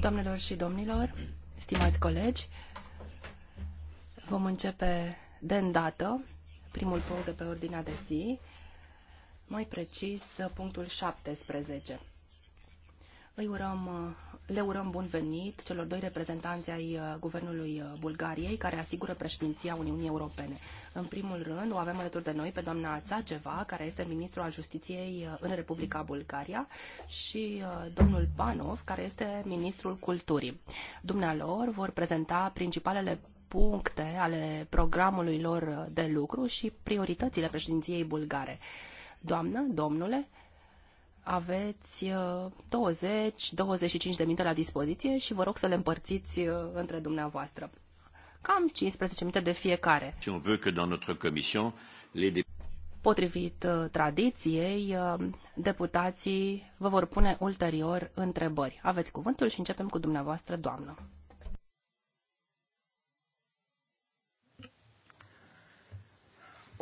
Doamnelor și domnilor, stimați colegi, vom începe de îndată primul punct de pe ordinea de zi, mai precis punctul 17. Îi urăm, le urăm bun venit celor doi reprezentanți ai uh, Guvernului uh, Bulgariei care asigură președinția Uniunii Europene. În primul rând o avem alături de noi pe doamna Țaceva, care este ministru al justiției uh, în Republica Bulgaria și domnul Panov, care este ministrul culturii. Dumnealor vor prezenta principalele puncte ale programului lor de lucru și prioritățile președinției bulgare. Doamnă, domnule, aveți 20-25 uh, de minute la dispoziție și vă rog să le împărțiți uh, între dumneavoastră. Cam 15 minute de fiecare. Potrivit uh, tradiției, deputații vă vor pune ulterior întrebări. Aveți cuvântul și începem cu dumneavoastră, doamnă.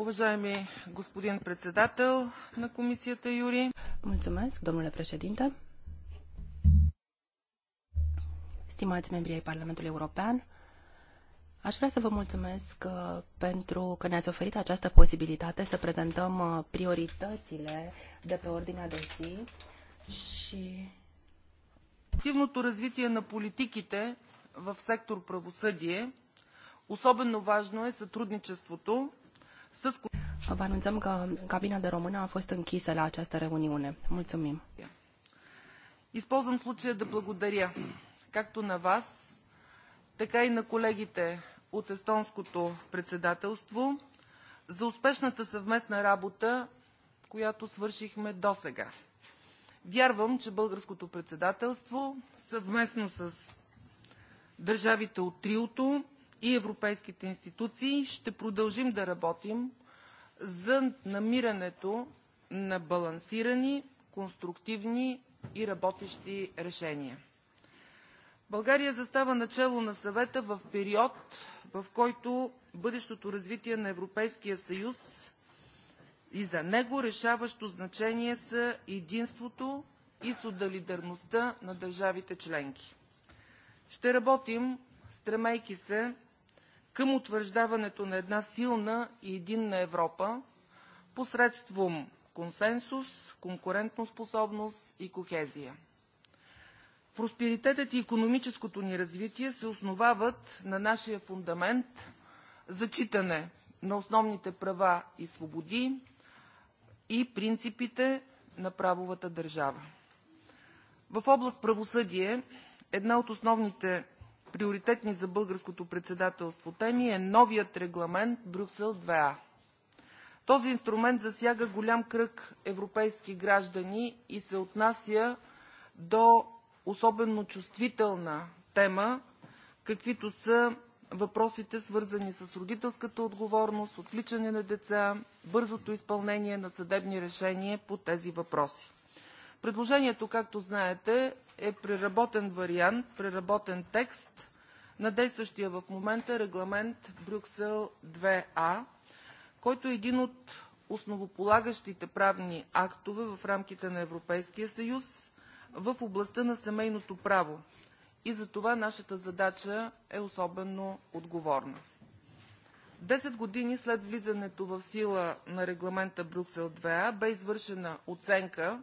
Уважаеми господин председател на Комисията Юри. Mulțumesc, domnule președinte. Stimați membri ai Parlamentului European, aș vrea să vă mulțumesc uh, pentru că ne-ați oferit această posibilitate să prezentăm uh, prioritățile de pe ordinea de zi și ефективното развитие на политиките в сектор правосъдие особено важно е сътрудничеството Vă anunțăm că cabina de română a fost închisă la această reuniune. Mulțumim. Използвам случая да благодаря както на вас, така и на колегите от естонското председателство за успешната съвместна работа, която свършихме досега. Вярвам, че българското председателство съвместно с държавите от триото и европейските институции ще продължим да работим за намирането на балансирани, конструктивни и работещи решения. България застава начало на Съвета в период, в който бъдещото развитие на Европейския съюз и за него решаващо значение са единството и солидарността на държавите членки. Ще работим, стремейки се към утвърждаването на една силна и единна Европа посредством консенсус, конкурентоспособност и кохезия. Просперитетът и економическото ни развитие се основават на нашия фундамент зачитане на основните права и свободи и принципите на правовата държава. В област правосъдие една от основните приоритетни за българското председателство теми е новият регламент Брюксел 2А. Този инструмент засяга голям кръг европейски граждани и се отнася до особено чувствителна тема, каквито са въпросите свързани с родителската отговорност, отвличане на деца, бързото изпълнение на съдебни решения по тези въпроси. Предложението, както знаете, е преработен вариант, преработен текст на действащия в момента регламент Брюксел 2А, който е един от основополагащите правни актове в рамките на Европейския съюз в областта на семейното право. И за това нашата задача е особено отговорна. Десет години след влизането в сила на регламента Брюксел 2А бе извършена оценка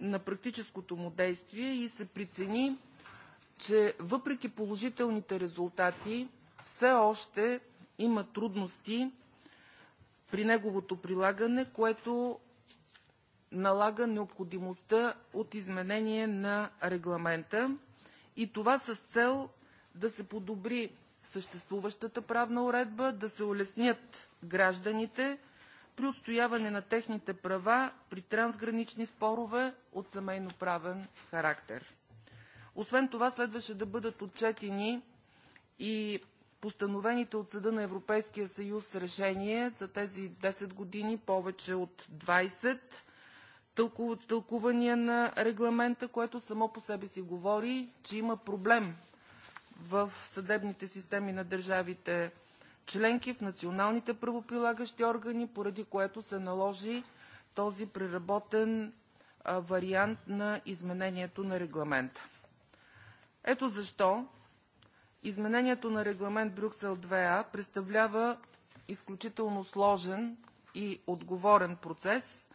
на практическото му действие и се прецени, че въпреки положителните резултати все още има трудности при неговото прилагане, което налага необходимостта от изменение на регламента и това с цел да се подобри съществуващата правна уредба, да се улеснят гражданите, при отстояване на техните права при трансгранични спорове от семейноправен характер. Освен това следваше да бъдат отчетени и постановените от Съда на Европейския съюз решения за тези 10 години, повече от 20, тълкувания на регламента, което само по себе си говори, че има проблем в съдебните системи на държавите членки в националните правоприлагащи органи, поради което се наложи този преработен вариант на изменението на регламента. Ето защо изменението на регламент Брюксел 2А представлява изключително сложен и отговорен процес,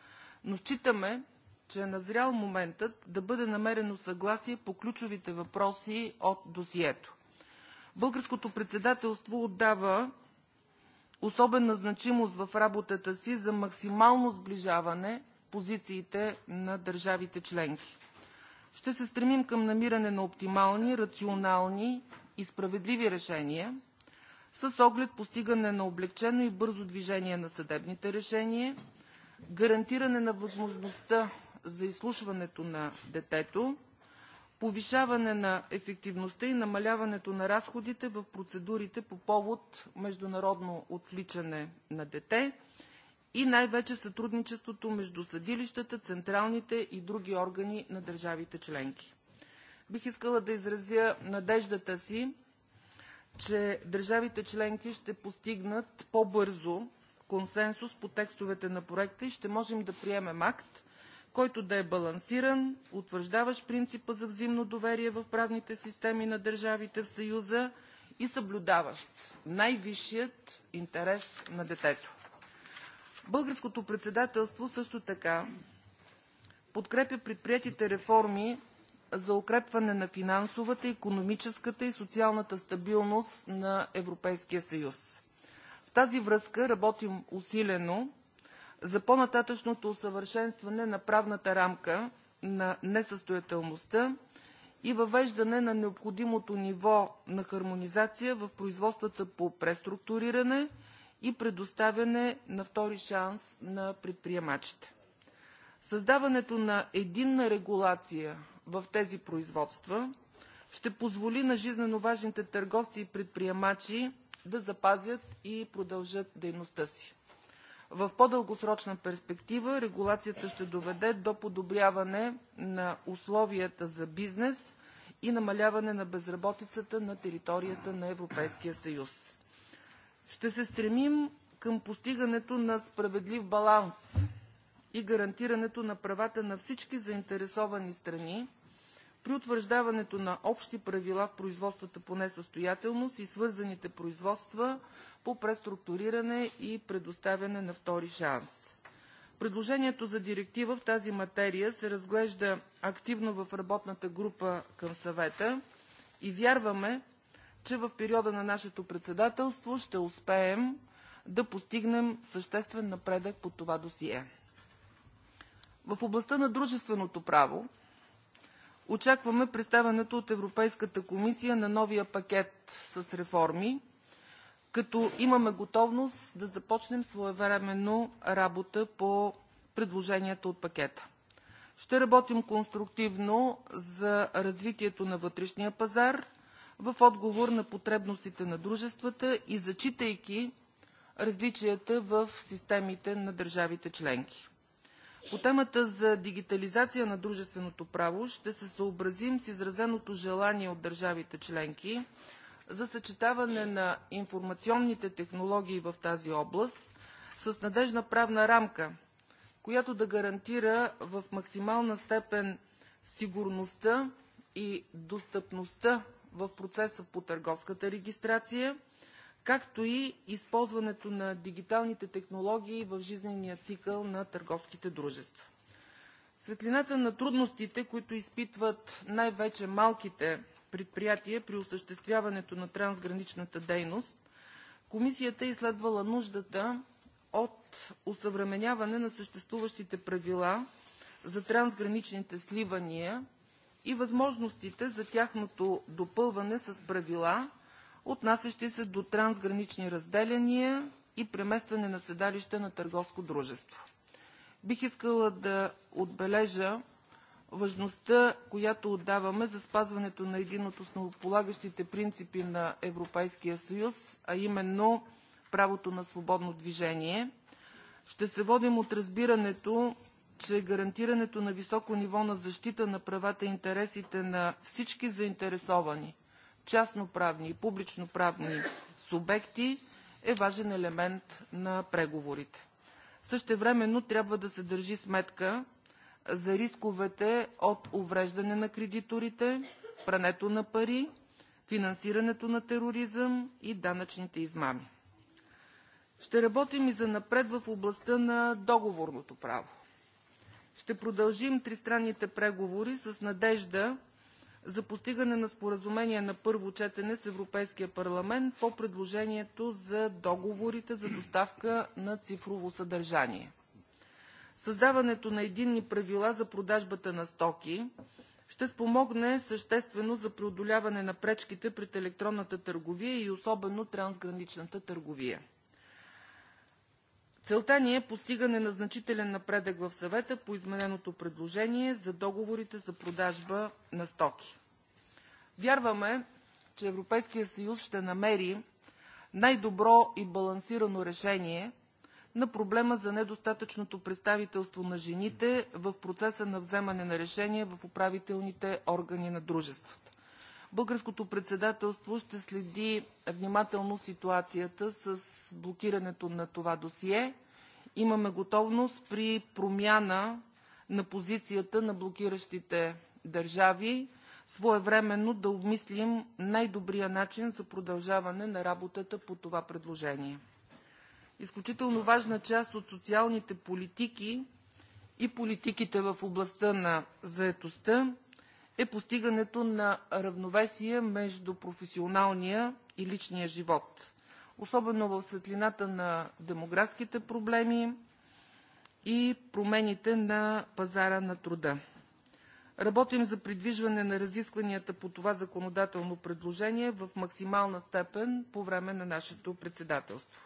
но считаме, че е назрял моментът да бъде намерено съгласие по ключовите въпроси от досието. Българското председателство отдава особена значимост в работата си за максимално сближаване позициите на държавите членки. Ще се стремим към намиране на оптимални, рационални и справедливи решения с оглед постигане на облегчено и бързо движение на съдебните решения, гарантиране на възможността за изслушването на детето повишаване на ефективността и намаляването на разходите в процедурите по повод международно отвличане на дете и най-вече сътрудничеството между съдилищата, централните и други органи на държавите членки. Бих искала да изразя надеждата си, че държавите членки ще постигнат по-бързо консенсус по текстовете на проекта и ще можем да приемем акт, който да е балансиран, утвърждаващ принципа за взаимно доверие в правните системи на държавите в Съюза и съблюдаващ най-висшия интерес на детето. Българското председателство също така подкрепя предприетите реформи за укрепване на финансовата, економическата и социалната стабилност на Европейския съюз. В тази връзка работим усилено за по-нататъшното усъвършенстване на правната рамка на несъстоятелността и въвеждане на необходимото ниво на хармонизация в производствата по преструктуриране и предоставяне на втори шанс на предприемачите. Създаването на единна регулация в тези производства ще позволи на жизненоважните търговци и предприемачи да запазят и продължат дейността си. В по-дългосрочна перспектива регулацията ще доведе до подобряване на условията за бизнес и намаляване на безработицата на територията на Европейския съюз. Ще се стремим към постигането на справедлив баланс и гарантирането на правата на всички заинтересовани страни При утвърждаването на общи правила в производствата по несъстоятелност и свързаните производства по преструктуриране и предоставяне на втори шанс. Предложението за директива в тази материя се разглежда активно в работната група към съвета и вярваме, че в периода на нашето председателство ще успеем да постигнем съществен напредък по това досие. В областта на дружественото право Очакваме представянето от Европейската комисия на новия пакет с реформи, като имаме готовност да започнем своевременно работа по предложенията от пакета. Ще работим конструктивно за развитието на вътрешния пазар в отговор на потребностите на дружествата и зачитайки различията в системите на държавите членки. По темата за дигитализация на дружественото право ще се съобразим с изразеното желание от държавите членки за съчетаване на информационните технологии в тази област с надеждна правна рамка, която да гарантира в максимална степен сигурността и достъпността в процеса по търговската регистрация, както и използването на дигиталните технологии в жизнения цикъл на търговските дружества. В светлината на трудностите, които изпитват най-вече малките предприятия при осъществяването на трансграничната дейност, Комисията е изследвала нуждата от осъвременяване на съществуващите правила за трансграничните сливания и възможностите за тяхното допълване с правила, отнасящи се до трансгранични разделяния и преместване на седалище на търговско дружество. Бих искала да отбележа важността, която отдаваме за спазването на един от основополагащите принципи на Европейския съюз, а именно правото на свободно движение. Ще се водим от разбирането, че гарантирането на високо ниво на защита на правата и интересите на всички заинтересовани – частноправни и публичноправни субекти е важен елемент на преговорите. Същевременно трябва да се държи сметка за рисковете от увреждане на кредиторите, прането на пари, финансирането на тероризъм и данъчните измами. Ще работим и за напред в областта на договорното право. Ще продължим тристранните преговори с надежда за постигане на споразумение на първо четене с Европейския парламент по предложението за договорите за доставка на цифрово съдържание. Създаването на единни правила за продажбата на стоки ще спомогне съществено за преодоляване на пречките пред електронната търговия и особено трансграничната търговия. Целта ни е постигане на значителен напредък в Съвета по измененото предложение за договорите за продажба на стоки. Вярваме, че Европейският съюз ще намери най-добро и балансирано решение на проблема за недостатъчното представителство на жените в процеса на вземане на решения в управителните органи на дружествата. Българското председателство ще следи внимателно ситуацията с блокирането на това досие. Имаме готовност при промяна на позицията на блокиращите държави своевременно да обмислим най-добрия начин за продължаване на работата по това предложение. Изключително важна част от социалните политики и политиките в областта на заетостта е постигането на равновесие между професионалния и личния живот, особено в светлината на демографските проблеми и промените на пазара на труда. Работим за придвижване на разискванията по това законодателно предложение в максимална степен по време на нашето председателство.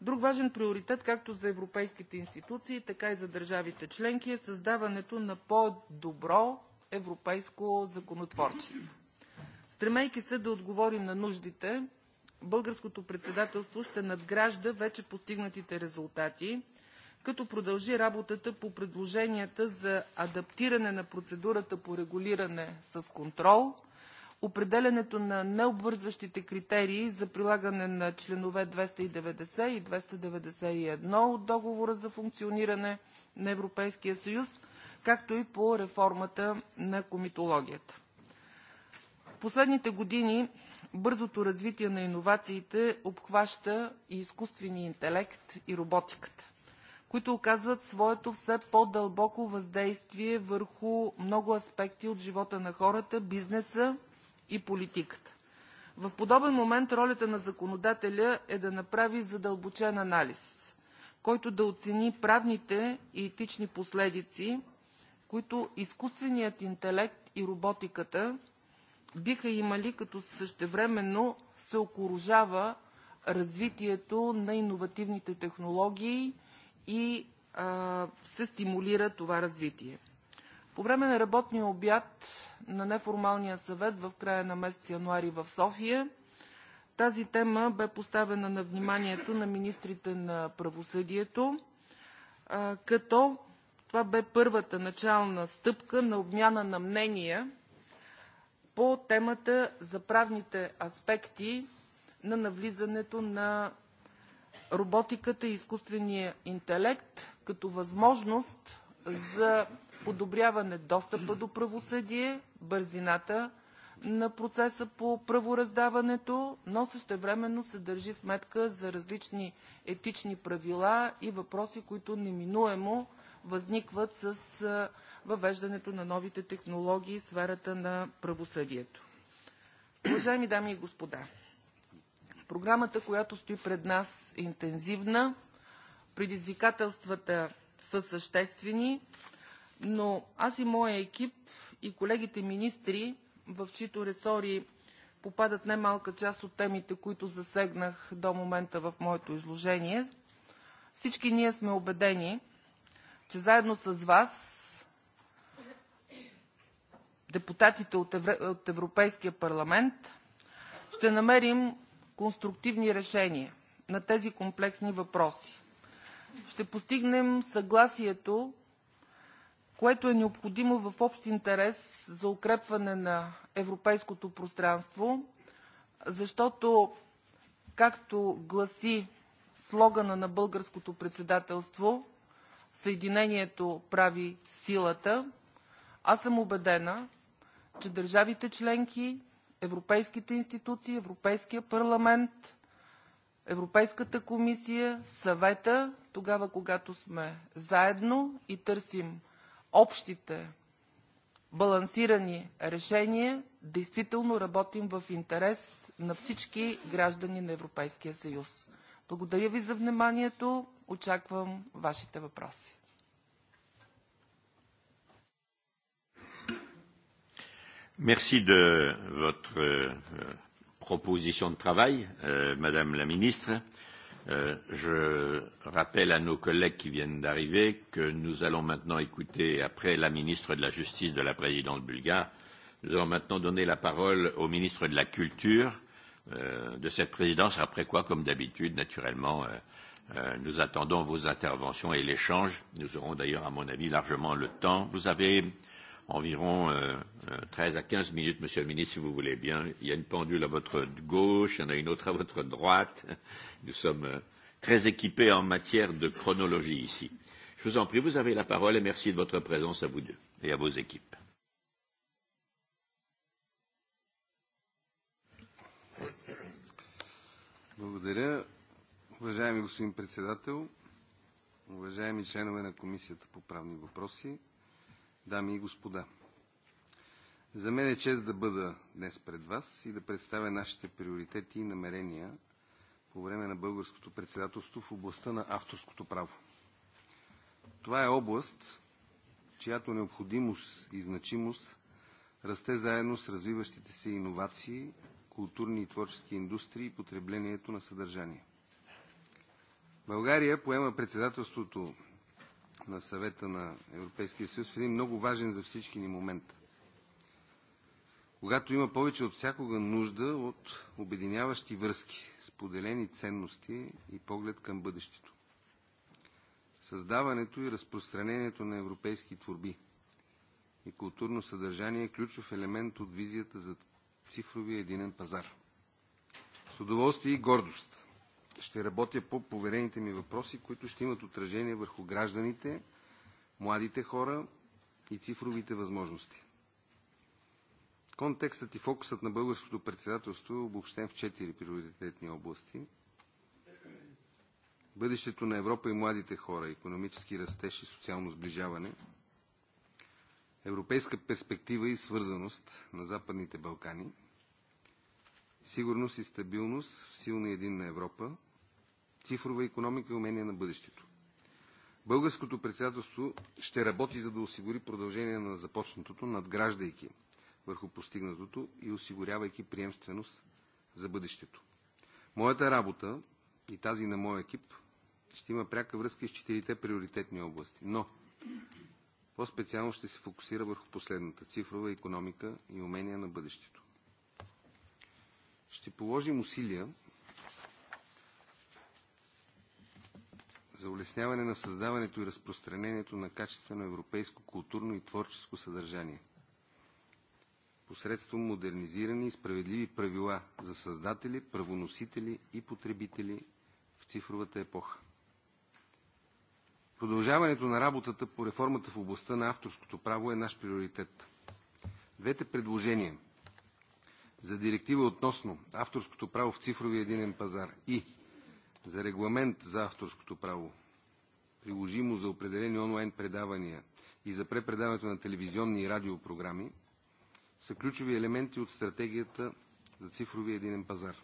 Друг важен приоритет както за европейските институции, така и за държавите членки е създаването на по-добро европейско законотворчество. Стремейки се да отговорим на нуждите, българското председателство ще надгражда вече постигнатите резултати, като продължи работата по предложенията за адаптиране на процедурата по регулиране с контрол, определенето на необвързващите критерии за прилагане на членове 290 и 291 от Договора за функциониране на Европейския съюз – както и по реформата на комитологията. В последните години бързото развитие на иновациите обхваща и изкуствения интелект и роботиката, които оказват своето все по-дълбоко въздействие върху много аспекти от живота на хората, бизнеса и политиката. В подобен момент ролята на законодателя е да направи задълбочен анализ, който да оцени правните и етични последици които изкуственият интелект и роботиката биха имали, като същевременно се окуражава развитието на иновативните технологии и се стимулира това развитие. По време на работния обяд на неформалния съвет в края на месец януари в София тази тема бе поставена на вниманието на министрите на правосъдието, като Това бе първата начална стъпка на обмяна на мнения по темата за правните аспекти на навлизането на роботиката и изкуствения интелект като възможност за подобряване достъпа до правосъдие, бързината на процеса по правораздаването, но същевременно се държи сметка за различни етични правила и въпроси, които неминуемо възникват с въвеждането на новите технологии в сферата на правосъдието. Уважаеми дами и господа, програмата, която стои пред нас е интензивна, предизвикателствата са съществени, но аз и моя екип и колегите министри, в чието ресори попадат немалка част от темите, които засегнах до момента в моето изложение, всички ние сме убедени, че заедно с вас депутатите от Европейския парламент ще намерим конструктивни решения на тези комплексни въпроси. Ще постигнем съгласието, което е необходимо в общ интерес за укрепване на европейското пространство, защото, както гласи слогана на българското председателство – Съединението прави силата. Аз съм убедена, че държавите членки, европейските институции, Европейския парламент, Европейската комисия, Съвета, тогава когато сме заедно и търсим общите балансирани решения, действително работим в интерес на всички граждани на Европейския съюз. Благодаря ви за вниманието. Очаквам вашите въпроси. Merci de votre euh, proposition de travail, euh, Madame la Ministre. Euh, je rappelle à nos collègues qui viennent d'arriver que nous allons maintenant écouter, après la ministre de la Justice de la présidente bulgare, nous allons maintenant donner la parole au ministre de la Culture euh, de cette présidence, après quoi, comme d'habitude, naturellement, euh, Euh, nous attendons vos interventions et l'échange. Nous aurons d'ailleurs, à mon avis, largement le temps. Vous avez environ euh, 13 euh, à 15 minutes, Monsieur le Ministre, si vous voulez bien. Il y a une pendule à votre gauche, il y en a une autre à votre droite. Nous sommes euh, très équipés en matière de chronologie ici. Je vous en prie, vous avez la parole et merci de votre présence à vous deux et à vos équipes. Благодаря. Уважаеми господин председател, уважаеми членове на Комисията по правни въпроси, дами и господа! За мен е чест да бъда днес пред вас и да представя нашите приоритети и намерения по време на българското председателство в областта на авторското право. Това е област, чиято необходимост и значимост расте заедно с развиващите се иновации, културни и творчески индустрии и потреблението на съдържание. България поема председателството на съвета на Европейския съюз в един много важен за всички ни момент. Когато има повече от всякога нужда от обединяващи връзки, споделени ценности и поглед към бъдещето. Създаването и разпространението на европейски творби и културно съдържание е ключов елемент от визията за цифровия единен пазар. С удоволствие и гордост – ще работя по поверените ми въпроси, които ще имат отражение върху гражданите, младите хора и цифровите възможности. Контекстът и фокусът на българското председателство е обобщен в четири приоритетни области. Бъдещето на Европа и младите хора, економически растеж и социално сближаване, европейска перспектива и свързаност на Западните Балкани, сигурност и стабилност в силна и единна Европа, цифрова економика и умения на бъдещето. Българското председателство ще работи за да осигури продължение на започнатото, надграждайки върху постигнатото и осигурявайки приемственост за бъдещето. Моята работа и тази на моя екип ще има пряка връзка с четирите приоритетни области, но по-специално ще се фокусира върху последната – цифрова економика и умения на бъдещето. Ще положим усилия за улесняване на създаването и разпространението на качествено европейско културно и творческо съдържание посредством модернизирани и справедливи правила за създатели, правоносители и потребители в цифровата епоха. Продължаването на работата по реформата в областта на авторското право е наш приоритет. Двете предложения за директива относно авторското право в цифровия единен пазар и за регламент за авторското право, приложимо за определени онлайн предавания и за препредаването на телевизионни и радиопрограми, са ключови елементи от стратегията за цифровия единен пазар.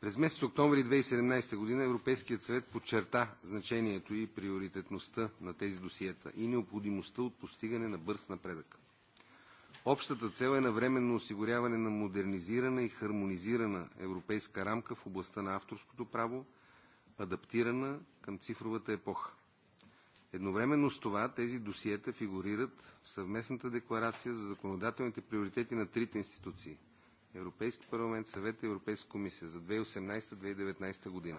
През месец октомври 2017 година Европейският съвет подчерта значението и приоритетността на тези досиета и необходимостта от постигане на бърз напредък. Общата цел е навременно осигуряване на модернизирана и хармонизирана европейска рамка в областта на авторското право, адаптирана към цифровата епоха. Едновременно с това тези досиета фигурират в съвместната декларация за законодателните приоритети на трите институции – Европейски парламент, Съвет и Европейска комисия за 2018-2019 година.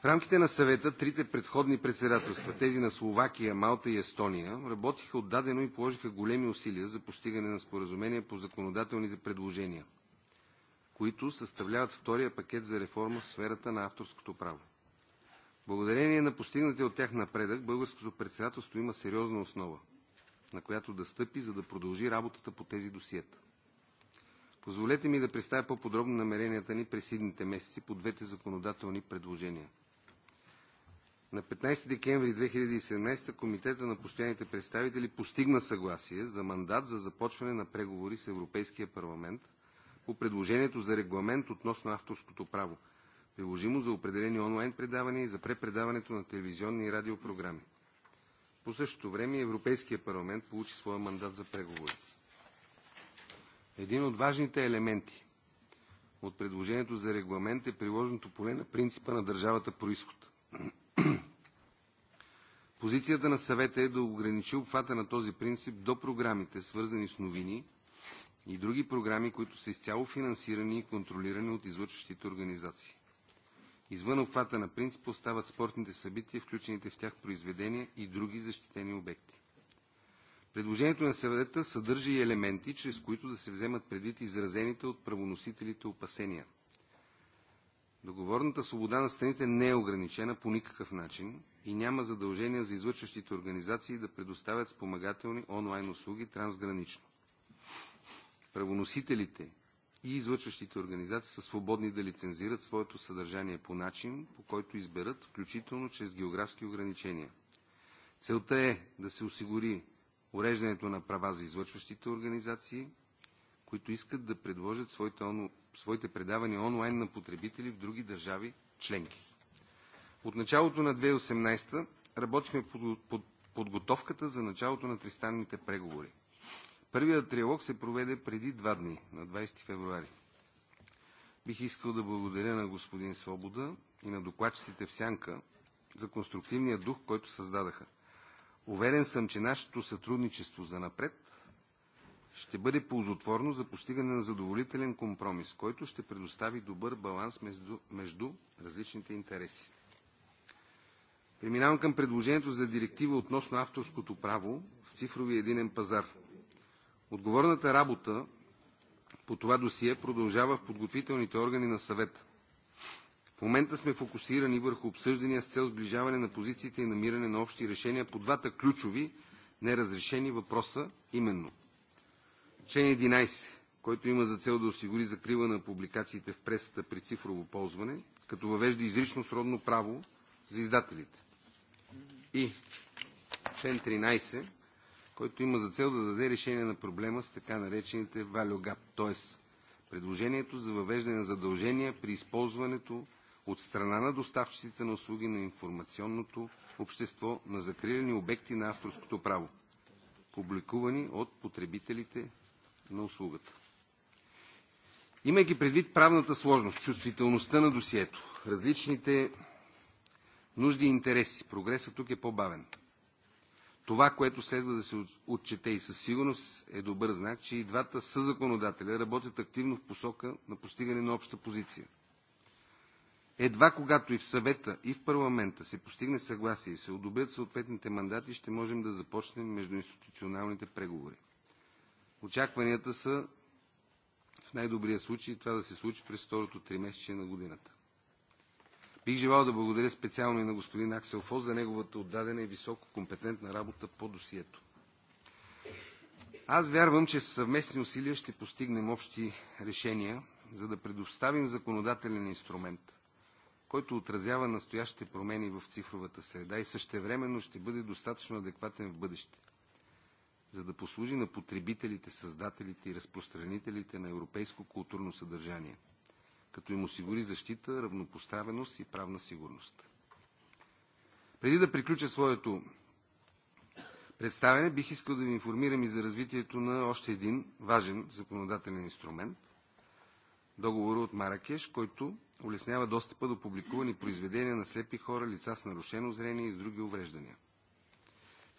В рамките на съвета трите предходни председателства, тези на Словакия, Малта и Естония, работиха отдадено и положиха големи усилия за постигане на споразумения по законодателните предложения, които съставляват втория пакет за реформа в сферата на авторското право. Благодарение на постигнатия от тях напредък, българското председателство има сериозна основа, на която да стъпи, за да продължи работата по тези досиета. Позволете ми да представя по-подробно намеренията ни през идните месеци по двете законодателни предложения – На 15 декември 2017 Комитета на постоянните представители постигна съгласие за мандат за започване на преговори с Европейския парламент по предложението за регламент относно авторското право, приложимо за определени онлайн предавания и за препредаването на телевизионни и радиопрограми. По същото време Европейския парламент получи своя мандат за преговори. Един от важните елементи от предложението за регламент е приложното поле на принципа на държавата происход – Позицията на съвета е да ограничи обхвата на този принцип до програмите, свързани с новини и други програми, които са изцяло финансирани и контролирани от излъчващите организации. Извън обхвата на принцип остават спортните събития, включените в тях произведения и други защитени обекти. Предложението на съвета съдържа и елементи, чрез които да се вземат предвид изразените от правоносителите опасения – Договорната свобода на страните не е ограничена по никакъв начин и няма задължения за извършващите организации да предоставят спомагателни онлайн услуги трансгранично. Правоносителите и извършващите организации са свободни да лицензират своето съдържание по начин, по който изберат, включително чрез географски ограничения. Целта е да се осигури уреждането на права за извършващите организации, които искат да предложат своите, он... своите предавания онлайн на потребители в други държави членки. От началото на 2018 работихме под, под подготовката за началото на тристанните преговори. Първият триалог се проведе преди два дни, на 20 февруари. Бих искал да благодаря на господин Свобода и на докладчиците в Сянка за конструктивния дух, който създадаха. Уверен съм, че нашето сътрудничество за напред ще бъде ползотворно за постигане на задоволителен компромис, който ще предостави добър баланс между, между различните интереси. Преминавам към предложението за директива относно авторското право в цифровия единен пазар. Отговорната работа по това досие продължава в подготвителните органи на съвета. В момента сме фокусирани върху обсъждания с цел сближаване на позициите и намиране на общи решения по двата ключови неразрешени въпроса, именно Член 11, който има за цел да осигури закрива на публикациите в пресата при цифрово ползване, като въвежда изрично сродно право за издателите. И член 13, който има за цел да даде решение на проблема с така наречените value gap, т.е. предложението за въвеждане на задължения при използването от страна на доставчиците на услуги на информационното общество на закрилени обекти на авторското право, публикувани от потребителите на услугата. Имайки предвид правната сложност, чувствителността на досието, различните нужди и интереси, прогресът тук е по-бавен. Това, което следва да се отчете и със сигурност е добър знак, че и двата съзаконодателя работят активно в посока на постигане на обща позиция. Едва когато и в съвета, и в парламента се постигне съгласие и се одобрят съответните мандати, ще можем да започнем междуинституционалните преговори. Очакванията са в най-добрия случай това да се случи през второто тримесечие на годината. Бих желал да благодаря специално и на господин Аксел Фос за неговата отдадена и високо компетентна работа по досието. Аз вярвам, че с съвместни усилия ще постигнем общи решения, за да предоставим законодателен инструмент, който отразява настоящите промени в цифровата среда и същевременно ще бъде достатъчно адекватен в бъдеще за да послужи на потребителите, създателите и разпространителите на европейско културно съдържание, като им осигури защита, равнопоставеност и правна сигурност. Преди да приключа своето представяне, бих искал да ви информирам и за развитието на още един важен законодателен инструмент – договора от Маракеш, който улеснява достъпа до публикувани произведения на слепи хора, лица с нарушено зрение и с други увреждания –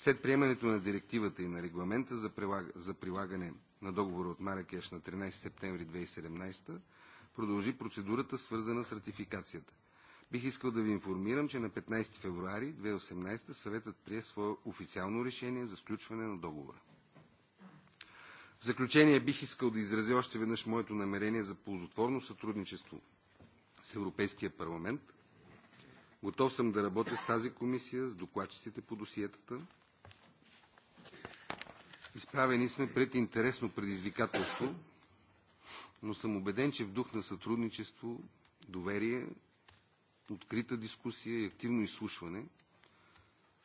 След приемането на директивата и на регламента за, прилаг... за прилагане на договора от Маракеш на 13 септември 2017 продължи процедурата, свързана с ратификацията. Бих искал да ви информирам, че на 15 февруари 2018 съветът прие свое официално решение за сключване на договора. В заключение бих искал да изразя още веднъж моето намерение за ползотворно сътрудничество с Европейския парламент. Готов съм да работя с тази комисия, с докладчиците по досиетата, Изправени сме пред интересно предизвикателство, но съм убеден, че в дух на сътрудничество, доверие, открита дискусия и активно изслушване,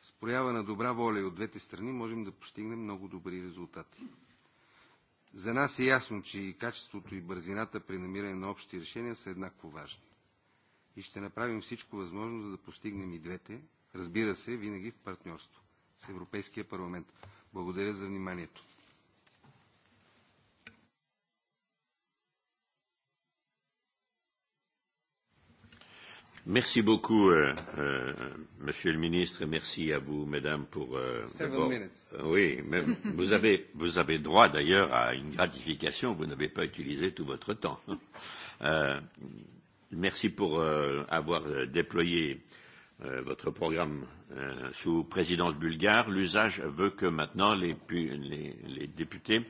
с проява на добра воля и от двете страни можем да постигнем много добри резултати. За нас е ясно, че и качеството и бързината при намиране на общи решения са еднакво важни. И ще направим всичко възможно, за да постигнем и двете, разбира се, винаги в партньорство с Европейския парламент. Благодаря за вниманието. Merci beaucoup, euh, euh, Monsieur le Ministre. Merci à vous, Mesdames, pour. Euh, euh oui, mais vous avez vous avez droit d'ailleurs à une gratification. Vous n'avez pas utilisé tout votre temps. Euh, merci pour euh, avoir euh, déployé Euh, votre programme euh, sous présidence bulgare, l'usage veut que maintenant les, les, les députés,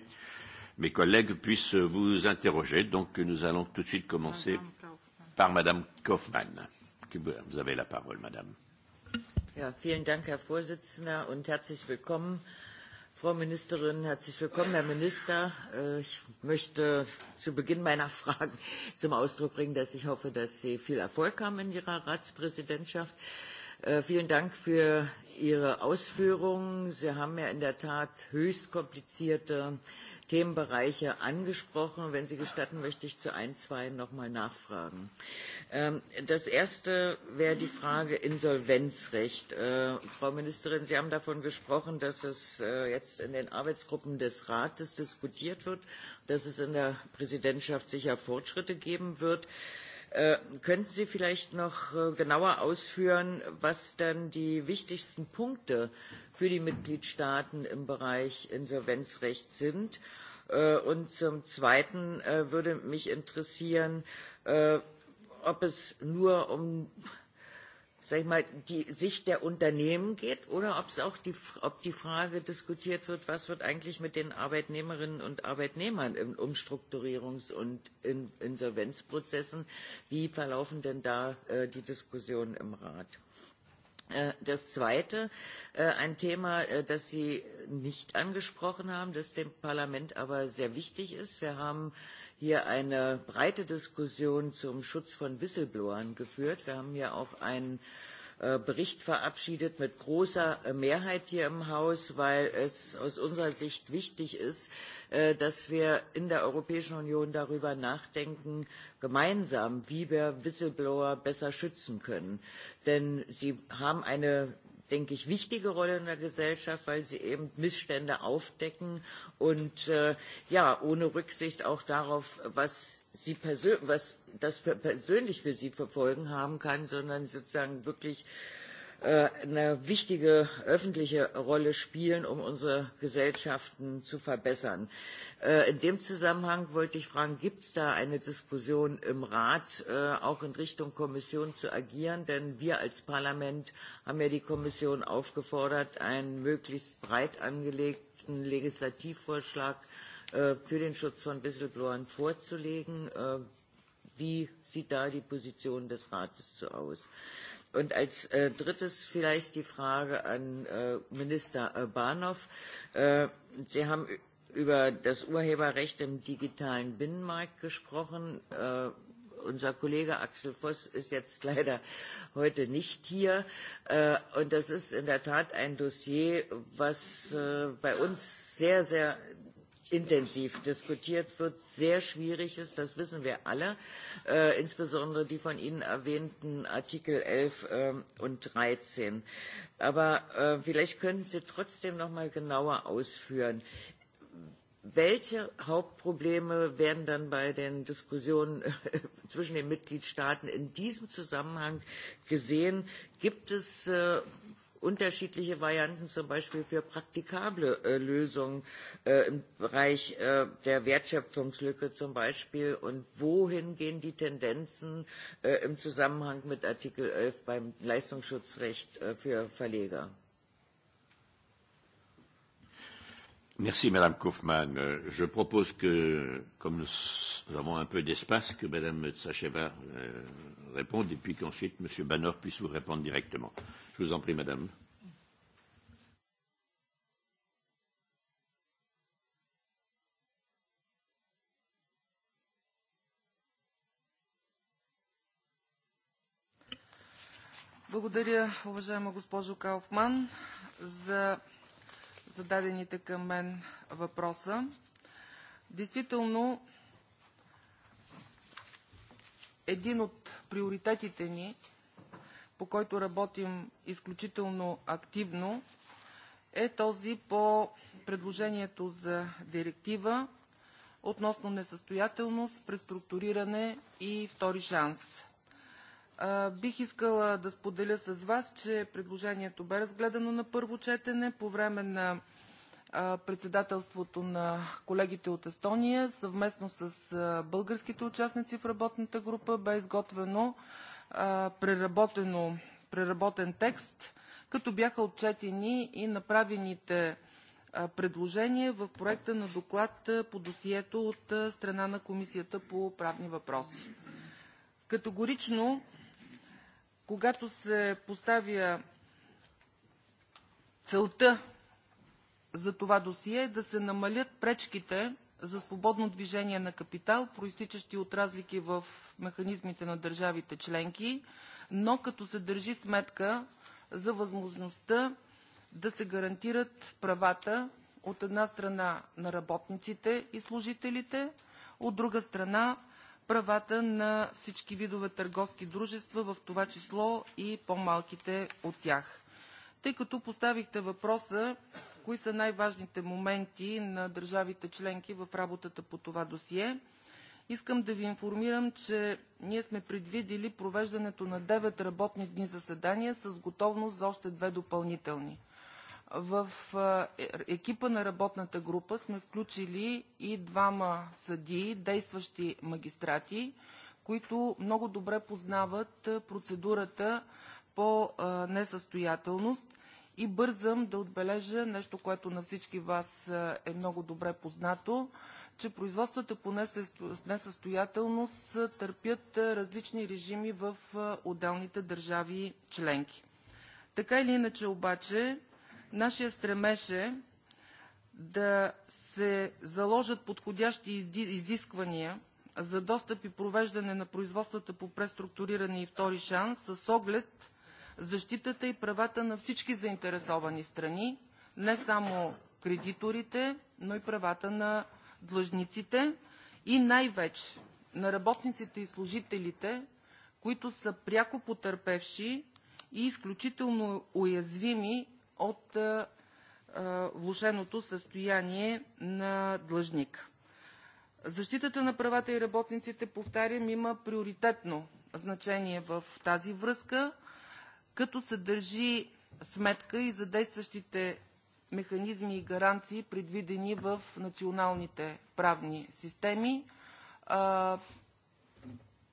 mes collègues, puissent vous interroger. Donc nous allons tout de suite commencer Madame par Madame Kaufmann. Vous avez la parole, Madame. Ja, vielen Dank, Herr Vorsitzender, und herzlich willkommen Frau Ministerin, herzlich willkommen, Herr Minister. Äh, ich möchte zu Beginn meiner Fragen zum Ausdruck bringen, dass ich hoffe, dass Sie viel Erfolg haben in Ihrer Ratspräsidentschaft. Äh, vielen Dank für Ihre Ausführungen. Sie haben ja in der Tat höchst komplizierte Themenbereiche angesprochen. Wenn Sie gestatten, möchte ich zu ein, zwei noch nochmal nachfragen. Ähm, das erste wäre die Frage Insolvenzrecht. Äh, Frau Ministerin, Sie haben davon gesprochen, dass es äh, jetzt in den Arbeitsgruppen des Rates diskutiert wird, dass es in der Präsidentschaft sicher Fortschritte geben wird. Äh, könnten Sie vielleicht noch äh, genauer ausführen, was dann die wichtigsten Punkte für die Mitgliedstaaten im Bereich Insolvenzrecht sind? Äh, und zum Zweiten würde mich interessieren, ob es nur um sag ich mal, die Sicht der Unternehmen geht oder ob es auch die, ob die Frage diskutiert wird, was wird eigentlich mit den Arbeitnehmerinnen und Arbeitnehmern in Umstrukturierungs- und in Insolvenzprozessen, wie verlaufen denn da äh, die Diskussionen im Rat? Äh, das Zweite, äh, ein Thema, äh, das Sie nicht angesprochen haben, das dem Parlament aber sehr wichtig ist. Wir haben hier eine breite Diskussion zum Schutz von Whistleblowern geführt. Wir haben ja auch einen äh, Bericht verabschiedet mit großer äh, Mehrheit hier im Haus, weil es aus unserer Sicht wichtig ist, äh, dass wir in der Europäischen Union darüber nachdenken, gemeinsam, wie wir Whistleblower besser schützen können. Denn sie haben eine denke ich, wichtige Rolle in der Gesellschaft, weil sie eben Missstände aufdecken und äh, ja, ohne Rücksicht auch darauf, was sie was das für persönlich für sie verfolgen haben kann, sondern sozusagen wirklich äh, Äh, eine wichtige öffentliche Rolle spielen, um unsere Gesellschaften zu verbessern. Äh, in dem Zusammenhang wollte ich fragen, gibt es da eine Diskussion im Rat, äh, auch in Richtung Kommission zu agieren? Denn wir als Parlament haben ja die Kommission aufgefordert, einen möglichst breit angelegten Legislativvorschlag für den Schutz von Whistleblowern vorzulegen. Wie sieht da die Position des Rates zu aus? Und als äh, drittes vielleicht die Frage an äh, Minister äh, Barnoff. Äh, Sie haben über das Urheberrecht im digitalen Binnenmarkt gesprochen. Äh, unser Kollege Axel Voss ist jetzt leider heute nicht hier. Äh, und das ist in der Tat ein Dossier, was äh, bei uns sehr, sehr intensiv diskutiert wird, sehr schwierig ist, das wissen wir alle, äh, insbesondere die von Ihnen erwähnten Artikel 11 äh, und 13. Aber äh, vielleicht könnten Sie trotzdem noch mal genauer ausführen. Welche Hauptprobleme werden dann bei den Diskussionen äh, zwischen den Mitgliedstaaten in diesem Zusammenhang gesehen? Gibt es äh, unterschiedliche Varianten zum Beispiel für praktikable äh, Lösungen äh, im Bereich äh, der Wertschöpfungslücke zum Beispiel und wohin gehen die Tendenzen äh, im Zusammenhang mit Artikel 11 beim Leistungsschutzrecht äh, für Verleger? Merci, Madame Kaufmann. Euh, je propose que, comme nous avons un peu d'espace, que Madame Tsacheva euh, répondre et puis qu'ensuite M. Banov puisse vous répondre directement. Je vous en prie, Madame. Благодаря, уважаема госпожо Кауфман, за зададените към мен въпроса. Действително, един от приоритетите ни, по който работим изключително активно, е този по предложението за директива относно несъстоятелност, преструктуриране и втори шанс. Бих искала да споделя с Вас, че предложението бе разгледано на първо четене по време на председателството на колегите от Естония съвместно с българските участници в работната група бе изготвен преработен текст, като бяха отчетени и направените предложения в проекта на доклад по досието от страна на Комисията по правни въпроси. Категорично, когато се поставя целта за това досие е да се намалят пречките за свободно движение на капитал, произтичащи от разлики в механизмите на държавите членки, но като се държи сметка за възможността да се гарантират правата от една страна на работниците и служителите, от друга страна правата на всички видове търговски дружества, в това число и по-малките от тях. Тъй като поставихте въпроса кои са най-важните моменти на държавите членки в работата по това досие. Искам да Ви информирам, че ние сме предвидили провеждането на 9 работни дни заседания с готовност за още две допълнителни. В екипа на работната група сме включили и двама съдии, действащи магистрати, които много добре познават процедурата по несъстоятелност И бързам да отбележа нещо, което на всички вас е много добре познато, че производствата по несъстоятелност търпят различни режими в отделните държави членки. Така или иначе обаче, нашия стремеж е да се заложат подходящи изисквания за достъп и провеждане на производствата по преструктуриране и втори шанс с оглед защитата и правата на всички заинтересовани страни, не само кредиторите, но и правата на длъжниците и най-вече на работниците и служителите, които са пряко потърпевши и изключително уязвими от влушеното състояние на длъжника. Защитата на правата и работниците, повтарям, има приоритетно значение в тази връзка като се държи сметка и за действащите механизми и гаранции, предвидени в националните правни системи.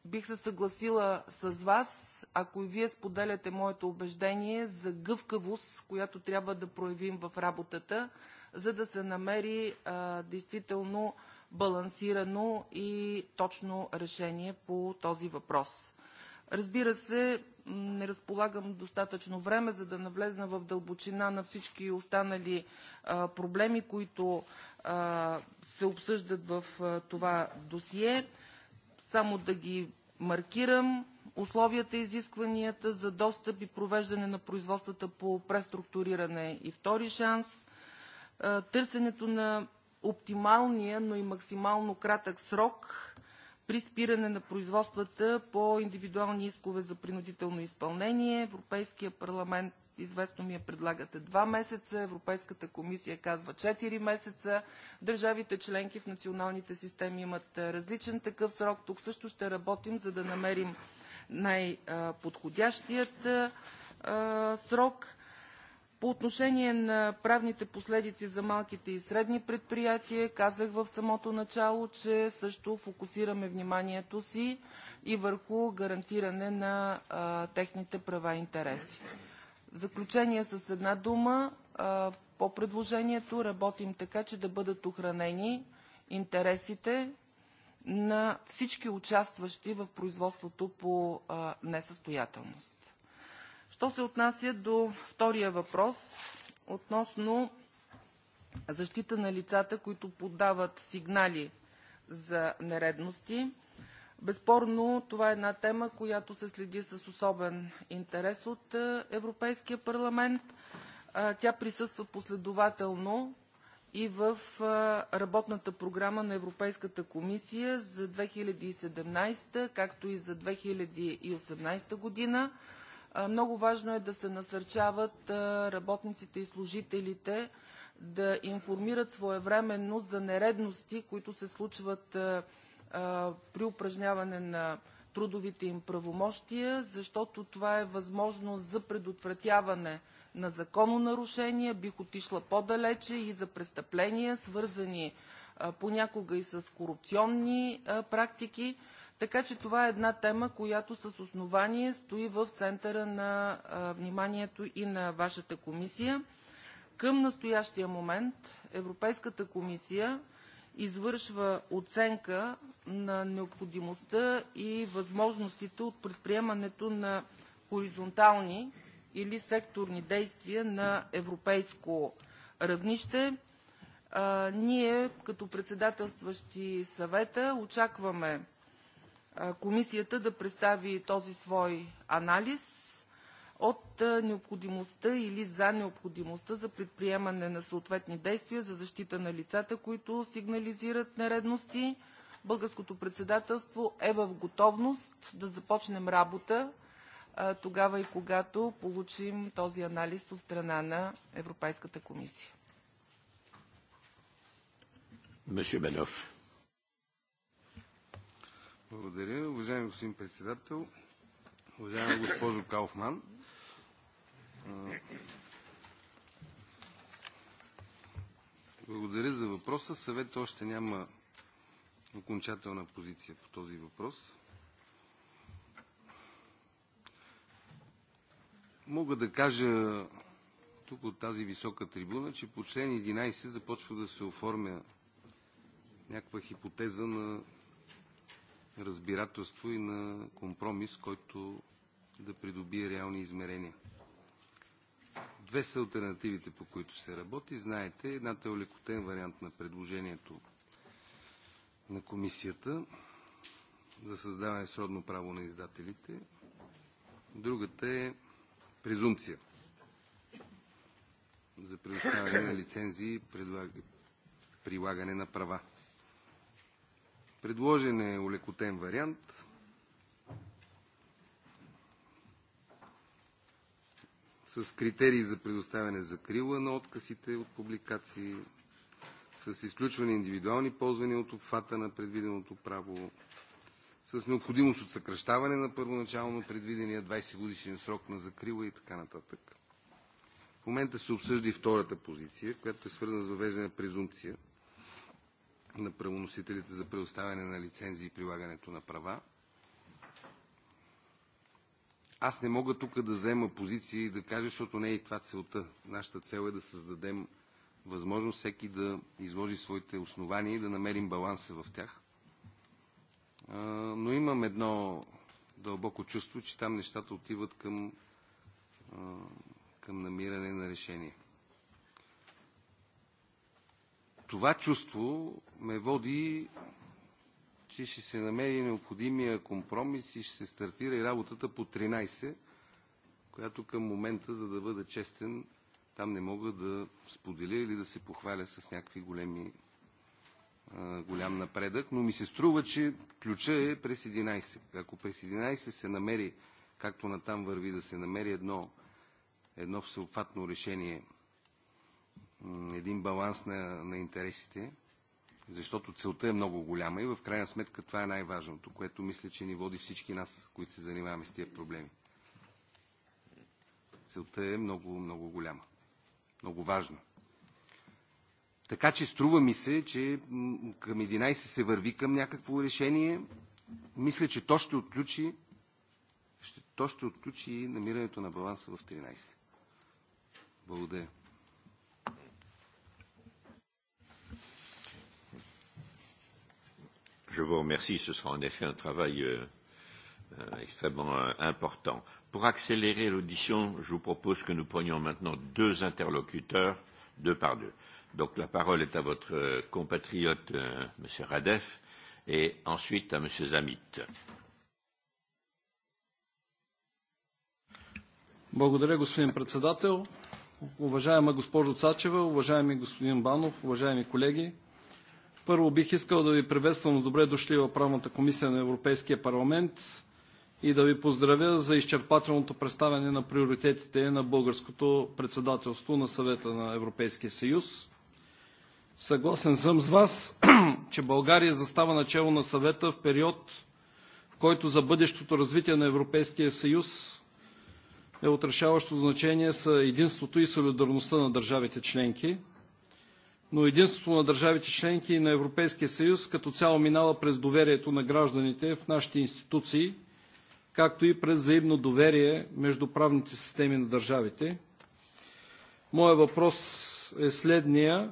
Бих се съгласила с Вас, ако и Вие споделяте моето убеждение за гъвкавост, която трябва да проявим в работата, за да се намери а, действително балансирано и точно решение по този въпрос. Разбира се, не разполагам достатъчно време, за да навлезна в дълбочина на всички останали проблеми, които се обсъждат в това досие. Само да ги маркирам. Условията и изискванията за достъп и провеждане на производствата по преструктуриране и втори шанс. Търсенето на оптималния, но и максимално кратък срок при спиране на производствата по индивидуални искове за принудително изпълнение. Европейският парламент известно ми е предлагате два месеца, Европейската комисия казва 4 месеца. Държавите членки в националните системи имат различен такъв срок. Тук също ще работим, за да намерим най-подходящият срок. По отношение на правните последици за малките и средни предприятия, казах в самото начало, че също фокусираме вниманието си и върху гарантиране на а, техните права и интереси. В заключение с една дума, а, по предложението работим така, че да бъдат охранени интересите на всички участващи в производството по а, несъстоятелност. Що се отнася до втория въпрос относно защита на лицата, които подават сигнали за нередности, безспорно това е една тема, която се следи с особен интерес от Европейския парламент. Тя присъства последователно и в работната програма на Европейската комисия за 2017, както и за 2018 година. Много важно е да се насърчават работниците и служителите да информират своевременно за нередности, които се случват при упражняване на трудовите им правомощия, защото това е възможност за предотвратяване на закононарушения, бих отишла по-далече и за престъпления, свързани понякога и с корупционни практики, Така че това е една тема, която с основание стои в центъра на вниманието и на вашата комисия. Към настоящия момент Европейската комисия извършва оценка на необходимостта и възможностите от предприемането на хоризонтални или секторни действия на европейско равнище. Ние, като председателстващи съвета, очакваме комисията да представи този свой анализ от необходимостта или за необходимостта за предприемане на съответни действия за защита на лицата, които сигнализират нередности. Българското председателство е в готовност да започнем работа тогава и когато получим този анализ от страна на Европейската комисия. Monsieur Benov. Благодаря. Уважаеми господин председател, уважаема госпожо Кауфман, благодаря за въпроса. Съвет още няма окончателна позиция по този въпрос. Мога да кажа тук от тази висока трибуна, че по член 11 започва да се оформя някаква хипотеза на разбирателство и на компромис, който да придобие реални измерения. Две са альтернативите, по които се работи. Знаете, едната е олекотен вариант на предложението на комисията за създаване сродно право на издателите. Другата е презумпция за предоставяне на лицензии и прилагане на права. Предложен е улекотен вариант. с критерии за предоставяне за крила на отказите от публикации, с изключване индивидуални ползвания от обхвата на предвиденото право, с необходимост от съкръщаване на първоначално предвидения 20-годишен срок на закрила и така нататък. В момента се обсъжда и втората позиция, която е свързана с въвеждане на презумпция – на правоносителите за предоставяне на лицензии и прилагането на права. Аз не мога тук да взема позиции и да кажа, защото не е и това целта. Нашата цел е да създадем възможност всеки да изложи своите основания и да намерим баланса в тях. Но имам едно дълбоко чувство, че там нещата отиват към, към намиране на решение това чувство ме води, че ще се намери необходимия компромис и ще се стартира и работата по 13, която към момента, за да бъда честен, там не мога да споделя или да се похваля с някакви големи голям напредък, но ми се струва, че ключа е през 11. Ако през 11 се намери, както натам върви, да се намери едно, едно всеобхватно решение – един баланс на, на интересите, защото целта е много голяма и в крайна сметка това е най-важното, което мисля, че ни води всички нас, които се занимаваме с тия проблеми. Целта е много, много голяма. Много важна. Така че струва ми се, че към 11 се върви към някакво решение. Мисля, че то ще отключи, ще, то ще отключи намирането на баланса в 13. Благодаря. Je vous remercie. Ce sera en effet un travail euh, euh, extrêmement euh, important. Pour accélérer l'audition, je vous propose que nous prenions maintenant deux interlocuteurs, deux par deux. Donc la parole est à votre euh, compatriote, euh, M. Radef, et ensuite à M. Zamit. Благодаря, господин председател. Уважаема госпожо Цачева, уважаеми господин Банов, уважаеми колеги, Първо бих искал да ви приветствам с добре дошли в правната комисия на Европейския парламент и да ви поздравя за изчерпателното представяне на приоритетите на българското председателство на съвета на Европейския съюз. Съгласен съм с вас, че България застава начало на съвета в период, в който за бъдещото развитие на Европейския съюз е от решаващо значение са единството и солидарността на държавите членки – но единството на държавите членки и на Европейския съюз като цяло минава през доверието на гражданите в нашите институции, както и през взаимно доверие между правните системи на държавите. Моя въпрос е следния.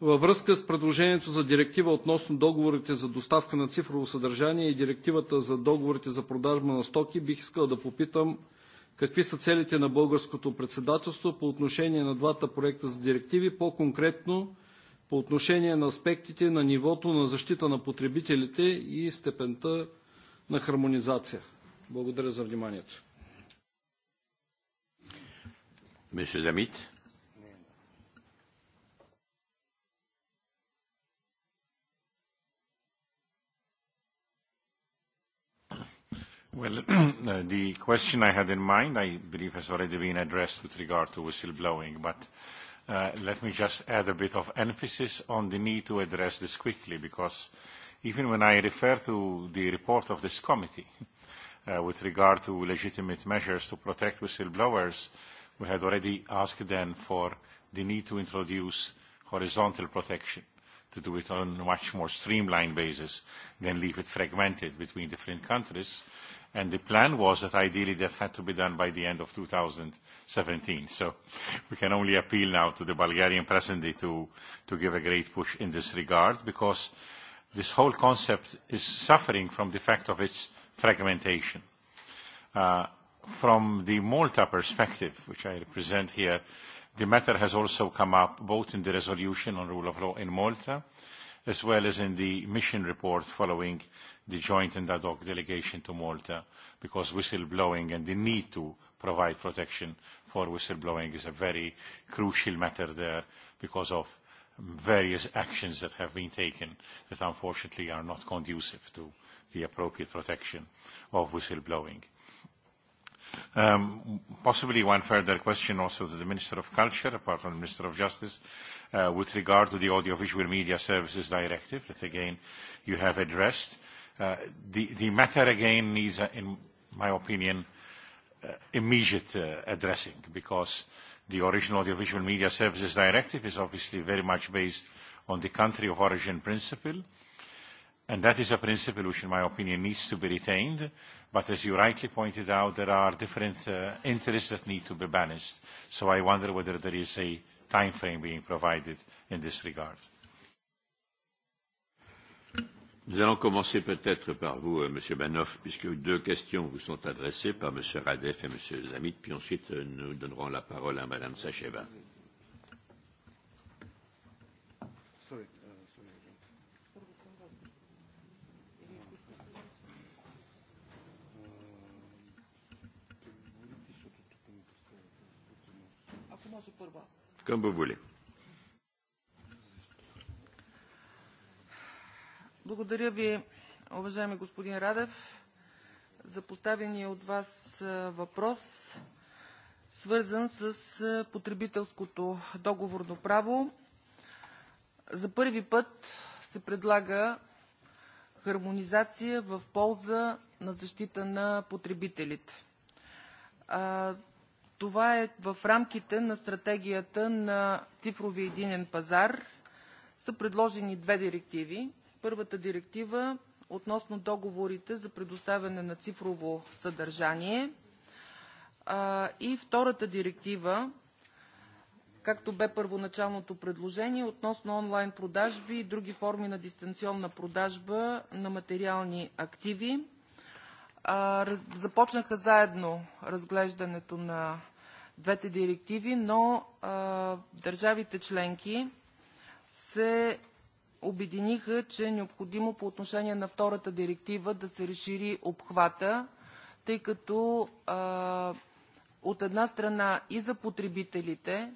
Във връзка с предложението за директива относно договорите за доставка на цифрово съдържание и директивата за договорите за продажба на стоки, бих искал да попитам – Какви са целите на българското председателство по отношение на двата проекта за директиви, по-конкретно по отношение на аспектите на нивото на защита на потребителите и степента на хармонизация? Благодаря за вниманието. Monsieur Zamit. Well, uh, the question I had in mind, I believe, has already been addressed with regard to whistleblowing, but uh, let me just add a bit of emphasis on the need to address this quickly, because even when I refer to the report of this committee uh, with regard to legitimate measures to protect whistleblowers, we had already asked then for the need to introduce horizontal protection to do it on a much more streamlined basis than leave it fragmented between different countries and the plan was that ideally that had to be done by the end of 2017. So we can only appeal now to the Bulgarian presidency to, to give a great push in this regard, because this whole concept is suffering from the fact of its fragmentation. Uh, from the Malta perspective, which I represent here, the matter has also come up both in the resolution on rule of law in Malta, as well as in the mission report following the joint and ad hoc delegation to Malta because whistleblowing and the need to provide protection for whistleblowing is a very crucial matter there because of various actions that have been taken that unfortunately are not conducive to the appropriate protection of whistleblowing. Um, possibly one further question also to the Minister of Culture, apart from the Minister of Justice, uh, with regard to the Audiovisual Media Services Directive that again you have addressed. Uh, the, the matter again needs, uh, in my opinion, uh, immediate uh, addressing because the original Audiovisual Media Services Directive is obviously very much based on the country of origin principle. And that is a principle which, in my opinion, needs to be retained. But as you rightly pointed out, there are different uh, interests that need to be balanced. So I wonder whether there is a time frame being provided in this regard. Nous allons commencer peut-être par vous, euh, Monsieur Banoff, puisque deux questions vous sont adressées par Monsieur Radef et Monsieur Zamit, puis ensuite euh, nous donnerons la parole à Madame Sacheva. Euh, Comme vous voulez. Благодаря ви, уважаеми господин Радев, за поставения от Вас въпрос, свързан с потребителското договорно право. За първи път се предлага хармонизация в полза на защита на потребителите. Това е в рамките на стратегията на цифровия единен пазар. Са предложени две директиви първата директива относно договорите за предоставяне на цифрово съдържание и втората директива, както бе първоначалното предложение, относно онлайн продажби и други форми на дистанционна продажба на материални активи. Започнаха заедно разглеждането на двете директиви, но държавите членки се обединиха, че е необходимо по отношение на втората директива да се разшири обхвата, тъй като а, от една страна и за потребителите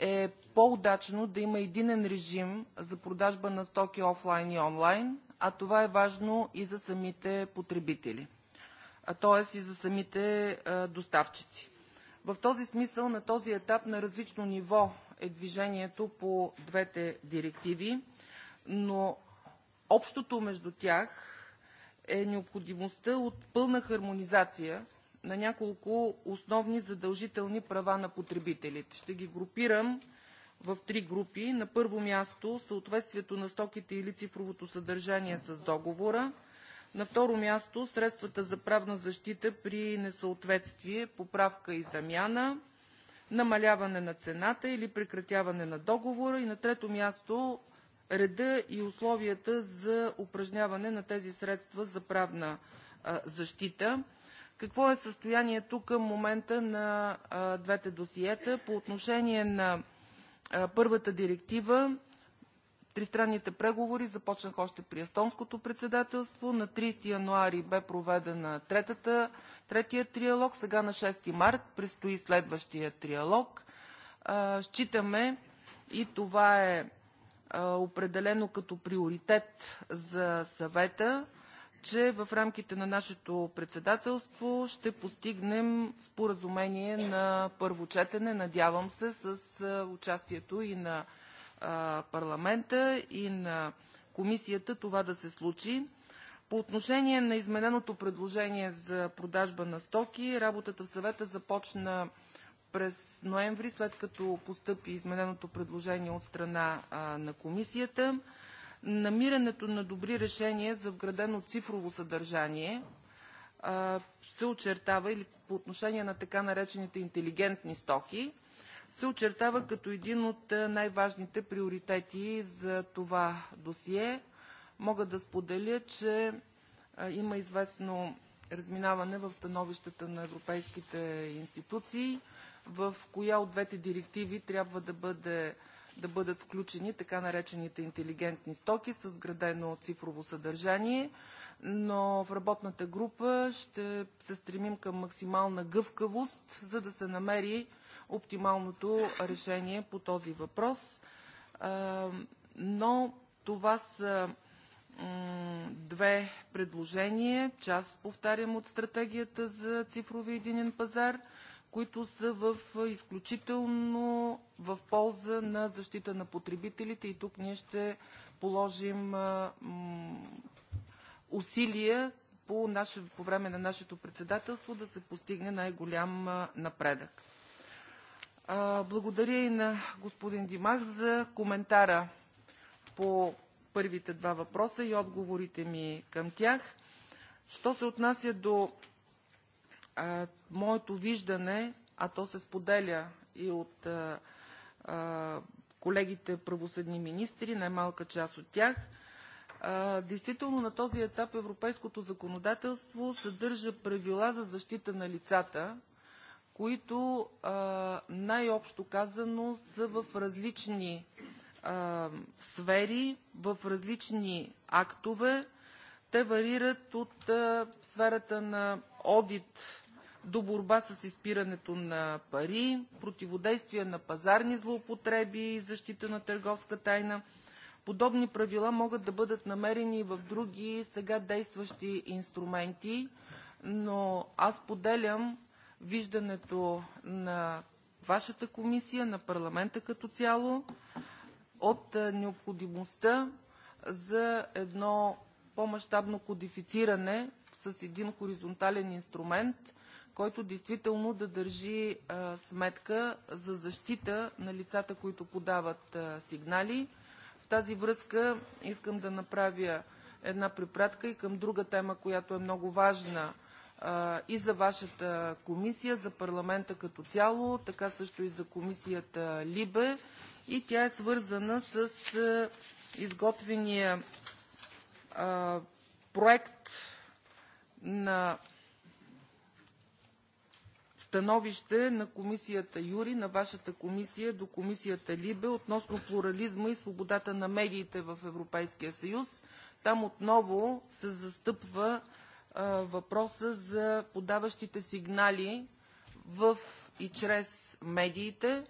е по-удачно да има единен режим за продажба на стоки офлайн и онлайн, а това е важно и за самите потребители, т.е. и за самите а, доставчици. В този смисъл на този етап на различно ниво е движението по двете директиви но общото между тях е необходимостта от пълна хармонизация на няколко основни задължителни права на потребителите. Ще ги групирам в три групи. На първо място съответствието на стоките или цифровото съдържание с договора. На второ място средствата за правна защита при несъответствие, поправка и замяна, намаляване на цената или прекратяване на договора. И на трето място реда и условията за упражняване на тези средства за правна защита. Какво е състоянието към момента на двете досиета? По отношение на първата директива, тристранните преговори започнаха още при естонското председателство. На 30 януари бе проведена третата, третия триалог. Сега на 6 март предстои следващия триалог. Считаме, и това е определено като приоритет за Съвета, че в рамките на нашето председателство ще постигнем споразумение на първо четене, надявам се, с участието и на парламента, и на комисията това да се случи. По отношение на измененото предложение за продажба на стоки, работата в съвета започна през ноември, след като постъпи измененото предложение от страна на комисията. Намирането на добри решения за вградено цифрово съдържание се очертава или по отношение на така наречените интелигентни стоки се очертава като един от най-важните приоритети за това досие. Мога да споделя, че има известно разминаване в становищата на европейските институции в коя от двете директиви трябва да, бъде, да бъдат включени така наречените интелигентни стоки с градено цифрово съдържание, но в работната група ще се стремим към максимална гъвкавост, за да се намери оптималното решение по този въпрос. Но това са две предложения, част, повтарям, от стратегията за цифрови единен пазар – които са в изключително в полза на защита на потребителите и тук ние ще положим усилия по време на нашето председателство да се постигне най-голям напредък. Благодаря и на господин Димах за коментара по първите два въпроса и отговорите ми към тях. Що се отнася до моето виждане, а то се споделя и от колегите правосъдни министри, най-малка част от тях, действително на този етап европейското законодателство съдържа правила за защита на лицата, които най-общо казано са в различни сфери, в различни актове. Те варират от сферата на одит до борба с изпирането на пари, противодействие на пазарни злоупотреби и защита на търговска тайна. Подобни правила могат да бъдат намерени и в други сега действащи инструменти, но аз поделям виждането на вашата комисия, на парламента като цяло, от необходимостта за едно по-масштабно кодифициране с един хоризонтален инструмент, който действително да държи сметка за защита на лицата, които подават сигнали. В тази връзка искам да направя една препратка и към друга тема, която е много важна и за Вашата комисия, за парламента като цяло, така също и за комисията ЛИБЕ. И тя е свързана с изготвения проект на становище на комисията юри на вашата комисия до комисията либе относно плурализма и свободата на медиите в европейския съюз там отново се застъпва въпроса за подаващите сигнали в и чрез медиите,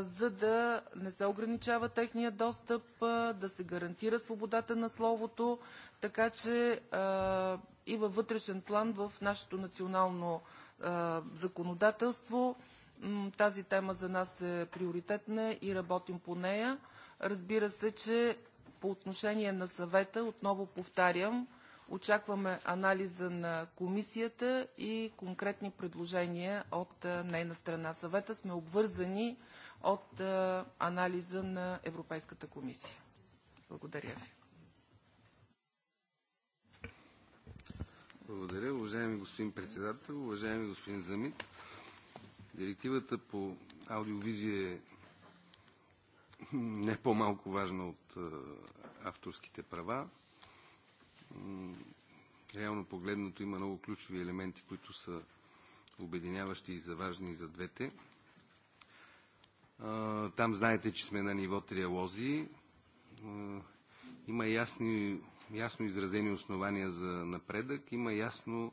за да не се ограничава техният достъп, да се гарантира свободата на словото, така че и във вътрешен план в нашето национално законодателство. Тази тема за нас е приоритетна и работим по нея. Разбира се, че по отношение на съвета, отново повтарям, очакваме анализа на комисията и конкретни предложения от нейна страна. Съвета сме обвързани от анализа на Европейската комисия. Благодаря ви. Благодаря. Уважаеми господин председател, уважаеми господин Замит, директивата по аудиовизия е не по-малко важна от авторските права. Реално погледнато има много ключови елементи, които са обединяващи и за важни и за двете. Там знаете, че сме на ниво триалози. Има ясни ясно изразени основания за напредък, има ясно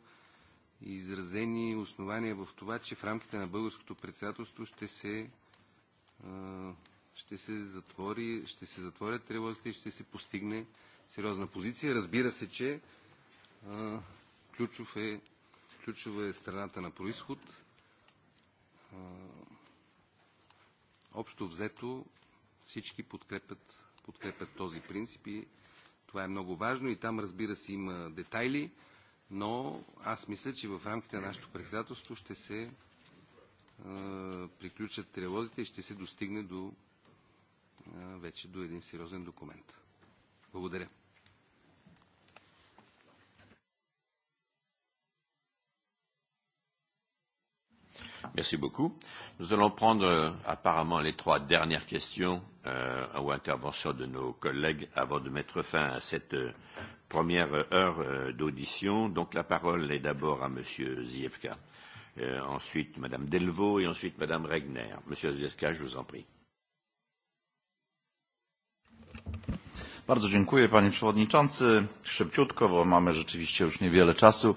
изразени основания в това, че в рамките на българското председателство ще се, ще се, затвори, ще се затворят тревозите и ще се постигне сериозна позиция. Разбира се, че ключов е, ключова е страната на происход. Общо взето всички подкрепят, подкрепят този принцип и Това е много важно и там, разбира се, има детайли, но аз мисля, че в рамките на нашето председателство ще се е, приключат трилозите и ще се достигне до, е, вече до един сериозен документ. Благодаря. Merci beaucoup. Nous allons prendre euh, apparemment les trois dernières questions euh, ou interventions de nos collègues avant de mettre fin à cette euh, première heure euh, d'audition. Donc la parole est d'abord à Monsieur Ziefka, euh, ensuite Madame Delvaux et ensuite Madame Regner. Monsieur Ziefka, je vous en prie. Bardzo dziękuję panie przewodniczący. Szybciutko, bo mamy rzeczywiście już niewiele czasu.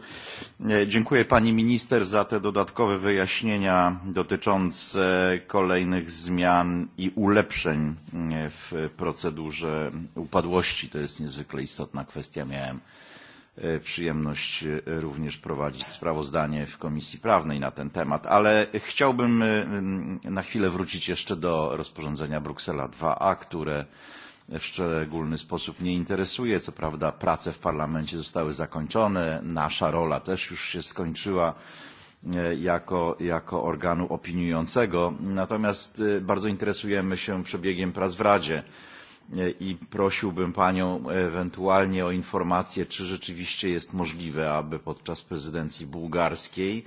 Dziękuję pani minister za te dodatkowe wyjaśnienia dotyczące kolejnych zmian i ulepszeń w procedurze upadłości. To jest niezwykle istotna kwestia. Miałem przyjemność również prowadzić sprawozdanie w Komisji Prawnej na ten temat, ale chciałbym na chwilę wrócić jeszcze do rozporządzenia Bruksela 2a, które w szczególny sposób nie interesuje. Co prawda prace w parlamencie zostały zakończone, nasza rola też już się skończyła jako, jako organu opiniującego. Natomiast bardzo interesujemy się przebiegiem prac w Radzie i prosiłbym Panią ewentualnie o informację, czy rzeczywiście jest możliwe, aby podczas prezydencji bułgarskiej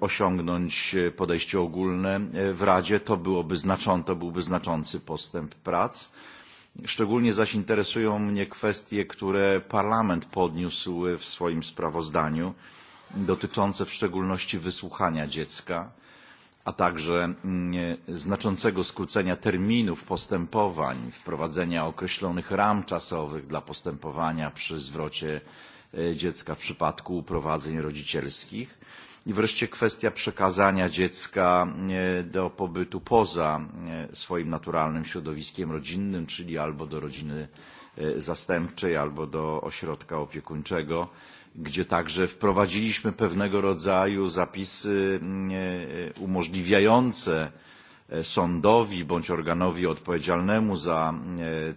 osiągnąć podejście ogólne w Radzie. To, byłoby znaczą, to byłby znaczący postęp prac. Szczególnie zaś interesują mnie kwestie, które Parlament podniósł w swoim sprawozdaniu, dotyczące w szczególności wysłuchania dziecka, a także mm, znaczącego skrócenia terminów postępowań, wprowadzenia określonych ram czasowych dla postępowania przy zwrocie dziecka w przypadku uprowadzeń rodzicielskich i wreszcie kwestia przekazania dziecka do pobytu poza swoim naturalnym środowiskiem rodzinnym, czyli albo do rodziny zastępczej, albo do ośrodka opiekuńczego gdzie także wprowadziliśmy pewnego rodzaju zapisy mm, umożliwiające sądowi bądź organowi odpowiedzialnemu za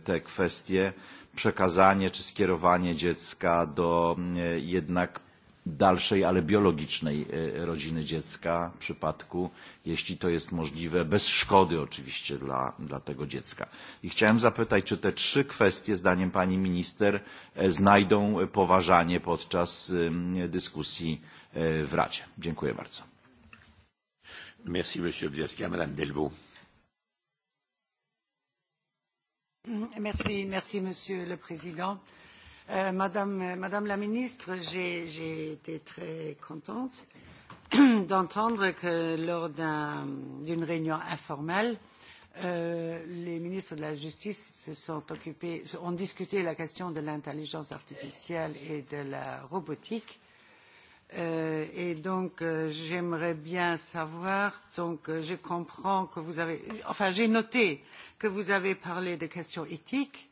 te kwestie przekazanie czy skierowanie dziecka do jednak dalszej, ale biologicznej rodziny dziecka w przypadku, jeśli to jest możliwe, bez szkody oczywiście dla, dla tego dziecka. I chciałem zapytać, czy te trzy kwestie, zdaniem pani minister, znajdą poważanie podczas dyskusji w Radzie. Dziękuję bardzo. Merci, monsieur Bielski. Madame Delvaux. Merci, merci, monsieur le président. Euh, madame, euh, Madame la ministre, j'ai été très contente d'entendre que lors d'une réunion informelle, euh, les ministres de la Justice se sont occupés, ont discuté la question de l'intelligence artificielle et de la robotique. Euh, et donc, euh, j'aimerais bien savoir, donc euh, je comprends que vous avez, enfin j'ai noté que vous avez parlé des questions éthiques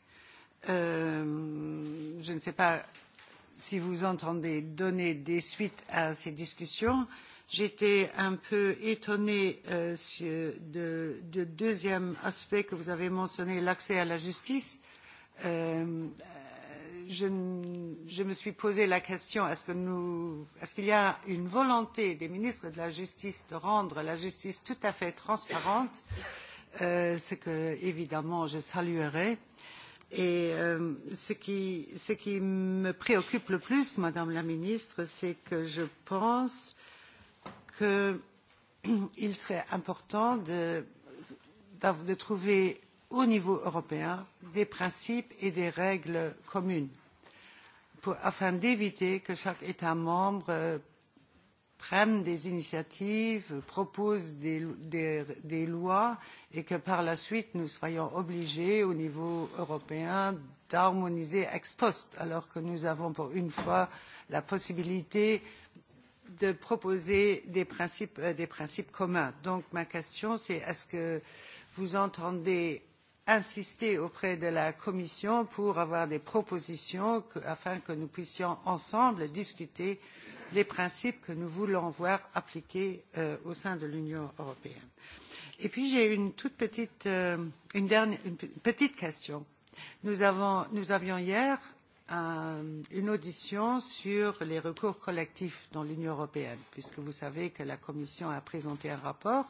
Euh, je ne sais pas si vous entendez donner des suites à ces discussions. J'étais un peu étonnée euh, du de, de deuxième aspect que vous avez mentionné, l'accès à la justice. Euh, je, je me suis posé la question est-ce que nous est-ce qu'il y a une volonté des ministres de la justice de rendre la justice tout à fait transparente euh, ce que évidemment je saluerais Et euh, ce, qui, ce qui me préoccupe le plus, Madame la Ministre, c'est que je pense qu'il serait important de, de trouver au niveau européen des principes et des règles communes pour, afin d'éviter que chaque État membre euh, prennent des initiatives, proposent des, des, des lois et que par la suite nous soyons obligés au niveau européen d'harmoniser ex post alors que nous avons pour une fois la possibilité de proposer des principes, euh, des principes communs. Donc ma question c'est est-ce que vous entendez insister auprès de la Commission pour avoir des propositions que, afin que nous puissions ensemble discuter euh, les principes que nous voulons voir appliqués euh, au sein de l'Union européenne. Et puis j'ai une toute petite, euh, une dernière, une petite question. Nous, avons, nous avions hier euh, une audition sur les recours collectifs dans l'Union européenne, puisque vous savez que la Commission a présenté un rapport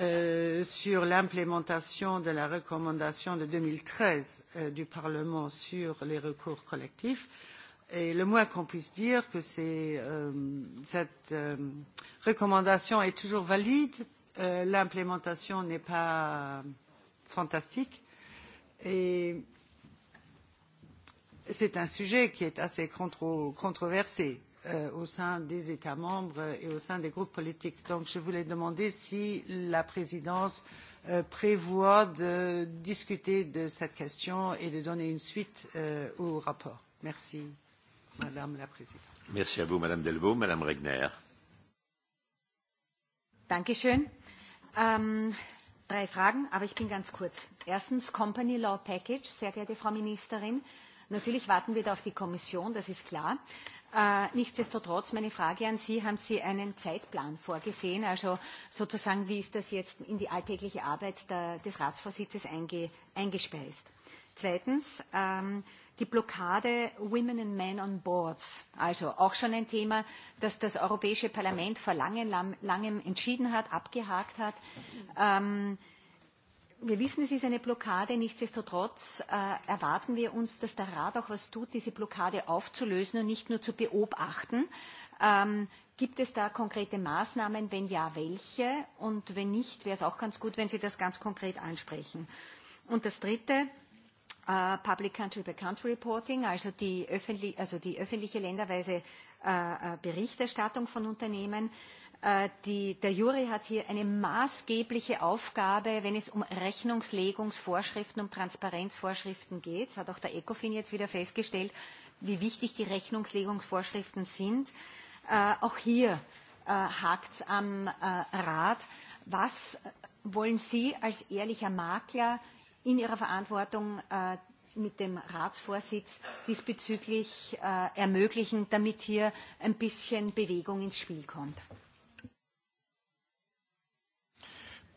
euh, sur l'implémentation de la recommandation de 2013 euh, du Parlement sur les recours collectifs Et le moins qu'on puisse dire, que euh, cette euh, recommandation est toujours valide. Euh, L'implémentation n'est pas fantastique. Et c'est un sujet qui est assez contro controversé euh, au sein des États membres et au sein des groupes politiques. Donc je voulais demander si la présidence euh, prévoit de discuter de cette question et de donner une suite euh, au rapport. Merci. Madame la Présidente. Merci à vous, Madame Delvaux. Madame Regner. Dankeschön. Ähm, drei Fragen, aber ich bin ganz kurz. Erstens Company Law Package, sehr geehrte Frau Ministerin. Natürlich warten wir da auf die Kommission, das ist klar. Äh, nichtsdestotrotz, meine Frage an Sie, haben Sie einen Zeitplan vorgesehen? Also sozusagen, wie ist das jetzt in die alltägliche Arbeit der, des Ratsvorsitzes einge, eingespeist? Zweitens, ähm, die Blockade Women and Men on Boards. Also auch schon ein Thema, das das Europäische Parlament vor langem, langem entschieden hat, abgehakt hat. Ähm, wir wissen, es ist eine Blockade. Nichtsdestotrotz äh, erwarten wir uns, dass der Rat auch was tut, diese Blockade aufzulösen und nicht nur zu beobachten. Ähm, Gibt es da konkrete Maßnahmen? Wenn ja, welche? Und wenn nicht, wäre es auch ganz gut, wenn Sie das ganz konkret ansprechen. Und das Dritte, äh, Public Country by Country Reporting, also die, öffentlich, also die öffentliche länderweise äh, äh, Berichterstattung von Unternehmen. Äh, die, der Jury hat hier eine maßgebliche Aufgabe, wenn es um Rechnungslegungsvorschriften, um Transparenzvorschriften geht. Das hat auch der ECOFIN jetzt wieder festgestellt, wie wichtig die Rechnungslegungsvorschriften sind. Äh, auch hier äh, hakt es am äh, Rat. Was wollen Sie als ehrlicher Makler in ihrer Verantwortung äh, mit dem Ratsvorsitz diesbezüglich äh, ermöglichen, damit hier ein bisschen Bewegung ins Spiel kommt.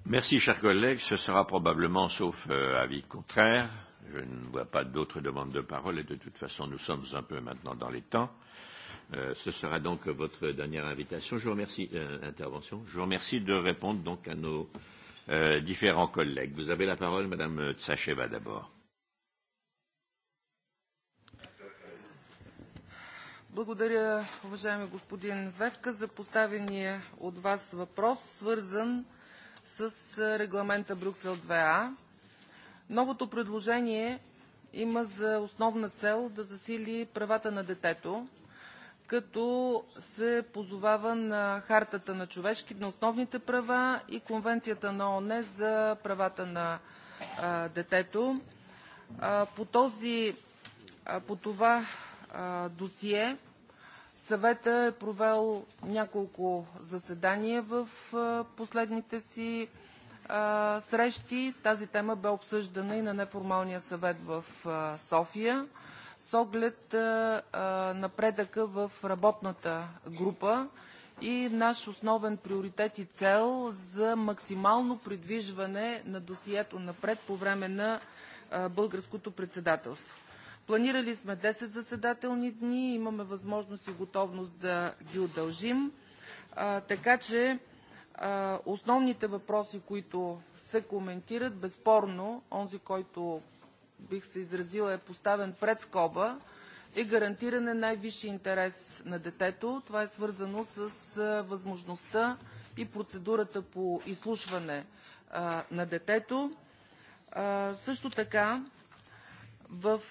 Merci, cher collègue. Ce sera probablement, sauf euh, avis contraire, je ne vois pas d'autres demandes de parole et de toute façon, nous sommes un peu maintenant dans les temps. Euh, ce sera donc votre dernière invitation. Je vous remercie, euh, intervention. Je vous remercie de répondre donc à nos différents collègues. Vous avez la parole, Madame Tsacheva, d'abord. Благодаря, уважаеми господин Звевка, за поставения от вас въпрос, свързан с регламента Брюксел 2А. Новото предложение има за основна цел да засили правата на детето като се позовава на Хартата на основните права и Конвенцията на ООН за правата на детето. По това досие Съветът е провел няколко заседания в последните си срещи. Тази тема бе обсъждана и на неформалния съвет в София оглед напредъка в работната група и наш основен приоритет и цел за максимално придвижване на досието напред по време на Българското председателство. Планирали сме 10 заседателни дни, имаме възможност и готовност да ги удължим, така че основните въпроси, които се коментират, безспорно онзи, който бих се изразила, е поставен пред скоба, е гарантиране най висши интерес на детето. Това е свързано с възможността и процедурата по изслушване на детето. Също така в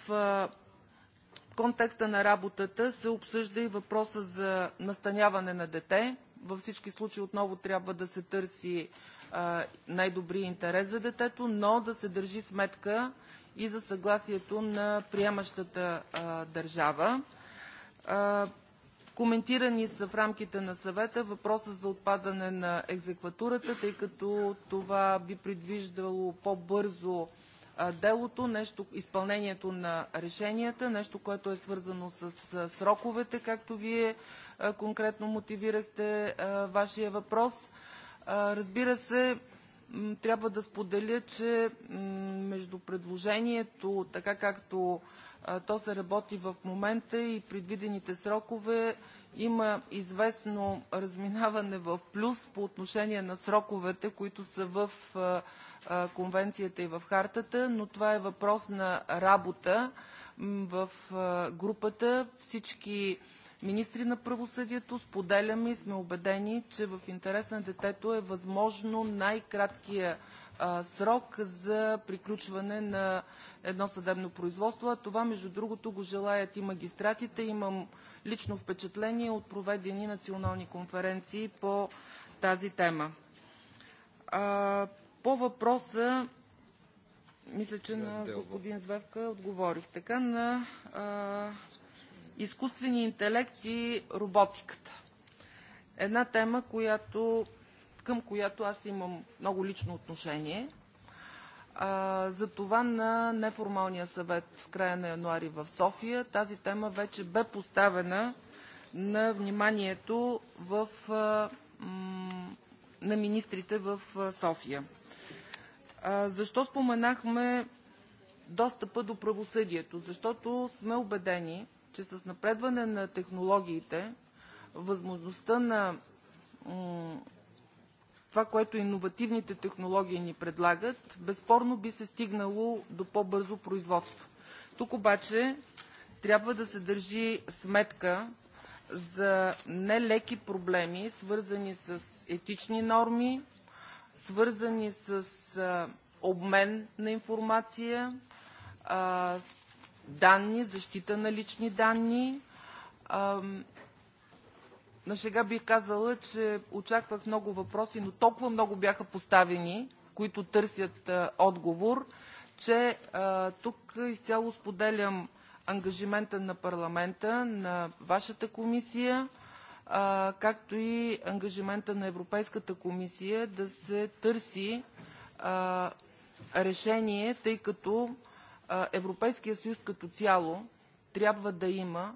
контекста на работата се обсъжда и въпроса за настаняване на дете. Във всички случаи отново трябва да се търси най-добрия интерес за детето, но да се държи сметка и за съгласието на приемащата държава. коментирани са в рамките на съвета въпроса за отпадане на екзекватурата, тъй като това би предвиждало по-бързо делото, нещо, изпълнението на решенията, нещо, което е свързано с сроковете, както вие конкретно мотивирахте вашия въпрос. Разбира се, трябва да споделя, че между предложението, така както то се работи в момента и предвидените срокове, има известно разминаване в плюс по отношение на сроковете, които са в конвенцията и в хартата, но това е въпрос на работа в групата. Всички министри на правосъдието. Споделяме и сме убедени, че в интерес на детето е възможно най-краткия срок за приключване на едно съдебно производство, а това, между другото, го желаят и магистратите. Имам лично впечатление от проведени национални конференции по тази тема. По въпроса, мисля, че на господин Звевка отговорих така, на изкуственият интелект и роботиката. Една тема, която, към която аз имам много лично отношение. А, за това на неформалния съвет в края на януари в София тази тема вече бе поставена на вниманието в, а, м, на министрите в София. А, Защо споменахме достъпа до правосъдието? Защото сме убедени, че с напредване на технологиите, възможността на това, което иновативните технологии ни предлагат, безспорно би се стигнало до по-бързо производство. Тук обаче трябва да се държи сметка за нелеки проблеми, свързани с етични норми, свързани с обмен на информация, с данни, защита на лични данни. На шега бих казала, че очаквах много въпроси, но толкова много бяха поставени, които търсят отговор, че тук изцяло споделям ангажимента на парламента, на вашата комисия, както и ангажимента на Европейската комисия да се търси решение, тъй като Европейския съюз като цяло трябва да има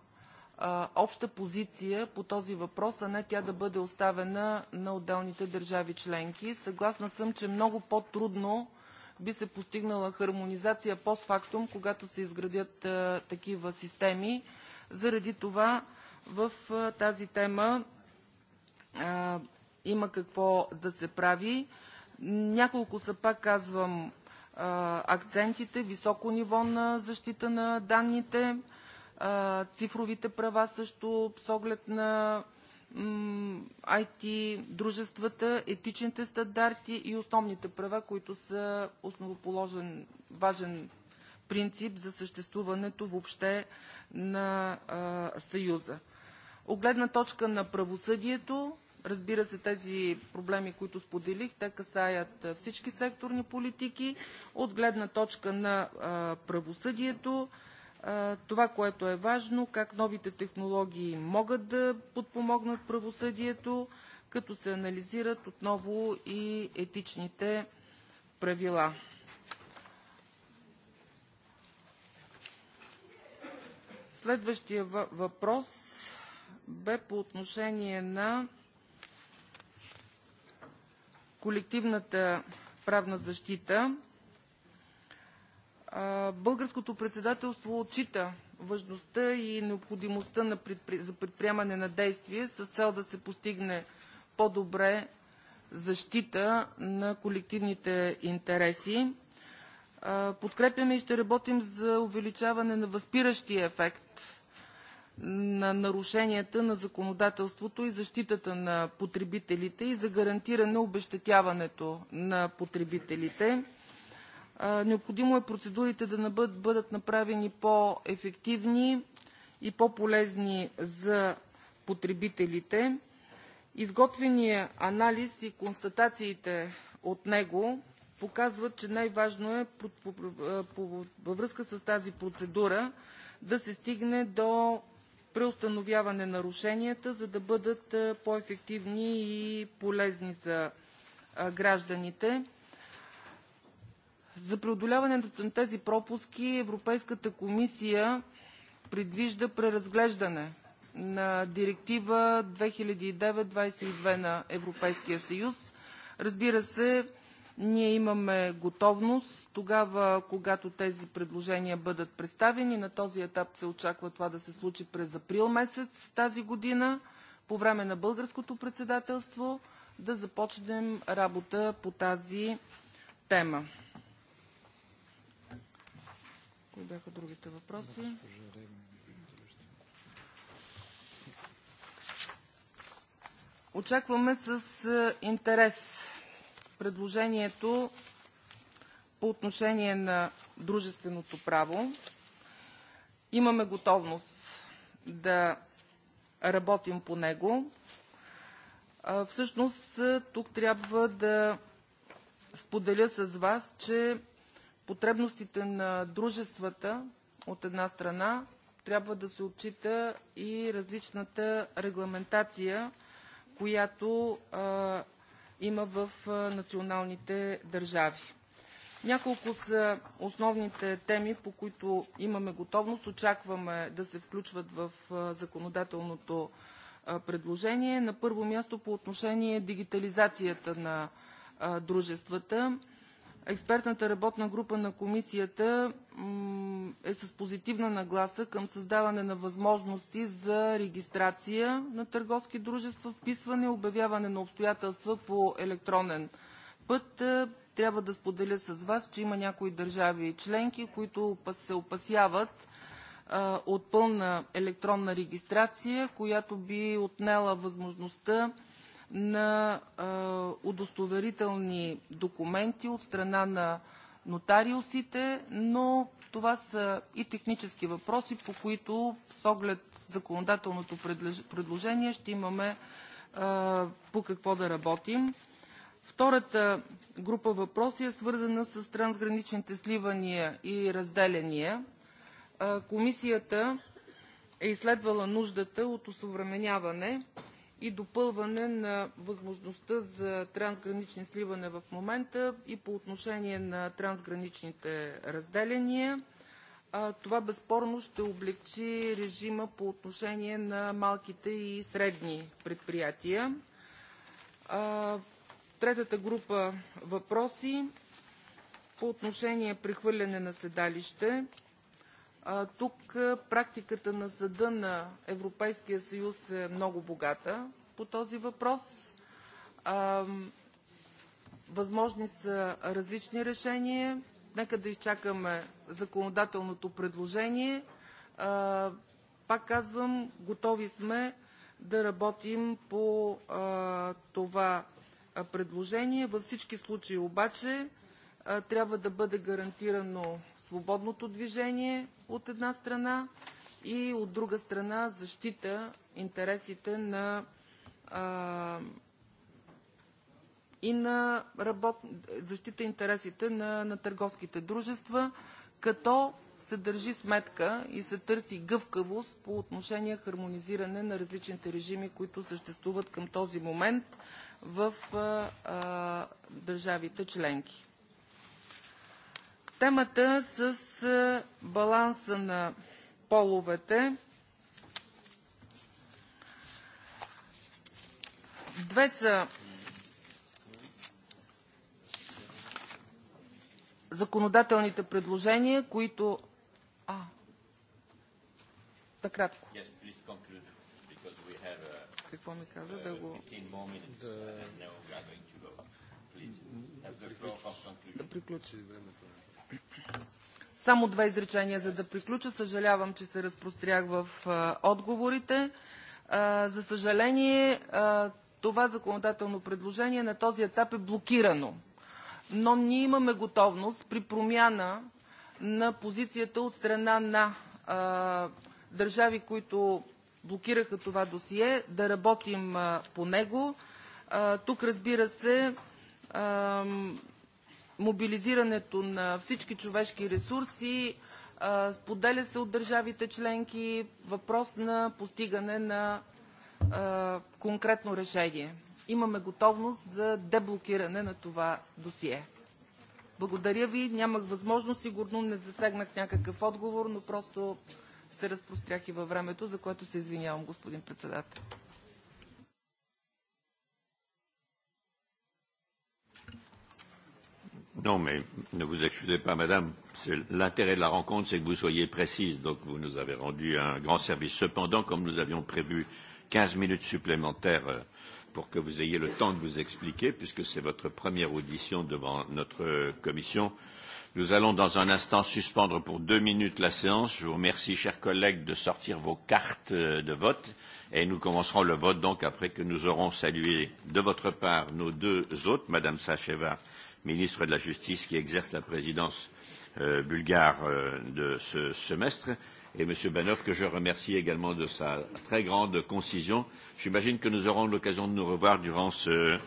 обща позиция по този въпрос, а не тя да бъде оставена на отделните държави членки. Съгласна съм, че много по-трудно би се постигнала хармонизация постфактум, когато се изградят такива системи. Заради това в тази тема има какво да се прави. Няколко са, пак казвам, акцентите, високо ниво на защита на данните, цифровите права също с оглед на IT дружествата, етичните стандарти и основните права, които са основоположен важен принцип за съществуването въобще на Съюза. Огледна точка на правосъдието Разбира се, тези проблеми, които споделих, те касаят всички секторни политики. От гледна точка на правосъдието, това, което е важно, как новите технологии могат да подпомогнат правосъдието, като се анализират отново и етичните правила. Следващия въпрос бе по отношение на колективната правна защита. Българското председателство отчита важността и необходимостта за предприемане на действия с цел да се постигне по-добре защита на колективните интереси. Подкрепяме и ще работим за увеличаване на възпиращия ефект на нарушенията на законодателството и защитата на потребителите и за гарантиране обезщетяването на потребителите. Необходимо е процедурите да бъдат направени по-ефективни и по-полезни за потребителите. Изготвеният анализ и констатациите от него показват, че най-важно е във връзка с тази процедура да се стигне до преустановяване нарушенията, за да бъдат по-ефективни и полезни за гражданите. За преодоляването на тези пропуски Европейската комисия предвижда преразглеждане на Директива 2009/22 на Европейския съюз. Разбира се, Ние имаме готовност когато тези предложения бъдат представени. На този етап се очаква това да се случи през април месец тази година, по време на българското председателство, да започнем работа по тази тема. Кои бяха другите въпроси? Очакваме с интерес предложението по отношение на дружественото право. Имаме готовност да работим по него. Всъщност, тук трябва да споделя с вас, че потребностите на дружествата от една страна трябва да се отчита и различната регламентация, която има в националните държави. Няколко са основните теми, по които имаме готовност, очакваме да се включват в законодателното предложение. На първо място по отношение дигитализацията на дружествата. Експертната работна група на комисията е с позитивна нагласа към създаване на възможности за регистрация на търговски дружества, вписване, обявяване на обстоятелства по електронен път. Трябва да споделя с Вас, че има някои държави членки, които се опасяват от пълна електронна регистрация, която би отнела възможността на удостоверителни документи от страна на нотариусите, но това са и технически въпроси, по които с оглед законодателното предложение ще имаме по какво да работим. Втората група въпроси е свързана с трансграничните сливания и разделения. Комисията е изследвала нуждата от осъвременяване и допълване на възможността за трансгранични сливане в момента и по отношение на трансграничните разделяния. Това безспорно ще облегчи режима по отношение на малките и средни предприятия. Третата група въпроси по отношение прехвърляне на седалище. Тук практиката на Съда на Европейския съюз е много богата по този въпрос. Възможни са различни решения. Нека да изчакаме законодателното предложение. Пак казвам, готови сме да работим по това предложение. Във всички случаи обаче трябва да бъде гарантирано свободното движение, от една страна, и от друга страна защита интересите на и на работ... защита интересите на, на търговските дружества, като се държи сметка и се търси гъвкавост по отношение хармонизиране на различните режими, които съществуват към този момент в а, държавите членки темата с баланса на половете. Две са законодателните предложения, които... А, да кратко. Какво ми каза? Да го... Да приключи времето. Само две изречения, за да приключа. Съжалявам, че се разпрострях в отговорите. За съжаление, това законодателно предложение на този етап е блокирано. Но ние имаме готовност при промяна на позицията от страна на държави, които блокираха това досие, да работим по него. Тук, разбира се, мобилизирането на всички човешки ресурси, споделя се от държавите членки, въпрос на постигане на конкретно решение. Имаме готовност за деблокиране на това досие. Благодаря ви. Нямах възможност. Сигурно не засегнах някакъв отговор, но просто се разпрострях и във времето, за което се извинявам, господин председател. Non, mais ne vous excusez pas, madame. L'intérêt de la rencontre, c'est que vous soyez précise. Donc, vous nous avez rendu un grand service. Cependant, comme nous avions prévu 15 minutes supplémentaires euh, pour que vous ayez le temps de vous expliquer, puisque c'est votre première audition devant notre commission, nous allons dans un instant suspendre pour deux minutes la séance. Je vous remercie, chers collègues, de sortir vos cartes euh, de vote. Et nous commencerons le vote donc après que nous aurons salué de votre part nos deux hôtes, Madame Sacheva ministre de la Justice qui exerce la présidence euh, bulgare euh, de ce semestre, et M. Benov, que je remercie également de sa très grande concision. J'imagine que nous aurons l'occasion de nous revoir durant ce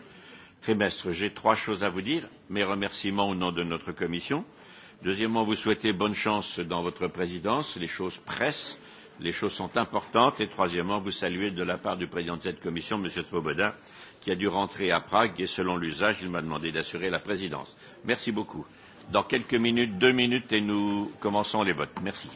trimestre. J'ai trois choses à vous dire. Mes remerciements au nom de notre commission. Deuxièmement, vous souhaitez bonne chance dans votre présidence. Les choses pressent, les choses sont importantes. Et troisièmement, vous saluez de la part du président de cette commission, M. Svoboda, qui a dû rentrer à Prague et selon l'usage, il m'a demandé d'assurer la présidence. Merci beaucoup. Dans quelques minutes, deux minutes, et nous commençons les votes. Merci.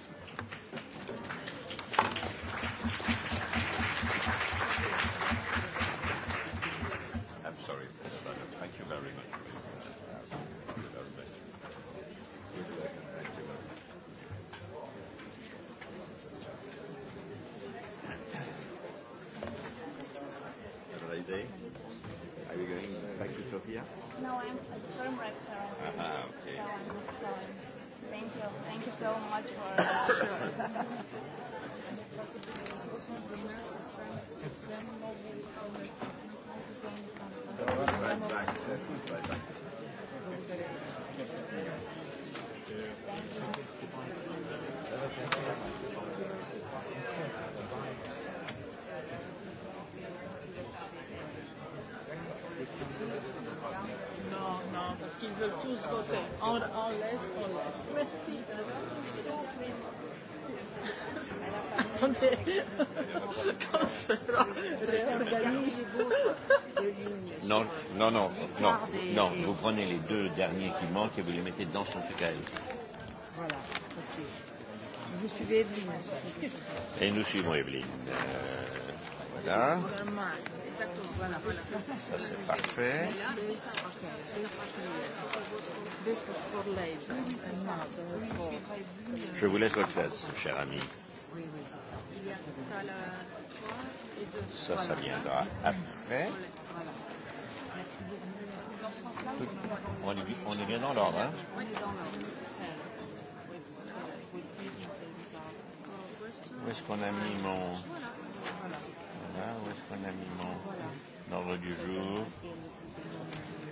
off and again. Voilà. Vous suivez Evelyne. Et nous suivons Evelyne. Euh, voilà. Ça c'est parfait. Je vous laisse votre face, cher ami. Ça, ça viendra après. On est, on est bien dans l'ordre, hein Où est-ce qu'on a mis mon... Voilà, où est-ce qu'on a mis mon... L'ordre du jour.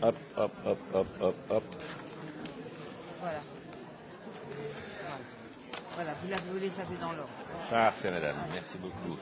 Hop, hop, hop, hop, hop, hop. Voilà. Voilà, vous, la, vous les avez dans l'ordre. Parfait, madame. Merci beaucoup.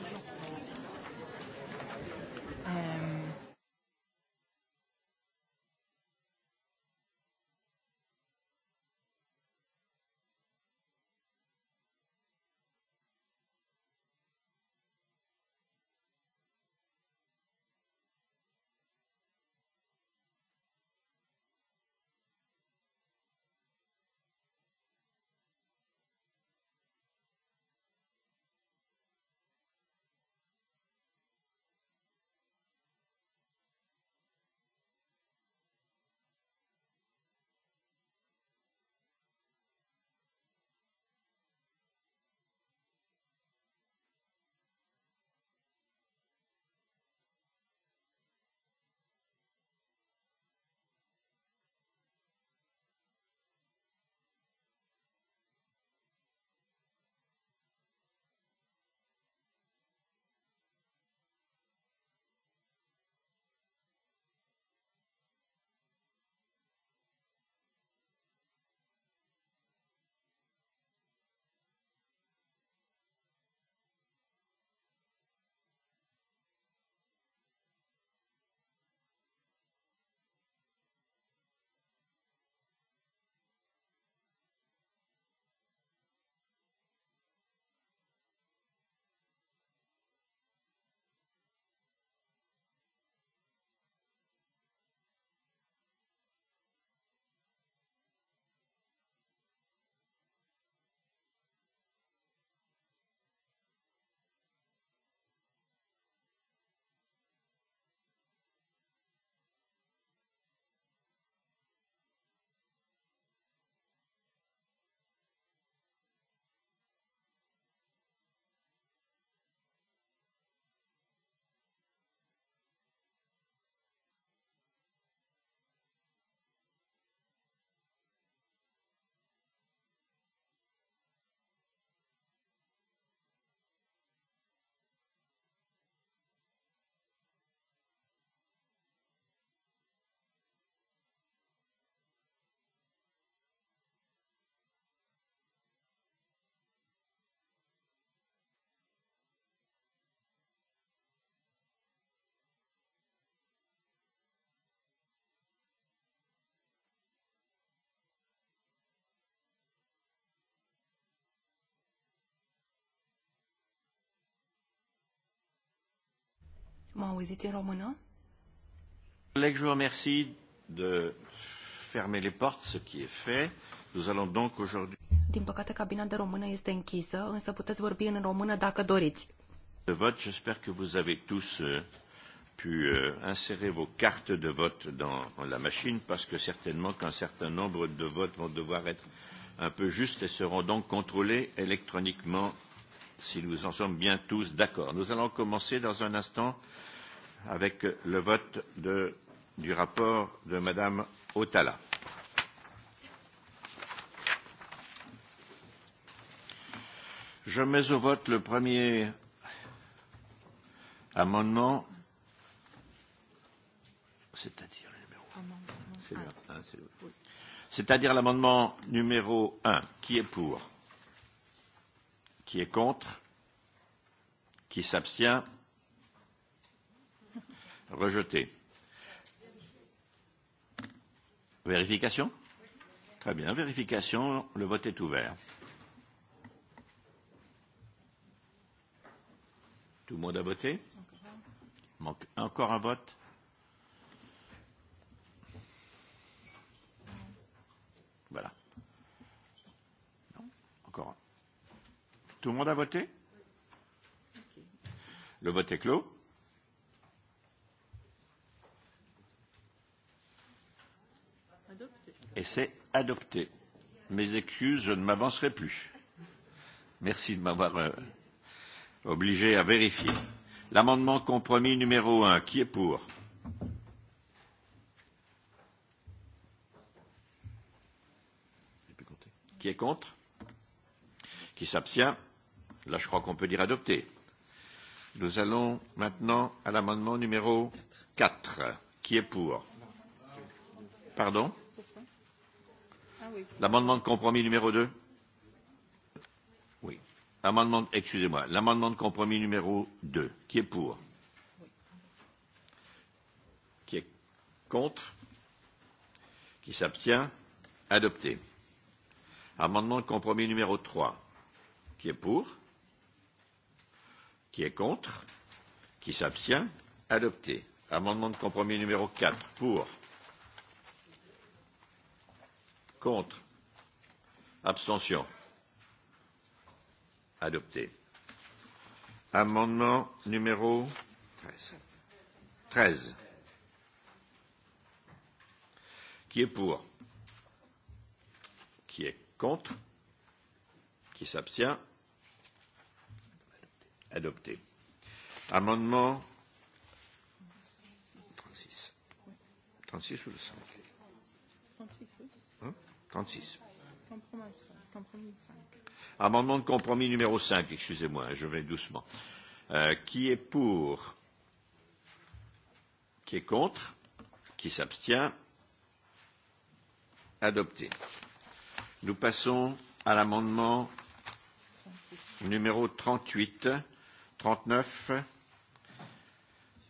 Mă auziți în română? Coleg, je vous remercie de fermer les portes, ce qui est fait. Nous allons donc aujourd'hui... Din păcate, cabina de română este închisă, însă puteți vorbi în română dacă doriți. De vote, j'espère que vous avez tous euh, pu euh, insérer vos cartes de vote dans la machine, parce que certainement qu'un certain nombre de votes vont devoir être un peu justes et seront donc contrôlés électroniquement, si nous en sommes bien tous d'accord. Nous allons commencer dans un instant avec le vote de, du rapport de Madame Otala. Je mets au vote le premier amendement, c'est-à-dire le numéro C'est 1, c'est le c'est-à-dire l'amendement numéro 1. Qui est pour Qui est contre Qui s'abstient Rejeté. Vérification Très bien. Vérification. Le vote est ouvert. Tout le monde a voté Manque encore un vote. Voilà. Non, encore un. Tout le monde a voté Le vote est clos. et c'est adopté. Mes excuses, je ne m'avancerai plus. Merci de m'avoir euh, obligé à vérifier. L'amendement compromis numéro un, qui est pour Qui est contre Qui s'abstient Là, je crois qu'on peut dire adopté. Nous allons maintenant à l'amendement numéro 4. Qui est pour Pardon Ah l'amendement de compromis numéro 2 Oui. Amendement, excusez-moi, l'amendement de compromis numéro 2. Qui est pour Qui est contre Qui s'abstient Adopté. Amendement de compromis numéro 3. Qui est pour Qui est contre Qui s'abstient Adopté. Amendement de compromis numéro 4. Pour Contre. Abstention. Adopté. Amendement numéro 13. Qui est pour Qui est contre Qui s'abstient Adopté. Amendement 36. 36 ou 5 36. Amendement de compromis numéro 5, excusez-moi, je vais doucement. Euh, qui est pour Qui est contre Qui s'abstient Adopté. Nous passons à l'amendement numéro 38, 39,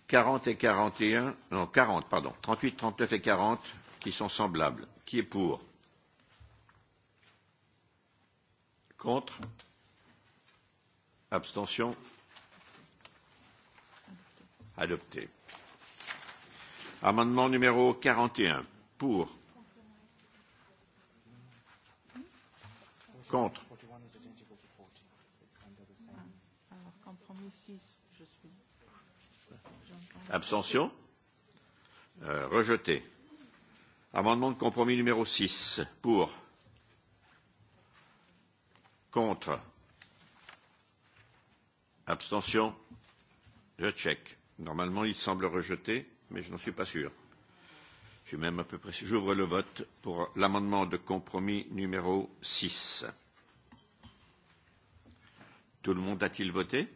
40 et 41, non 40, pardon, 38, 39 et 40 qui sont semblables. Qui est pour Contre Abstention Adopté. Amendement numéro 41. Pour Contre Abstention euh, Rejeté. Amendement de compromis numéro 6. Pour Contre. Abstention. Je check. Normalement, il semble rejeté, mais je n'en suis pas sûr. Je suis même à peu près. J'ouvre le vote pour l'amendement de compromis numéro 6. Tout le monde a-t-il voté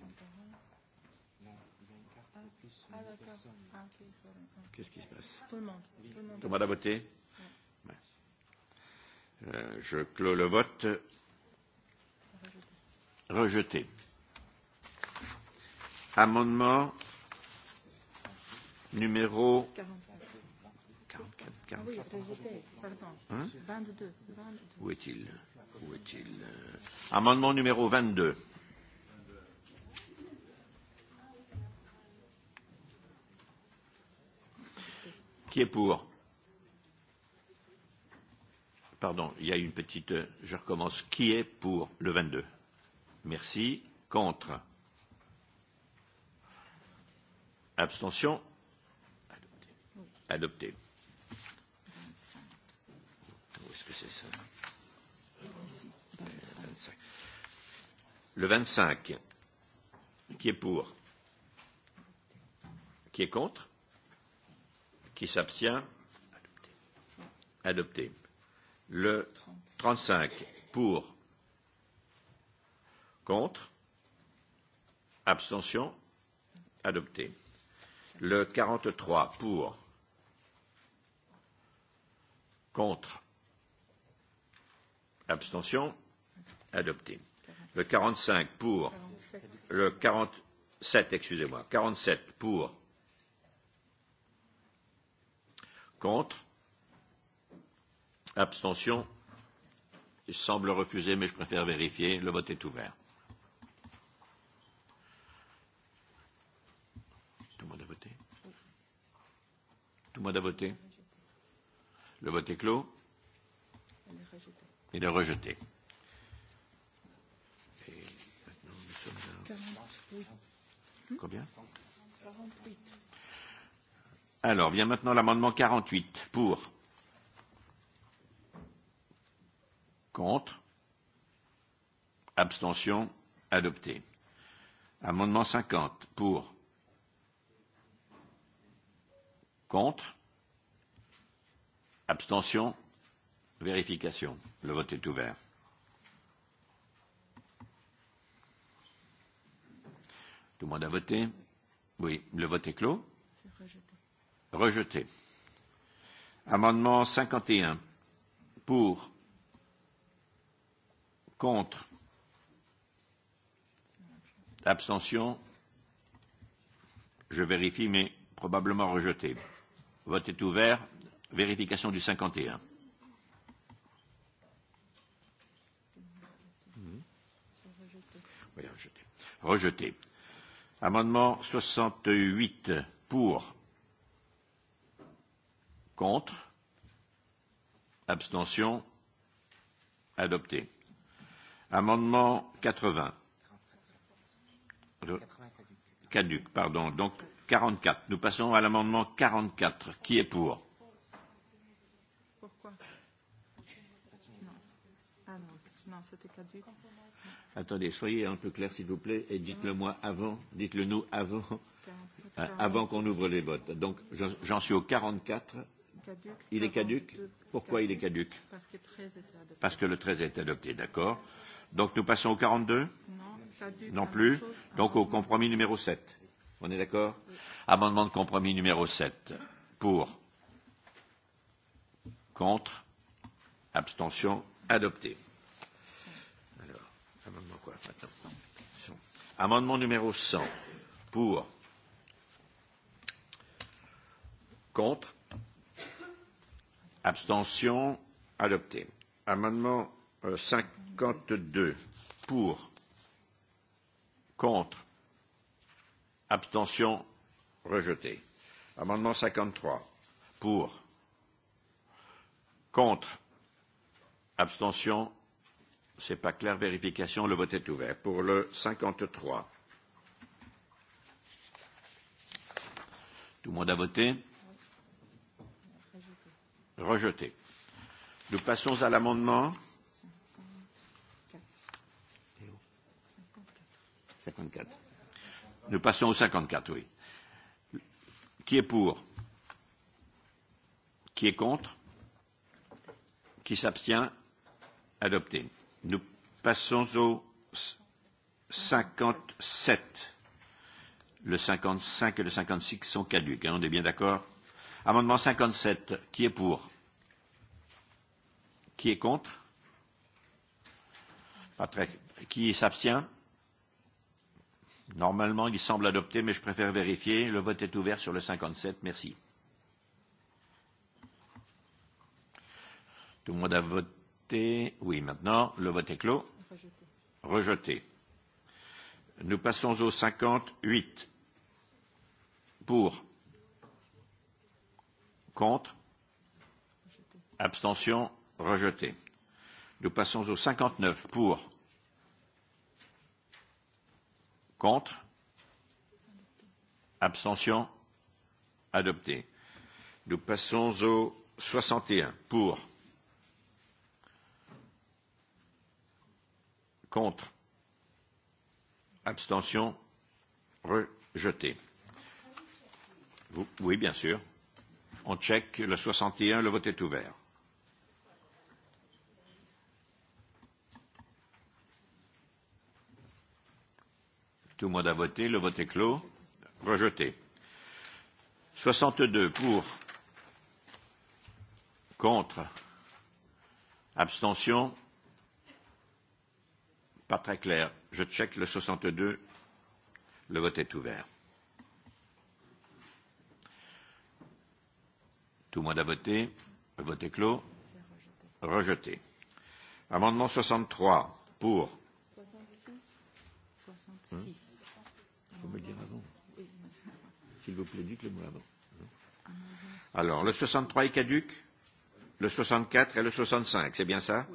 Qu'est-ce qui se passe Tout le monde. Tout le monde a voté. Ouais. Euh, je clôt le vote. Rejeté. Amendement numéro 44. Où est-il Où est-il Amendement numéro 22. Qui est pour Pardon, il y a une petite. Je recommence. Qui est pour le 22 Merci. Contre. Abstention. Adopté. Où est-ce que c'est ça Le 25. Qui est pour Qui est contre Qui s'abstient Adopté. Le 35. Pour Contre Abstention Adopté. Le 43 pour Contre Abstention Adopté. Le 45 pour 47. le 47 excusez-moi 47 pour Contre Abstention Il semble refusé, mais je préfère vérifier. Le vote est ouvert. Tout le monde a voté Le vote est clos. Il est rejeté. Et maintenant, nous sommes à... 48. Combien 48. Alors, vient maintenant l'amendement 48. Pour Contre Abstention Adopté. Amendement 50. Pour Contre Abstention Vérification. Le vote est ouvert. Tout le monde a voté Oui. Le vote est clos Rejeté. Rejeté. Amendement 51. Pour Contre Abstention Je vérifie, mais probablement rejeté. Vote est ouvert. Vérification du 51. Oui, rejeté. Rejeté. Amendement 68 pour. Contre. Abstention. Adopté. Amendement 80. Caduc, pardon. Donc 44. Nous passons à l'amendement 44. Qui est pour Pourquoi non. Ah non, non c'était caduque. Attendez, soyez un peu clair, s'il vous plaît, et dites-le moi avant, dites-le nous avant, euh, avant qu'on ouvre les votes. Donc, j'en suis au 44. il est caduque Pourquoi il est caduque Parce que, le 13 est adopté, d'accord. Donc, nous passons au 42 Non, plus. Donc, au compromis numéro 7. On est d'accord Amendement de compromis numéro 7. Pour. Contre. Abstention. Adopté. Alors, amendement quoi Attends. 100. 100. Amendement numéro 100. Pour. Contre. Abstention. Adopté. Amendement 52. Euh, Pour. Contre. Abstention rejeté. Amendement 53 pour. Contre. Abstention. C'est pas clair. Vérification. Le vote est ouvert. Pour le 53. Tout le monde a voté Rejeté. Nous passons à l'amendement 54. Nous passons au 54, oui. Qui est pour Qui est contre Qui s'abstient Adopté. Nous passons au 57. Le 55 et le 56 sont caduques, hein, on est bien d'accord Amendement 57, qui est pour Qui est contre Pas très... Qui s'abstient Normalement, il semble adopté, mais je préfère vérifier. Le vote est ouvert sur le 57. Merci. Tout le monde a voté. Oui, maintenant, le vote est clos. Rejeté. Rejeté. Nous passons au 58. Pour. Contre. Abstention. Rejeté. Nous passons au 59. Pour. Contre Abstention Adopté. Nous passons au 61. Pour Contre Abstention Rejeté. Vous, oui, bien sûr. On check le 61, le vote est ouvert. Tout le monde a voté. Le vote est clos. Rejeté. 62 pour. Contre. Abstention. Pas très clair. Je check le 62. Le vote est ouvert. Tout le monde a voté. Le vote est clos. Rejeté. Amendement 63 pour. 66. 66. Hmm faut me le dire avant. S'il vous plaît, dites-le-moi avant. Alors, le 63 est caduc, le 64 et le 65, c'est bien ça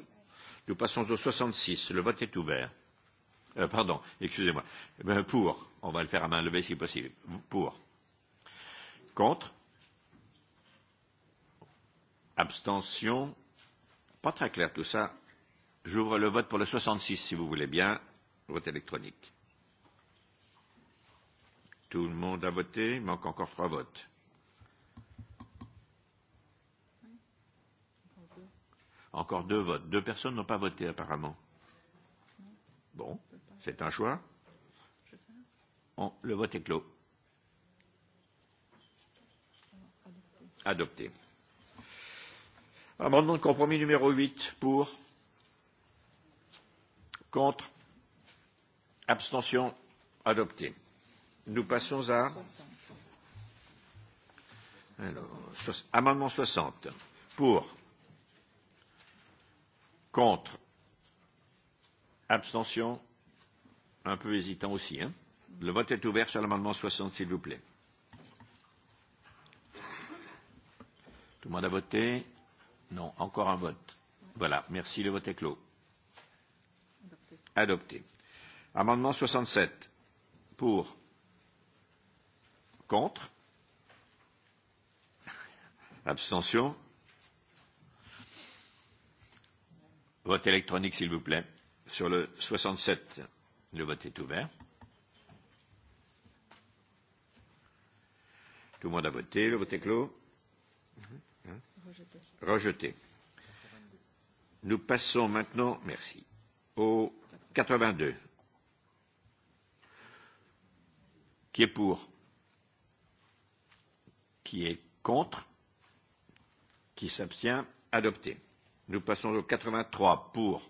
Nous passons au 66. Le vote est ouvert. Euh, pardon, excusez-moi. Euh, pour, on va le faire à main levée si possible. Pour. Contre. Abstention. Pas très clair tout ça. J'ouvre le vote pour le 66, si vous voulez bien. Vote électronique. Tout le monde a voté. Il manque encore trois votes. Encore deux votes. Deux personnes n'ont pas voté apparemment. Bon, c'est un choix. On, le vote est clos. Adopté. Amendement de compromis numéro 8 pour contre abstention adopté. Nous passons à alors, so, amendement 60 pour contre abstention un peu hésitant aussi. Hein. Le vote est ouvert sur l'amendement 60, s'il vous plaît. Tout le monde a voté Non, encore un vote. Voilà, merci, le vote est clos. Adopté. Amendement 67, pour, Contre Abstention Vote électronique, s'il vous plaît. Sur le 67, le vote est ouvert. Tout le monde a voté. Le vote est clos. Rejeté. Rejeté. Nous passons maintenant, merci, au 82. Qui est pour qui est contre, qui s'abstient, adopté. Nous passons au 83 pour,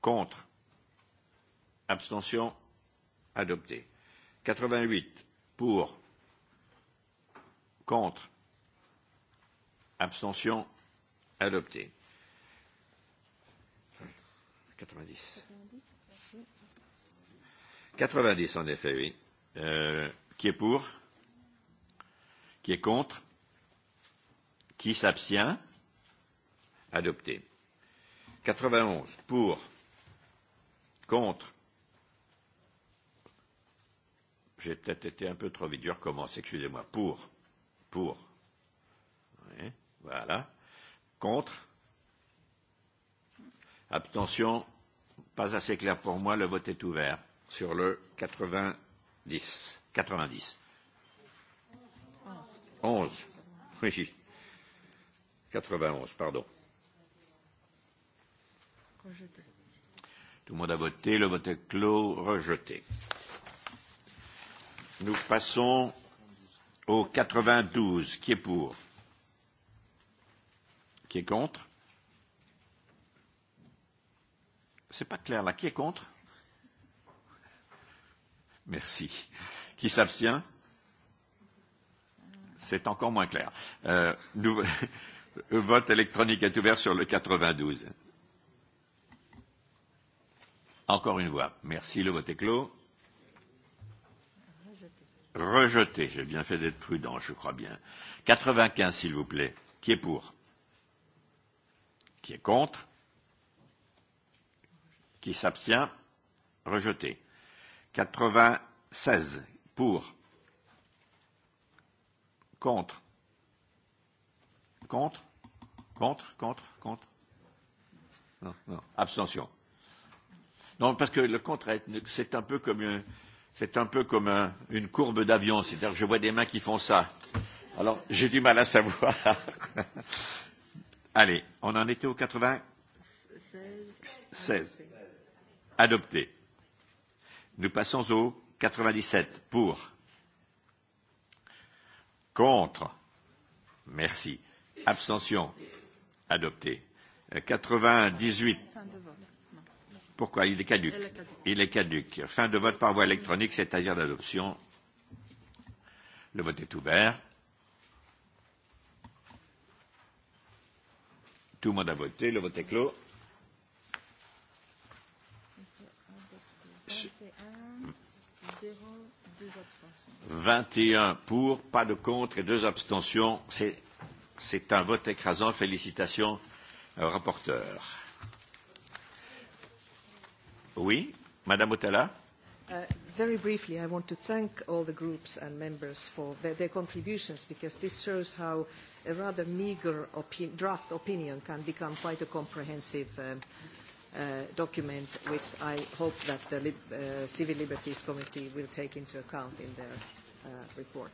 contre, abstention, adopté. 88 pour, contre, abstention, adopté. 90. 90 en effet, oui. Euh, qui est pour Qui est contre Qui s'abstient Adopté. 91 pour, contre. J'ai peut-être été un peu trop vite, je recommence, excusez-moi. Pour, pour. Oui, voilà. Contre. Abstention, pas assez clair pour moi, le vote est ouvert sur le 90. 90. 11. Oui. 91, pardon. Rejeté. Tout le monde a voté. Le vote est clos. Rejeté. Nous passons au 92. Qui est pour Qui est contre C'est pas clair là. Qui est contre Merci. Qui s'abstient c'est encore moins clair. Euh, nous, vote électronique est ouvert sur le 92. Encore une voix. Merci. Le vote est clos. Rejeté. J'ai bien fait d'être prudent, je crois bien. 95, s'il vous plaît. Qui est pour Qui est contre Qui s'abstient Rejeté. 96, pour Contre. Contre. Contre. Contre. Contre. Non, non. Abstention. Non, parce que le contre, c'est un peu comme une, un peu comme un, une courbe d'avion. C'est-à-dire que je vois des mains qui font ça. Alors, j'ai du mal à savoir. Allez, on en était au 80 16. 16. Adopté. Nous passons au 97 pour Contre. Merci. Abstention. Adopté. 98. Euh, Pourquoi Il est caduc. Il est caduc. Fin de vote par voie électronique, c'est-à-dire d'adoption. Le vote est ouvert. Tout le monde a voté. Le vote est clos. 21 pour, pas de contre et deux abstentions. C'est un vote écrasant. Félicitations au rapporteur. Oui, Madame Otala. Uh, very briefly, I want to thank all the groups and members for their, their contributions because this shows how a rather meagre opi draft opinion can become quite a comprehensive um, Uh, document, which I hope that the Lib uh, Civil Liberties Committee will take into account in their uh, report.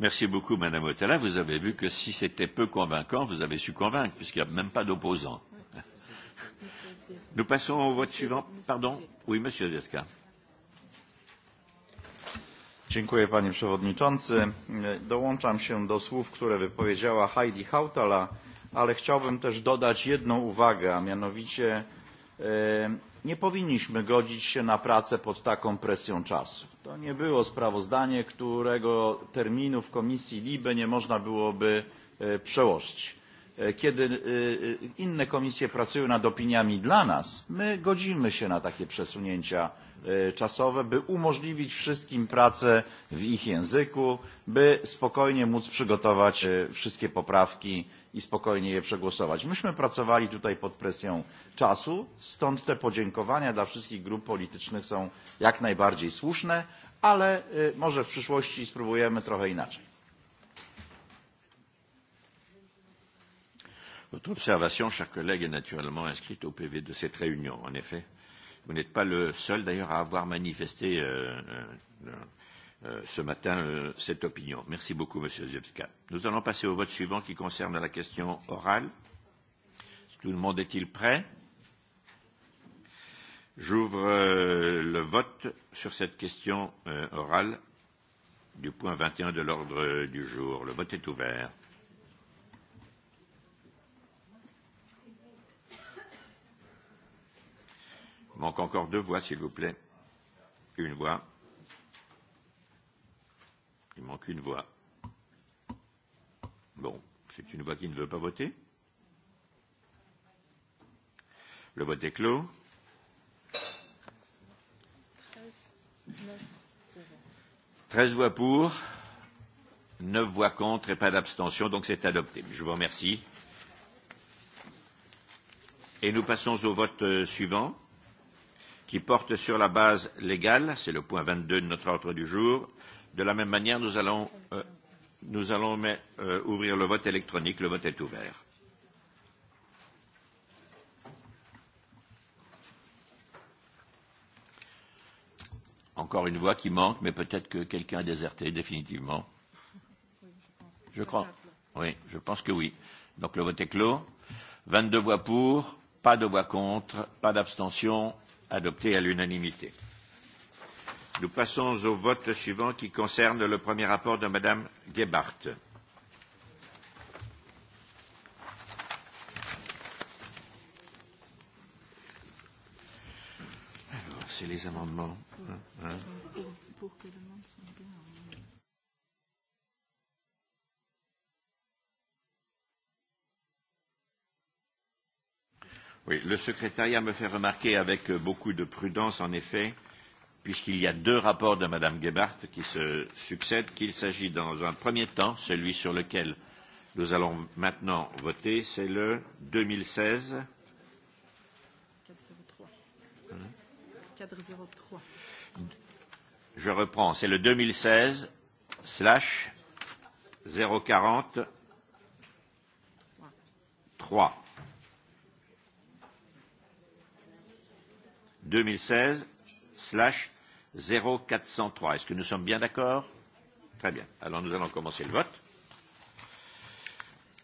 Merci beaucoup, Madame Otella. Vous avez vu que si c'était peu convaincant, vous avez su convaincre, puisqu'il n'y a même pas d'opposants. Nous passons au vote suivant. Pardon Oui, Monsieur Zesca. Dziękuję panie przewodniczący. Dołączam się do słów, które wypowiedziała Heidi Hautala, ale chciałbym też dodać jedną uwagę, a mianowicie nie powinniśmy godzić się na pracę pod taką presją czasu. To nie było sprawozdanie, którego terminu w komisji LIBE nie można byłoby przełożyć. Kiedy inne komisje pracują nad opiniami dla nas, my godzimy się na takie przesunięcia czasowe, by umożliwić wszystkim pracę w ich języku, by spokojnie móc przygotować wszystkie poprawki i spokojnie je przegłosować. Myśmy pracowali tutaj pod presją czasu, stąd te podziękowania dla wszystkich grup politycznych są jak najbardziej słuszne, ale może w przyszłości spróbujemy trochę inaczej. Votre observation, chers collègues, est naturellement inscrite au PV de cette réunion. En effet, Vous n'êtes pas le seul d'ailleurs à avoir manifesté euh, euh, euh, ce matin euh, cette opinion. Merci beaucoup, Monsieur Zewska. Nous allons passer au vote suivant qui concerne la question orale. Tout le monde est-il prêt J'ouvre euh, le vote sur cette question euh, orale du point 21 de l'ordre du jour. Le vote est ouvert. Manque encore deux voix, s'il vous plaît. Une voix. Il manque une voix. Bon, c'est une voix qui ne veut pas voter. Le vote est clos. 13 voix pour, 9 voix contre et pas d'abstention, donc c'est adopté. Je vous remercie. Et nous passons au vote euh, suivant qui porte sur la base légale, c'est le point 22 de notre ordre du jour. De la même manière, nous allons, euh, nous allons mais, euh, ouvrir le vote électronique. Le vote est ouvert. Encore une voix qui manque, mais peut-être que quelqu'un a déserté définitivement. Je crois. Oui, je pense que oui. Donc le vote est clos. 22 voix pour, pas de voix contre, pas d'abstention adopté à l'unanimité. Nous passons au vote suivant qui concerne le premier rapport de Madame Gebhardt. Alors, c'est les amendements. Hein, hein. Pour, pour que le monde Oui, le secrétariat me fait remarquer avec euh, beaucoup de prudence, en effet, puisqu'il y a deux rapports de Mme Gebhardt qui se succèdent, qu'il s'agit dans un premier temps, celui sur lequel nous allons maintenant voter, c'est le 2016. 403. Hein 403. Je reprends, c'est le 2016 slash 040 3 2016 slash 0403. Est-ce que nous sommes bien d'accord Très bien. Alors nous allons commencer le vote.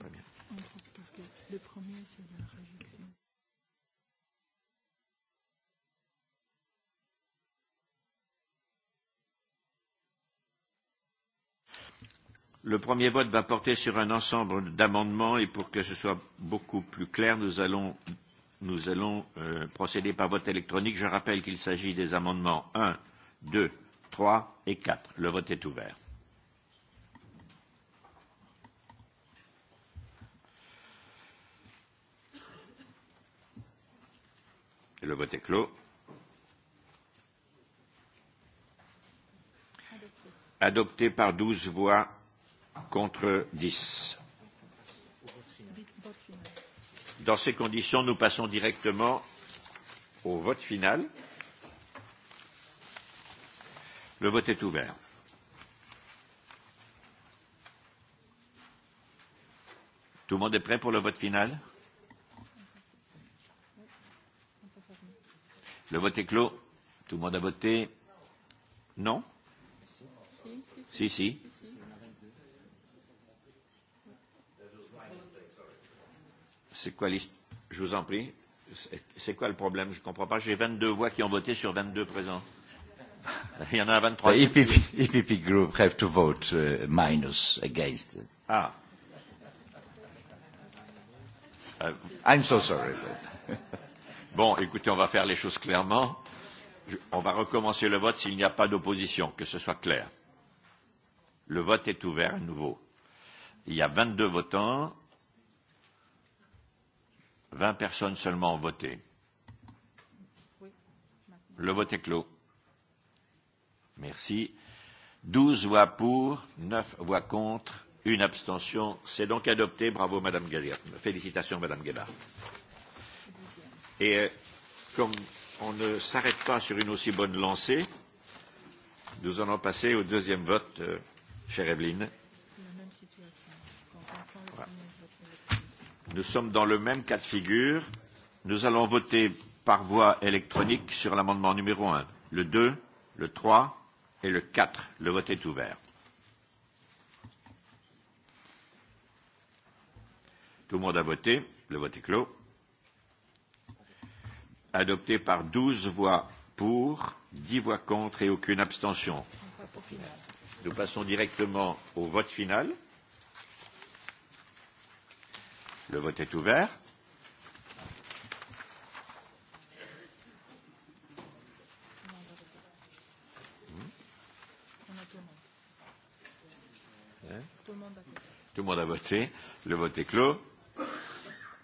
Très bien. Le Le premier vote va porter sur un ensemble d'amendements et pour que ce soit beaucoup plus clair, nous allons nous allons euh, procéder par vote électronique. Je rappelle qu'il s'agit des amendements 1, 2, 3 et 4. Le vote est ouvert. Et le vote est clos. Adopté par 12 voix contre 10. Dans ces conditions, nous passons directement au vote final. Le vote est ouvert. Tout le monde est prêt pour le vote final Le vote est clos. Tout le monde a voté Non Si, si. si. si, si. C'est quoi l'histoire Je vous en prie. C'est quoi le problème Je ne comprends pas. J'ai 22 voix qui ont voté sur 22 présents. Il y en a 23. The EPP, EPP group have to vote uh, minus against. Ah. Uh, I'm so sorry. But... bon, écoutez, on va faire les choses clairement. Je, on va recommencer le vote s'il n'y a pas d'opposition, que ce soit clair. Le vote est ouvert à nouveau. Il y a 22 votants, 20 personnes seulement ont voté. Le vote est clos. Merci. 12 voix pour, 9 voix contre, une abstention. C'est donc adopté. Bravo, Madame Gallier. Félicitations, Madame Guébard. Et euh, comme on ne s'arrête pas sur une aussi bonne lancée, nous allons passer au deuxième vote, euh, chère Evelyne. Nous sommes dans le même cas de figure. Nous allons voter par voie électronique sur l'amendement numéro 1, le 2, le 3 et le 4. Le vote est ouvert. Tout le monde a voté. Le vote est clos. Adopté par 12 voix pour, 10 voix contre et aucune abstention. Nous passons directement au vote final. Le vote est ouvert. Tout le monde a voté. Le vote est clos.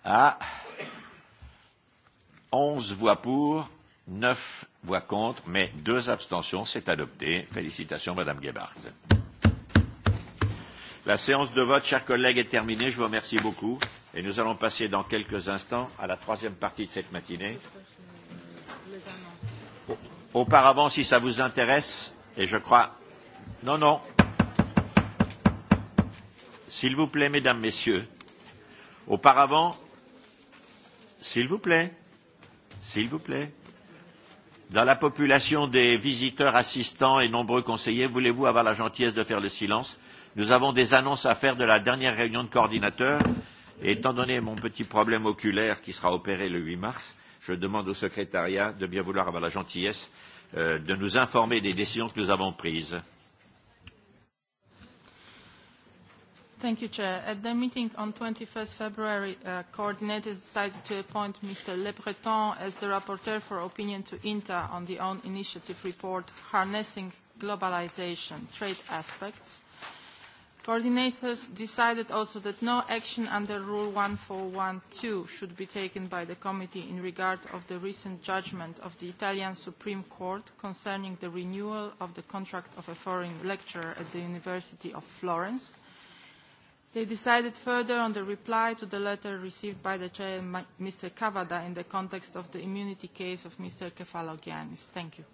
À 11 voix pour, 9 voix contre, mais deux abstentions. C'est adopté. Félicitations, Madame Gebhardt. La séance de vote, chers collègues, est terminée. Je vous remercie beaucoup. Et nous allons passer dans quelques instants à la troisième partie de cette matinée. Auparavant, si ça vous intéresse, et je crois... Non, non. S'il vous plaît, mesdames, messieurs. Auparavant, s'il vous plaît, s'il vous plaît. Dans la population des visiteurs assistants et nombreux conseillers, voulez-vous avoir la gentillesse de faire le silence Nous avons des annonces à faire de la dernière réunion de coordinateurs. Et étant donné mon petit problème oculaire qui sera opéré le 8 mars, je demande au secrétariat de bien vouloir avoir la gentillesse euh, de nous informer des décisions que nous avons prises. Thank you, Chair. At the meeting on 21st February, uh, coordinators decided to appoint Mr. Le Breton as the rapporteur for opinion to INTA on the own initiative report, Harnessing Globalization, Trade Aspects, Coordinators decided also that no action under Rule 1412 should be taken by the committee in regard of the recent judgment of the Italian Supreme Court concerning the renewal of the contract of a foreign lecturer at the University of Florence. They decided further on the reply to the letter received by the chair, Mr. Cavada, in the context of the immunity case of Mr. Kefalogiannis. Thank you.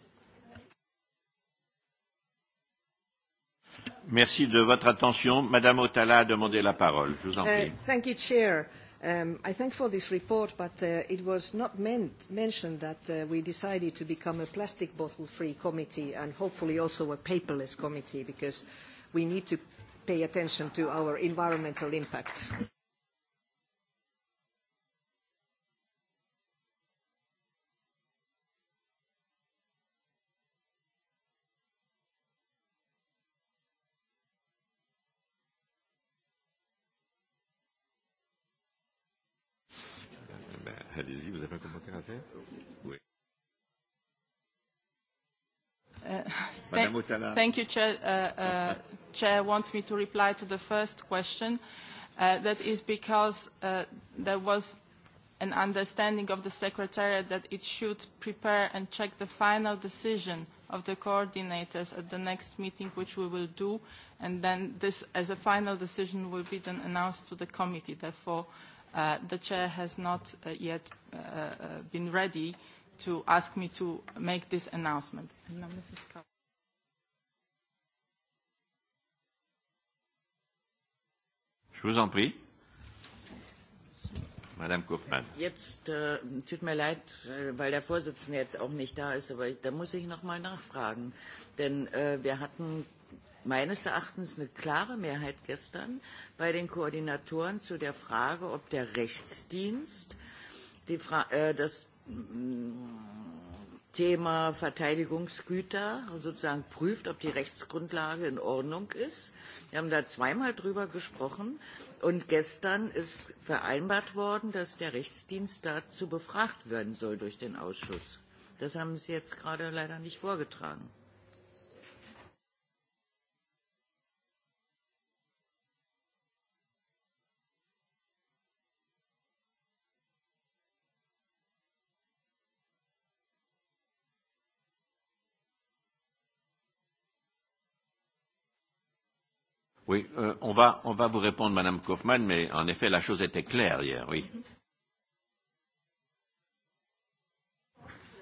Merci de votre attention. Madame Otala a demandé la parole. Je vous en uh, prie. Uh, thank you, Chair. Um, I thank for this report, but uh, it was not meant, mentioned that uh, we decided to become a plastic bottle-free committee and hopefully also a paperless committee because we need to pay attention to our environmental impact. Allez-y, vous avez un commentaire à faire Oui. Uh, Madame thank, thank you, Chair. Uh, uh, Chair wants me to reply to the first question. Uh, that is because uh, there was an understanding of the Secretariat that it should prepare and check the final decision of the coordinators at the next meeting, which we will do, and then this, as a final decision, will be then announced to the committee. Therefore, uh, Uh, the chair has not uh, yet uh, uh, been ready to ask me to make this announcement. And now Mrs. Cow Je vous en prie. Madame Kaufmann. Jetzt äh, tut mir leid, äh, weil der Vorsitzende jetzt auch nicht da ist, aber da muss ich noch mal nachfragen. Denn äh, wir hatten meines Erachtens eine klare Mehrheit gestern bei den Koordinatoren zu der Frage, ob der Rechtsdienst die Fra äh, das mm, Thema Verteidigungsgüter sozusagen prüft, ob die Rechtsgrundlage in Ordnung ist. Wir haben da zweimal drüber gesprochen und gestern ist vereinbart worden, dass der Rechtsdienst dazu befragt werden soll durch den Ausschuss. Das haben Sie jetzt gerade leider nicht vorgetragen. Oui, euh, on, va, on va vous répondre, Madame Kaufmann, mais en effet, la chose était claire hier, oui. Mm -hmm.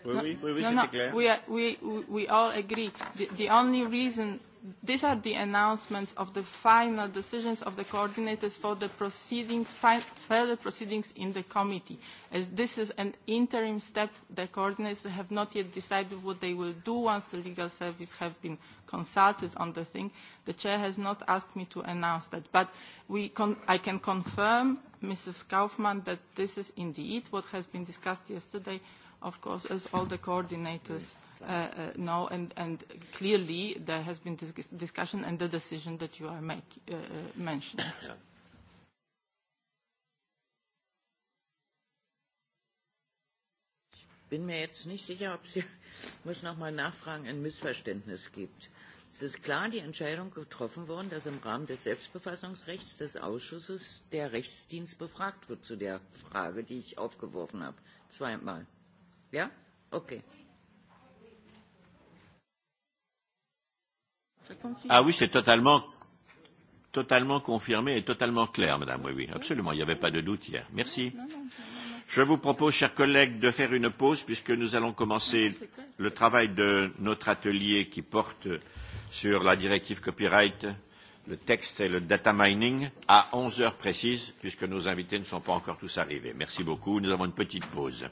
We, no, We, all agree. The, the only reason, these are the announcements of the final decisions of the coordinators for the proceedings, further proceedings in the committee. As this is an interim step, the coordinators have not yet decided what they will do once the legal service have been consulted on the thing. The chair has not asked me to announce that, but we con I can confirm, Mrs. Kaufmann, that this is indeed what has been discussed yesterday of course, as all the coordinators uh, uh, know, and, and clearly there has been dis discussion and the decision that you are make, uh, uh mentioning. Yeah. bin mir jetzt nicht sicher, ob es hier, muss noch mal nachfragen, ein Missverständnis gibt. Es ist klar die Entscheidung getroffen worden, dass im Rahmen des Selbstbefassungsrechts des Ausschusses der Rechtsdienst befragt wird zu der Frage, die ich aufgeworfen habe. Zweimal. Yeah? Da? Okay. Ah oui, c'est totalement, totalement confirmé et totalement clair, madame. Oui, oui, absolument. Il n'y avait pas de doute hier. Merci. Je vous propose, chers collègues, de faire une pause puisque nous allons commencer le travail de notre atelier qui porte sur la directive copyright, le texte et le data mining à 11 heures précises puisque nos invités ne sont pas encore tous arrivés. Merci beaucoup. Nous avons une petite pause.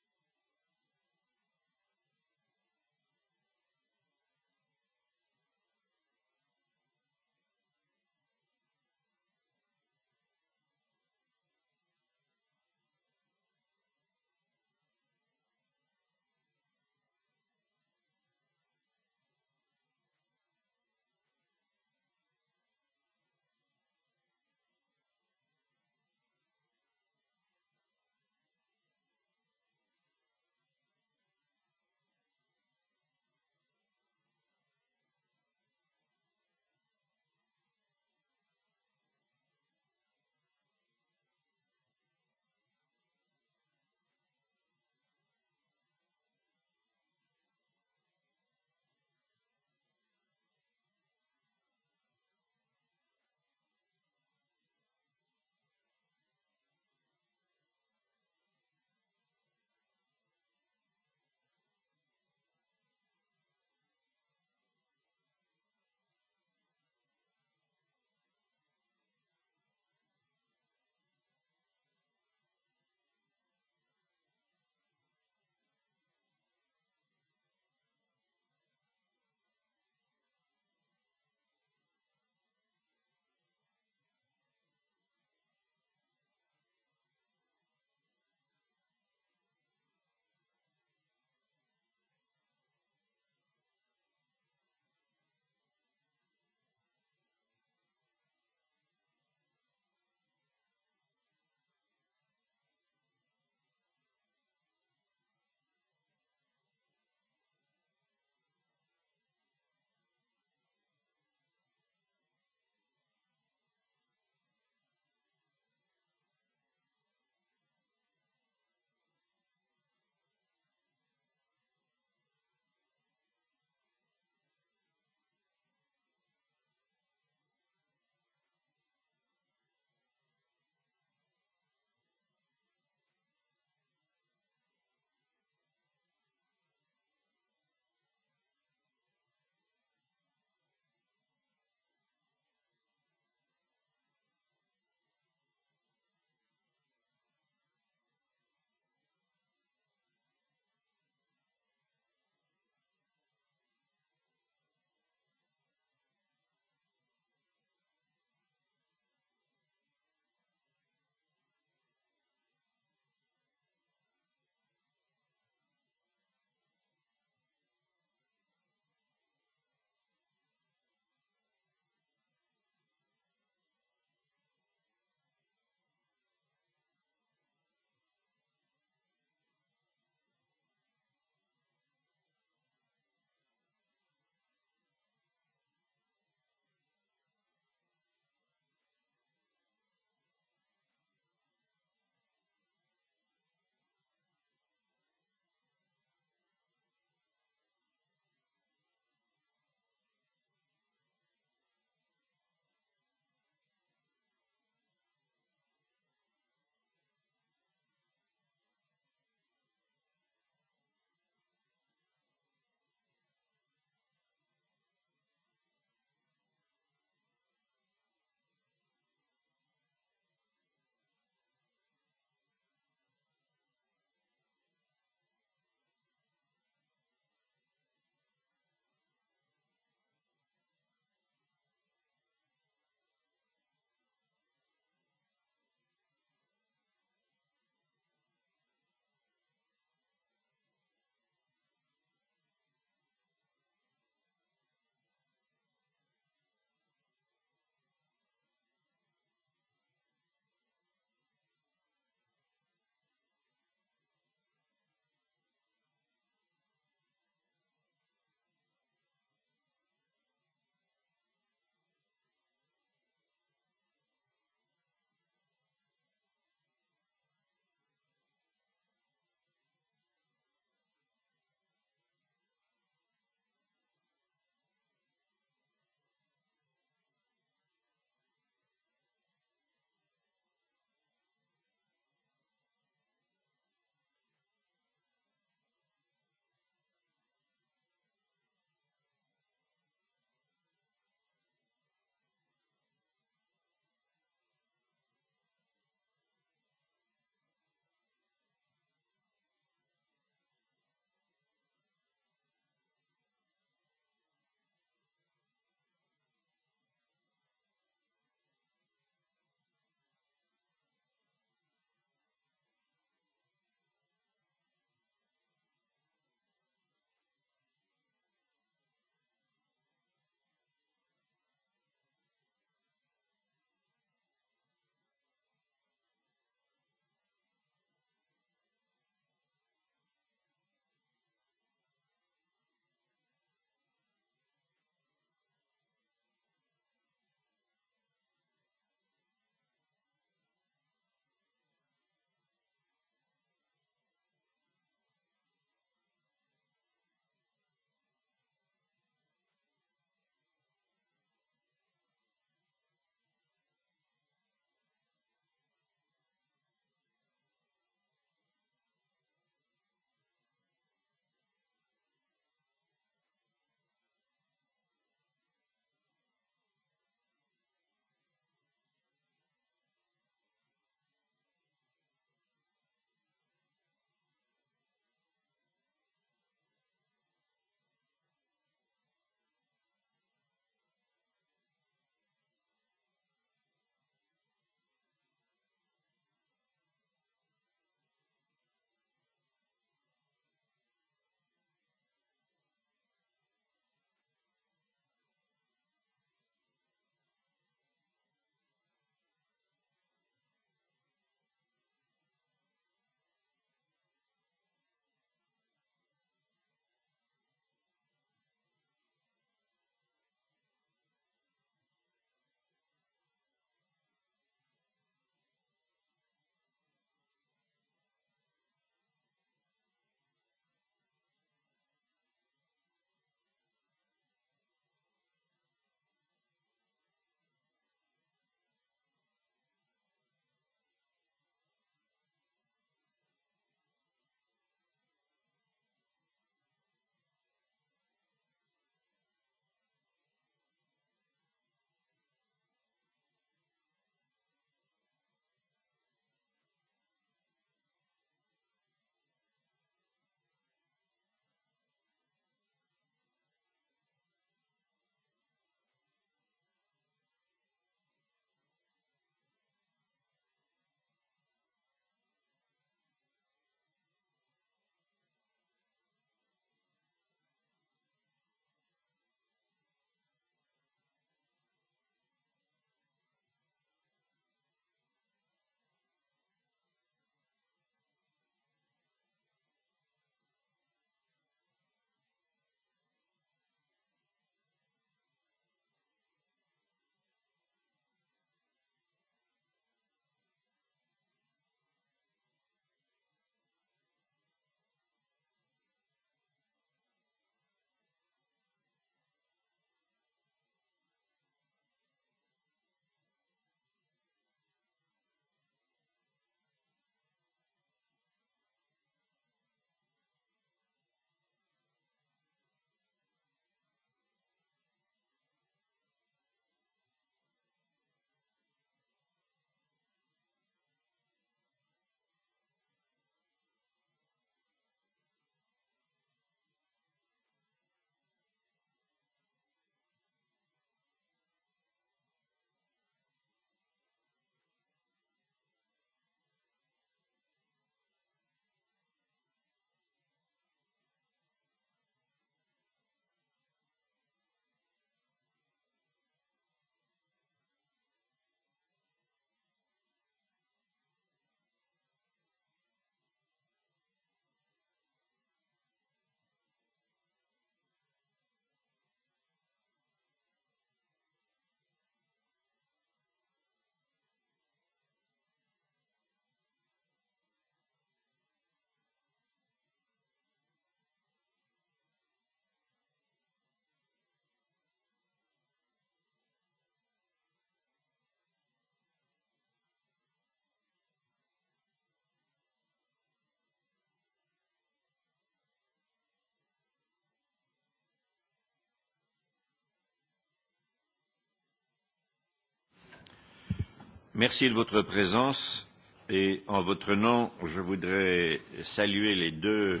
Merci de votre présence et en votre nom, je voudrais saluer les deux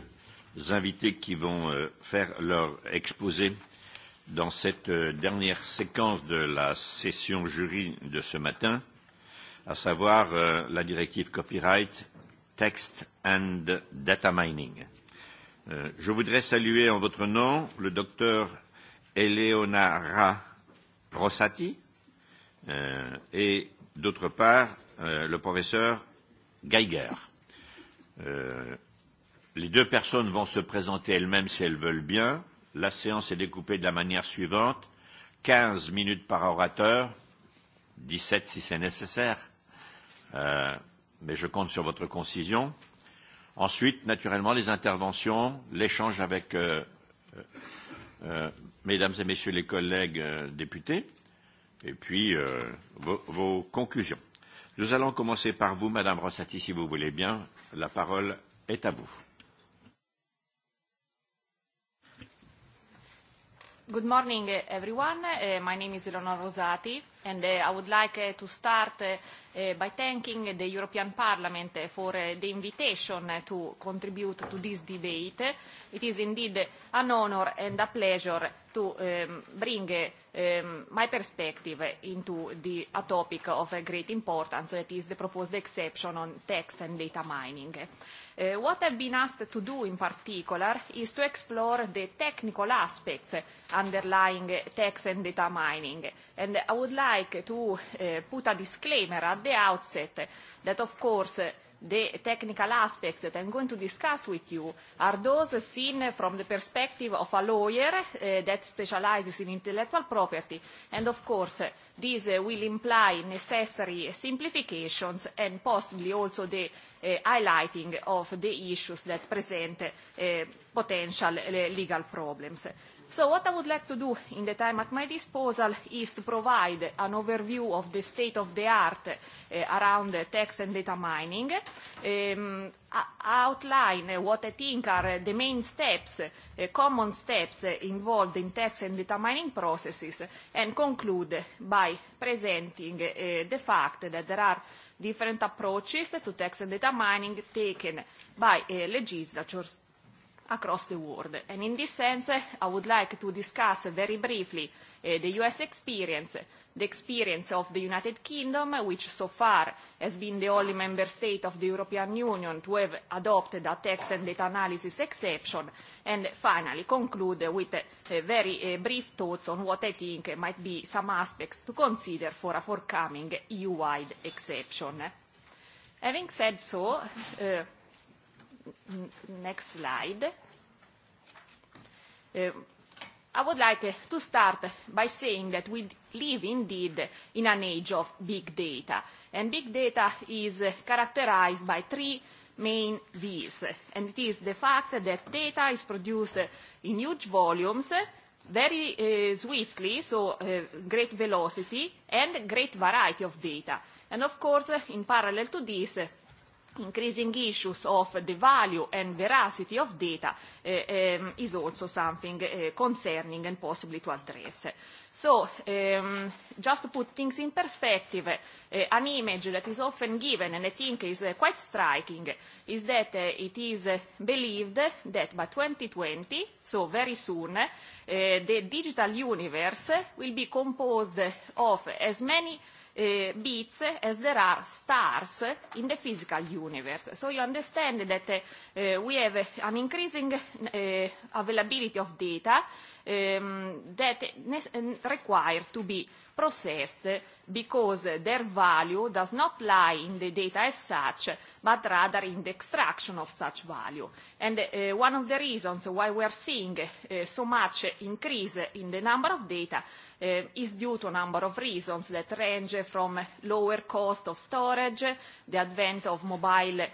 invités qui vont euh, faire leur exposé dans cette euh, dernière séquence de la session jury de ce matin, à savoir euh, la directive copyright, text and data mining. Je voudrais saluer en votre nom le docteur Eleonara Rossati et d'autre part, euh, le professeur Geiger. Euh, les deux personnes vont se présenter elles-mêmes si elles veulent bien. La séance est découpée de la manière suivante. 15 minutes par orateur, 17 si c'est nécessaire, euh, mais je compte sur votre concision. Ensuite, naturellement, les interventions, l'échange avec euh, euh, euh mesdames et messieurs les collègues euh, députés et puis euh, vos, vos conclusions. Nous allons commencer par vous, Madame Rossati, si vous voulez bien. La parole est à vous. Good morning, everyone. Uh, my name is Eleonora Rosati. Uh, And uh, I would like uh, to start uh, uh by thanking the European Parliament for uh, the invitation to contribute to this debate. It is indeed an honor and a pleasure to um, bring uh, um, my perspective into the, a topic of great importance, that is the proposed exception on text and data mining. what I've been asked to do in particular is to explore the technical aspects underlying text and data mining, And I would like to uh, put a disclaimer at the outset that, of course, uh, the technical aspects that I'm going to discuss with you are those seen from the perspective of a lawyer uh, that specializes in intellectual property. And of course, uh, this uh, will imply necessary simplifications and possibly also the highlighting of the issues that present potential legal problems. So what I would like to do in the time at my disposal is to provide an overview of the state of the art eh, around text and data mining, um, outline what I think are the main steps, eh, common steps eh, involved in tax and data mining processes, and conclude by presenting the fact that there are different approaches to tax and data mining taken by uh, legislatures across the world. And in this sense, I would like to discuss very briefly uh, the US experience, the experience of the United Kingdom, which so far has been the only member state of the European Union to have adopted a tax and data analysis exception, and finally conclude with a eh, very eh, brief thoughts on what I think might be some aspects to consider for a forthcoming EU-wide exception. Having said so, next slide. Uh, I would like uh, to start by saying that we live indeed in an age of big data. And big data is uh, characterized by three main Vs. And it is the fact that data is produced in huge volumes, very uh, swiftly, so uh, great velocity, and great variety of data. And of course, in parallel to this, increasing issues of the value and veracity of data uh, um, is also something uh, concerning and possibly to address. So, um, just to put things in perspective, uh, an image that is often given and I think is uh, quite striking is that uh, it is uh, believed that by 2020, so very soon, uh, the digital universe will be composed of as many uh, uh, eh, bits as there are stars in the physical universe. So you understand that uh, we have an increasing uh, availability of data um, that require to be processed because their value does not lie in the data as such, but rather in the extraction of such value. And uh, one of the reasons why we are seeing uh, so much increase in the number of data uh, is due to a number of reasons that range from lower cost of storage, the advent of mobile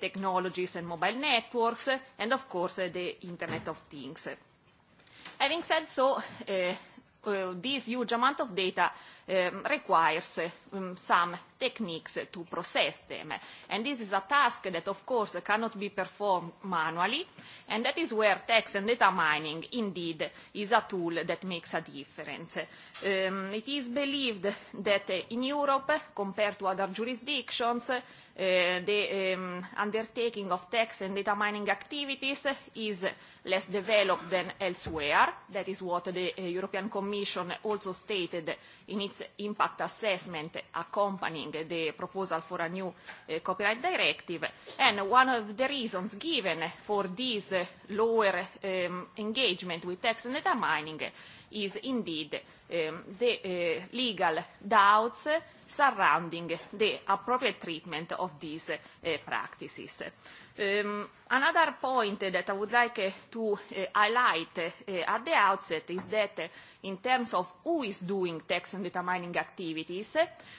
technologies and mobile networks, and of course the Internet of Things. Having said so, uh, uh, this huge amount of data Ehm, requires ehm, some techniques to process them. And this is a task that, of course, cannot be performed manually, and that is where text and data mining, indeed, is a tool that makes a difference. Um, it is believed that in Europe, compared to other jurisdictions, uh, the um, undertaking of tax and data mining activities is less developed than elsewhere. That is what the uh, European Commission also stated in its impact assessment accompanying the proposal for a new uh, copyright directive. And one of the reasons given for this uh, lower um, engagement with text and data mining is indeed um, the uh, legal doubts surrounding the appropriate treatment of these uh, practices. Um, another point that I would like uh, to uh, highlight uh, at the outset is that in terms of who is doing tax and data mining activities,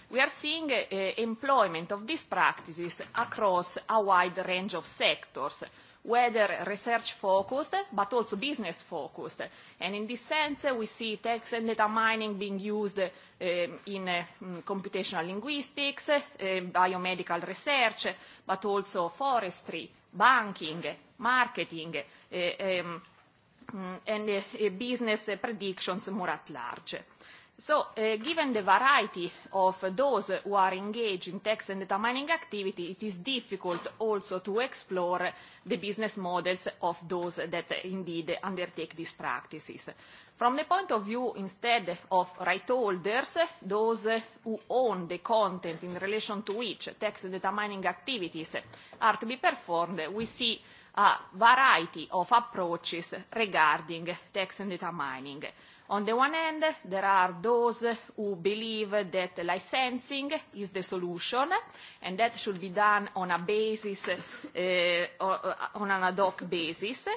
we are seeing employment of these practices across a wide range of sectors whether research-focused but also business-focused. And in this sense, we see text and data mining being used ehm, in uh, computational linguistics, uh, biomedical research, but also forestry, banking, marketing, uh, um, and eh, eh, business predictions more at large. So, uh, given the variety of those who are engaged in tax and data mining activity, it is difficult also to explore the business models of those that indeed undertake these practices. From the point of view instead of right holders, those who own the content in relation to which tax and data mining activities are to be performed, we see a variety of approaches regarding tax and data mining. On the one hand, there are those who believe that licensing is the solution, and that should be done on a basis, uh, on an ad hoc basis.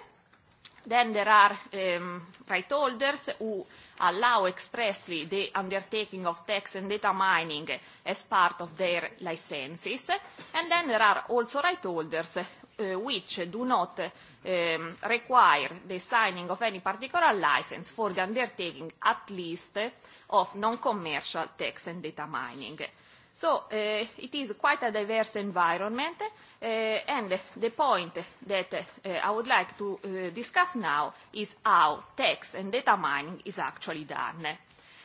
Then there are um, right holders who allow expressly the undertaking of tax and data mining as part of their licenses. And then there are also right holders uh, which do not um, require the signing of any particular license for the undertaking at least of non-commercial text and data mining. So uh, it is quite a diverse environment, uh, and the point that uh, I would like to uh, discuss now is how tax and data mining is actually done.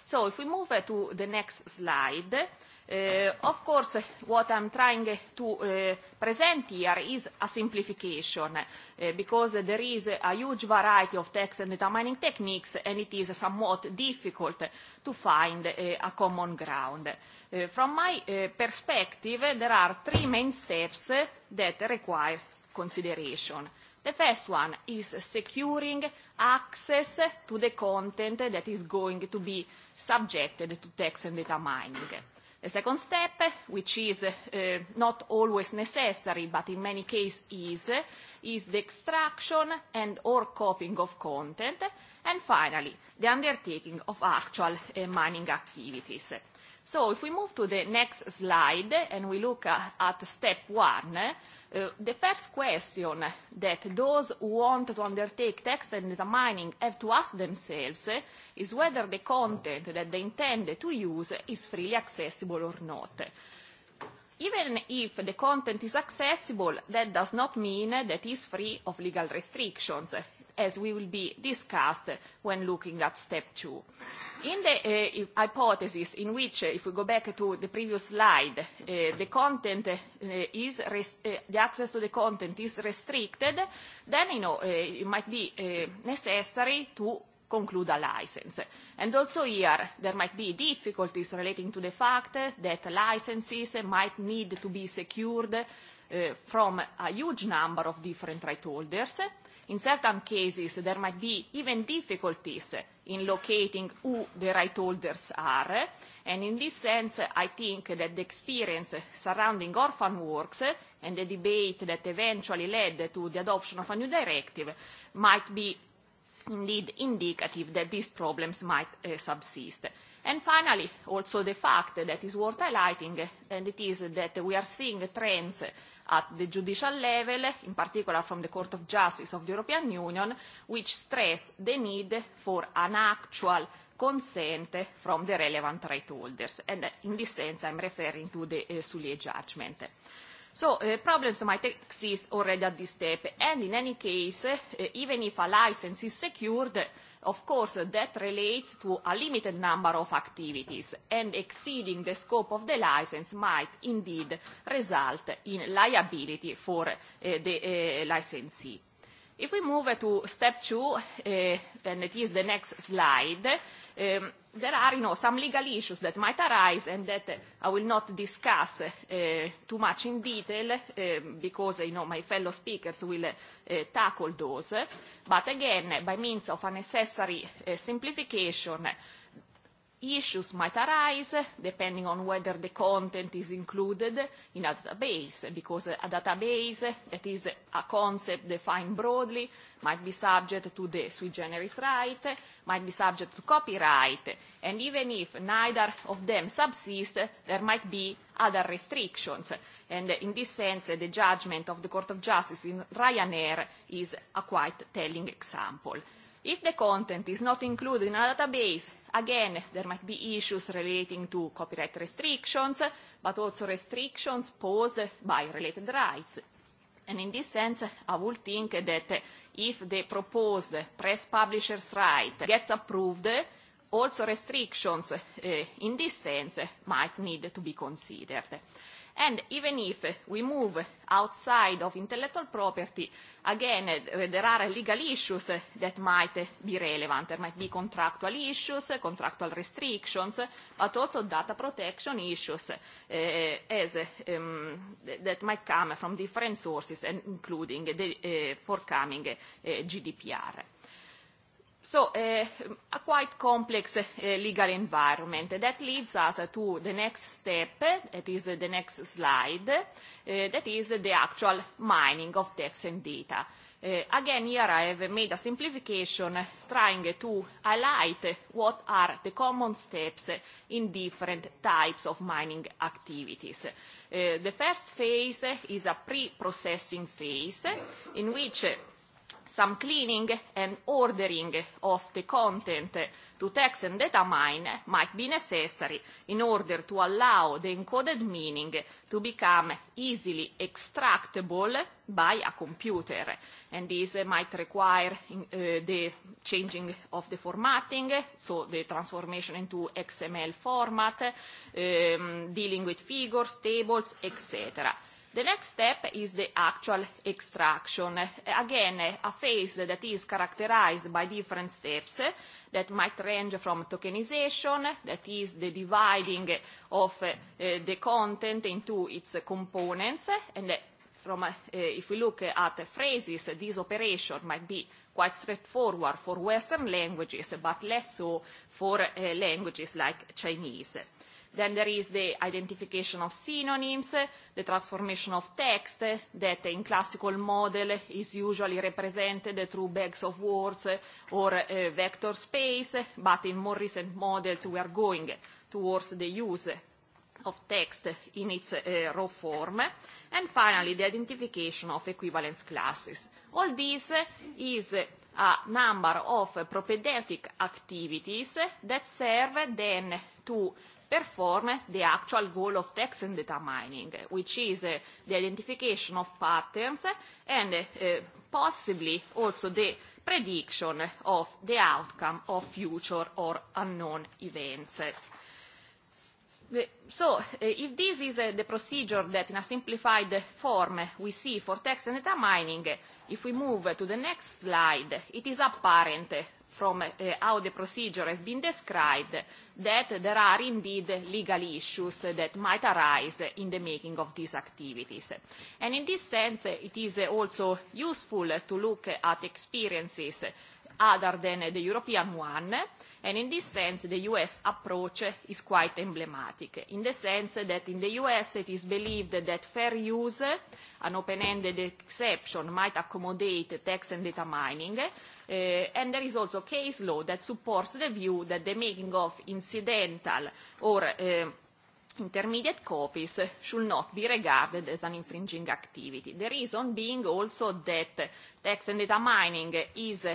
So if we move uh, to the next slide, Eh, of course, what I am trying to eh, present here is a simplification, eh, because there is a huge variety of tax and data mining techniques, and it is somewhat difficult to find a common ground. From my perspective, there are three main steps that require consideration. The first one is securing access to the content that is going to be subjected to tax and data mining. A second step, which is uh, not always necessary, but in many cases is, is the extraction and or copying of content. And finally, the undertaking of actual uh, mining activities. So if we move to the next slide and we look at, step one, uh, the first question that those who want to undertake text and data mining have to ask themselves uh, is whether the content that they intend to use is freely accessible or not. Even if the content is accessible, that does not mean that it is free of legal restrictions as we will be discussed when looking at step two. In the uh, hypothesis in which, uh, if we go back to the previous slide, uh, the, content, uh, is res uh, the access to the content is restricted, then you know, uh, it might be uh, necessary to conclude a license. And also here, there might be difficulties relating to the fact that licenses might need to be secured uh, from a huge number of different right holders, in certain cases there might be even difficulties in locating who the right holders are. And in this sense, I think that the experience surrounding orphan works and the debate that eventually led to the adoption of a new directive might be indeed indicative that these problems might uh, subsist. And finally, also the fact that is worth highlighting, and it is that we are seeing trends at the judicial level, in particular from the Court of Justice of the European Union, which stress the need for an actual consent from the relevant right holders. And in this sense, I'm referring to the uh, eh, Sully judgment. So uh, problems might exist already at this step. And in any case, uh, even if a license is secured, of course, uh, that relates to a limited number of activities, and exceeding the scope of the license might indeed result in liability for uh, the uh, licensee. If we move to step two, uh, then it is the next slide. Um, there are you know, some legal issues that might arise and that uh, I will not discuss uh, too much in detail uh, because you know, my fellow speakers will uh, tackle those. But again, by means of a necessary uh, simplification, issues might arise depending on whether the content is included in a database, because a database that is a concept defined broadly might be subject to the sui generis right, might be subject to copyright, and even if neither of them subsist, there might be other restrictions. And in this sense, the judgment of the Court of Justice in Ryanair is a quite telling example. If the content is not included in a database Again, there might be issues relating to copyright restrictions, but also restrictions posed by related rights. And in this sense, I would think that if the proposed press publishers' right gets approved, also restrictions uh, in this sense might need to be considered. And even if we move outside of intellectual property, again, eh, there are legal issues that might be relevant. There might be contractual issues, contractual restrictions, but also data protection issues eh, as, um, that might come from different sources, and including the eh, forthcoming GDPR. So uh, a quite complex uh, legal environment. That leads us uh, to the next step, that is the next slide, uh, that is the actual mining of text and data. Uh, again, here I have made a simplification trying to highlight what are the common steps in different types of mining activities. Uh, the first phase is a pre-processing phase in which some cleaning and ordering of the content to text and data mine might be necessary in order to allow the encoded meaning to become easily extractable by a computer. And this might require uh, the changing of the formatting, so the transformation into XML format, um, dealing with figures, tables, etc. The next step is the actual extraction. Again, a phase that is characterized by different steps that might range from tokenization, that is the dividing of uh, the content into its components, and from, uh, if we look at phrases, this operation might be quite straightforward for Western languages, but less so for uh, languages like Chinese. Then there is the identification of synonyms, the transformation of text that in classical model is usually represented through bags of words or a uh, vector space, but in more recent models we are going towards the use of text in its uh, raw form, and finally the identification of equivalence classes. All this is a number of propedeutic activities that serve then to perform the actual goal of text and data mining, which is uh, the identification of patterns and uh, possibly also the prediction of the outcome of future or unknown events. Eh, so, uh, if this is uh, the procedure that in a simplified form we see for text and data mining, if we move to the next slide, it is apparent from uh, how the procedure has been described that there are indeed legal issues that might arise in the making of these activities. And in this sense, it is also useful to look at experiences other than the European one, and in this sense the US approach is quite emblematic, in the sense that in the US it is believed that fair use, an open-ended exception, might accommodate tax and data mining, uh, and there is also case law that supports the view that the making of incidental or uh, intermediate copies should not be regarded as an infringing activity. The reason being also that text and data mining is a,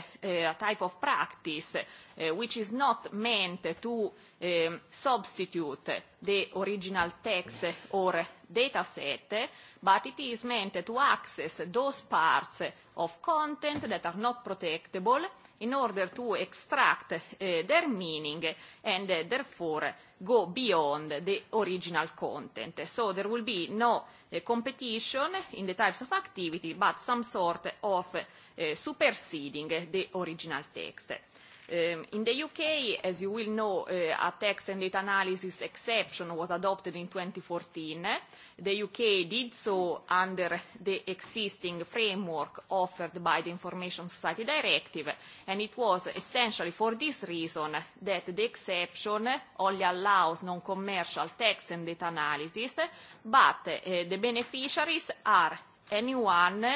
uh, a type of practice uh, which is not meant to um, substitute the original text or data set, but it is meant to access those parts of content that are not protectable in order to extract uh, their meaning and uh, therefore go beyond the original content. So there will be no uh, competition in the types of activity, but some sort of uh, superseding the original text. Um, in the UK, as you will know, uh, a tax and data analysis exception was adopted in 2014. The UK did so under the existing framework offered by the Information Society Directive, and it was essentially for this reason that the exception only allows non-commercial tax and data analysis, but uh, the beneficiaries are anyone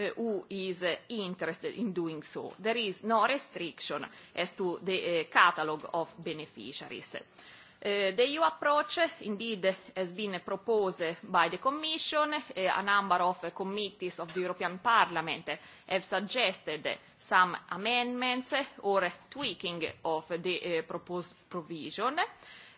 Eh, who is interested in doing so. There is no restriction as to the eh, catalogue of beneficiaries. Uh, the EU approach, uh, indeed, has been proposed by the Commission. A number of committees of the European Parliament have suggested some amendments or tweaking of the proposed provision.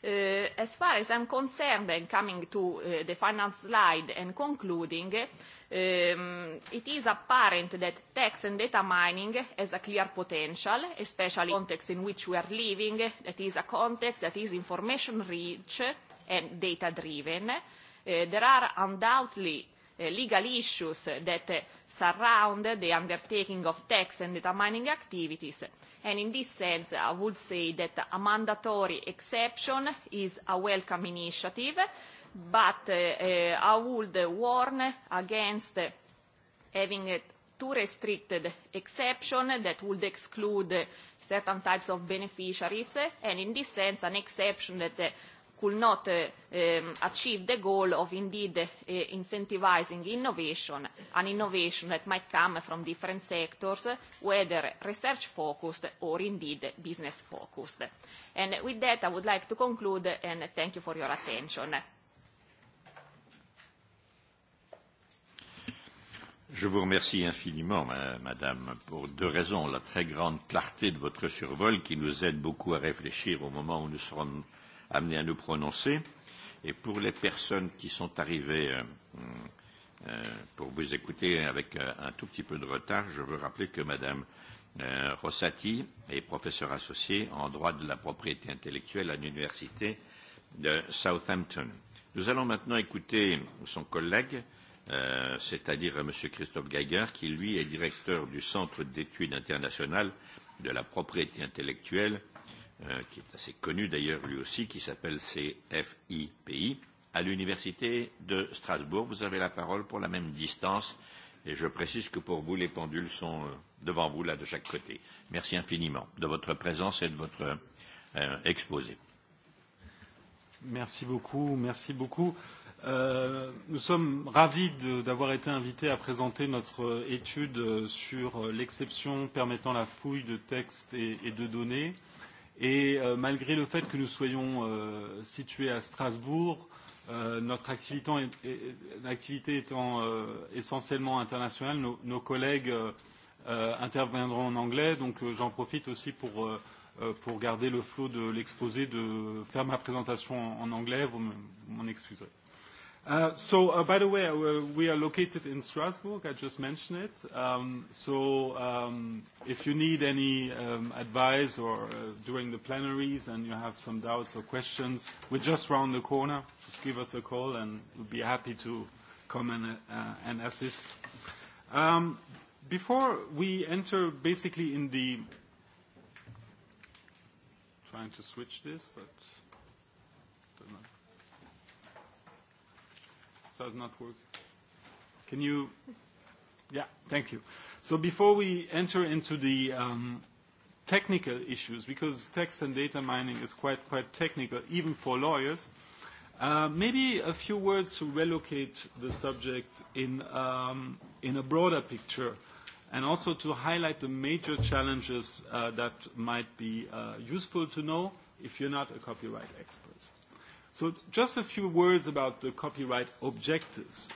As far as I'm concerned, and coming to the final slide and concluding, Ehm, it is apparent that tax and data mining has a clear potential, especially in the context in which we are living, that is a context that is information-rich and data-driven. Uh, eh, there are undoubtedly uh, legal issues that uh, surround the undertaking of tax and data mining activities, and in this sense, I would say that a mandatory exception is a welcome initiative, but eh, eh, I would warn against having a too restricted exception that would exclude certain types of beneficiaries, and in this sense an exception that could not eh, ehm, achieve the goal of indeed incentivising incentivizing innovation, an innovation that might come from different sectors, whether research-focused or indeed business-focused. And with that, I would like to conclude, and thank you for your attention. Je vous remercie infiniment, Madame, pour deux raisons. La très grande clarté de votre survol qui nous aide beaucoup à réfléchir au moment où nous serons amenés à nous prononcer. Et pour les personnes qui sont arrivées euh, euh, pour vous écouter avec euh, un tout petit peu de retard, je veux rappeler que Madame euh, Rossati est professeure associée en droit de la propriété intellectuelle à l'Université de Southampton. Nous allons maintenant écouter son collègue, Euh, c'est-à-dire à M. Christophe Gaillard, qui lui est directeur du Centre d'études internationales de la propriété intellectuelle, euh, qui est assez connu d'ailleurs lui aussi, qui s'appelle CFIPI, à l'Université de Strasbourg. Vous avez la parole pour la même distance, et je précise que pour vous, les pendules sont euh, devant vous, là, de chaque côté. Merci infiniment de votre présence et de votre euh, exposé. Merci beaucoup, merci beaucoup. Euh, Euh, nous sommes ravis d'avoir été invités à présenter notre étude sur l'exception permettant la fouille de textes et, et de données. Et euh, malgré le fait que nous soyons euh, situés à Strasbourg, euh, notre activité, est, est, activité étant euh, essentiellement internationale, nos, nos collègues euh, interviendront en anglais. Donc euh, j'en profite aussi pour, euh, euh pour garder le flot de l'exposé, de faire ma présentation en anglais. Vous m'en excuserez. Uh, so, uh, by the way, uh, we are located in Strasbourg. I just mentioned it. Um, so, um, if you need any um, advice or uh, during the plenaries and you have some doubts or questions, we're just round the corner. Just give us a call, and we'll be happy to come and, and assist. Um, before we enter basically in the... Trying to switch this, but does not work. Can you? Yeah, thank you. So before we enter into the um, technical issues, because text and data mining is quite, quite technical, even for lawyers, uh, maybe a few words to relocate the subject in, um, in a broader picture and also to highlight the major challenges uh, that might be uh, useful to know if you're not a copyright expert. So just a few words about the copyright objectives.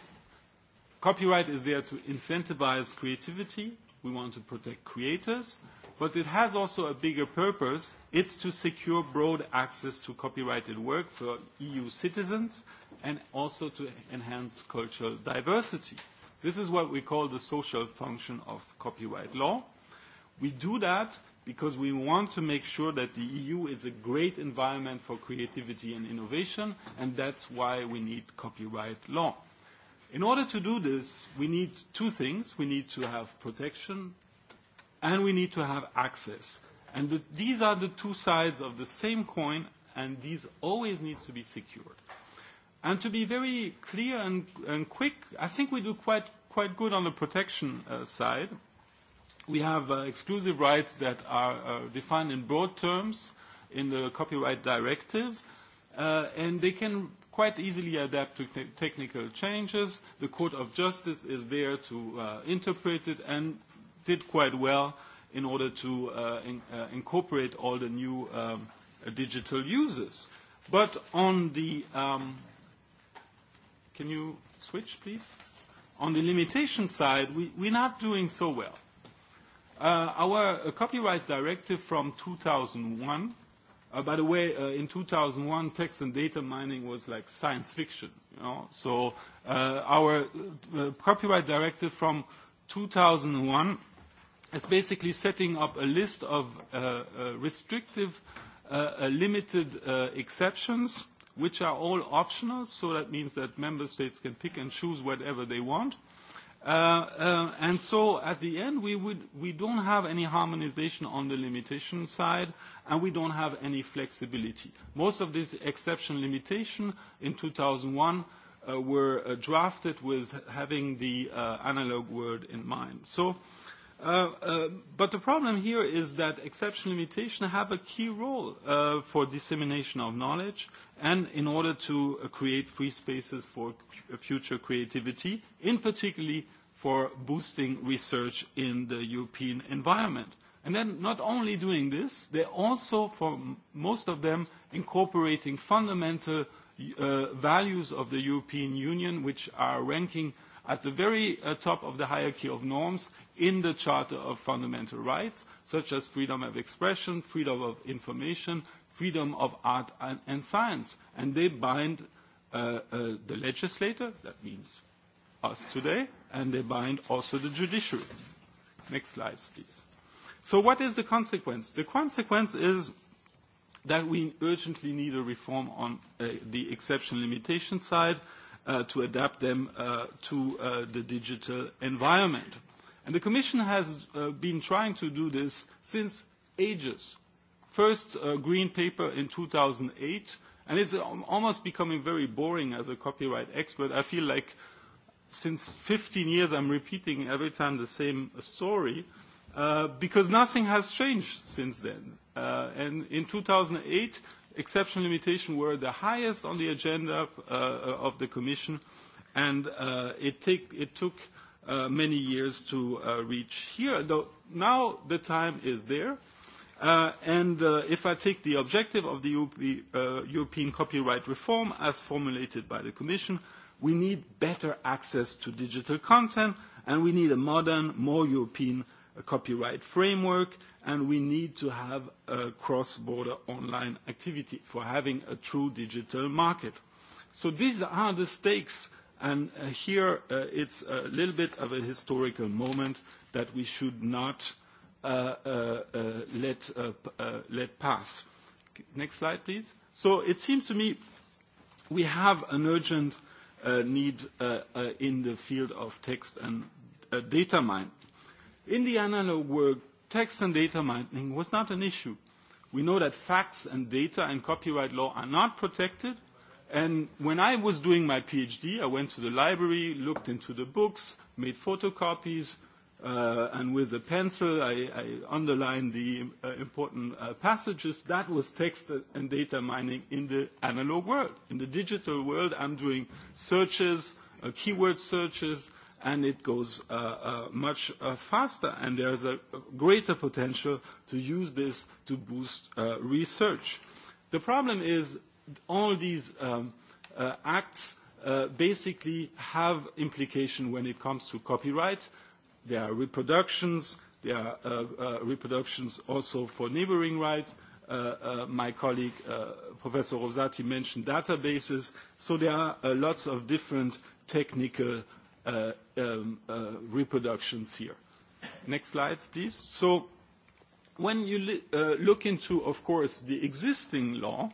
Copyright is there to incentivize creativity. We want to protect creators, but it has also a bigger purpose. It's to secure broad access to copyrighted work for EU citizens and also to enhance cultural diversity. This is what we call the social function of copyright law. We do that because we want to make sure that the EU is a great environment for creativity and innovation, and that's why we need copyright law. In order to do this, we need two things. We need to have protection, and we need to have access. And the, these are the two sides of the same coin, and these always need to be secured. And to be very clear and, and quick, I think we do quite, quite good on the protection uh, side. We have uh, exclusive rights that are uh, defined in broad terms in the copyright directive, uh, and they can quite easily adapt to te technical changes. The Court of Justice is there to uh, interpret it and did quite well in order to uh, in, uh, incorporate all the new um, digital uses. But on the, um, can you switch please? On the limitation side, we, we're not doing so well. Uh, our uh, copyright directive from 2001, uh, by the way, uh, in 2001, text and data mining was like science fiction. You know? So uh, our uh, copyright directive from 2001 is basically setting up a list of uh, uh, restrictive, uh, uh, limited uh, exceptions, which are all optional. So that means that member states can pick and choose whatever they want. Uh, uh, and so at the end, we, would, we don't have any harmonization on the limitation side, and we don't have any flexibility. Most of these exception limitation in 2001 uh, were drafted with having the analog word in mind. So Uh, uh, but the problem here is that exception limitation have a key role uh, for dissemination of knowledge and in order to uh, create free spaces for future creativity, in particularly for boosting research in the European environment. And then not only doing this, they're also, for most of them, incorporating fundamental uh, values of the European Union, which are ranking – at the very uh, top of the hierarchy of norms in the Charter of Fundamental Rights, such as freedom of expression, freedom of information, freedom of art and, and science. And they bind uh, uh, the legislator, that means us today, and they bind also the judiciary. Next slide, please. So what is the consequence? The consequence is that we urgently need a reform on uh, the exception limitation side, uh, uh, to adapt them uh, to uh, the digital environment. And the Commission has uh, been trying to do this since ages. First uh, green paper in 2008, and it's um, almost becoming very boring as a copyright expert. I feel like since 15 years I'm repeating every time the same story uh, because nothing has changed since then. Uh, and in 2008, exception limitation were the highest on the agenda uh, uh, of the Commission, and uh, it, take, it took uh, many years to uh, reach here. Though now the time is there. Uh, and uh, if I take the objective of the uh, European copyright reform as formulated by the Commission, we need better access to digital content and we need a modern, more European a copyright framework, and we need to have a cross-border online activity for having a true digital market. So these are the stakes, and uh, here uh, it's a little bit of a historical moment that we should not uh, uh, uh let, uh, let pass. Next slide, please. So it seems to me we have an urgent need in the field of text and data mine In the analog world, text and data mining was not an issue. We know that facts and data and copyright law are not protected. And when I was doing my PhD, I went to the library, looked into the books, made photocopies, uh, and with a pencil, I, I underlined the uh, important uh, passages. That was text and data mining in the analog world. In the digital world, I'm doing searches, uh, keyword searches, and it goes uh, uh, much uh, faster. And there is a greater potential to use this to boost uh, research. The problem is all these um, uh, acts uh, basically have implication when it comes to copyright. There are reproductions. There are uh, uh, reproductions also for neighboring rights. Uh, uh, my colleague uh, Professor Rosati mentioned databases. So there are uh, lots of different technical Uh, um, uh, reproductions here. Next slides, please. So when you uh, look into, of course, the existing law,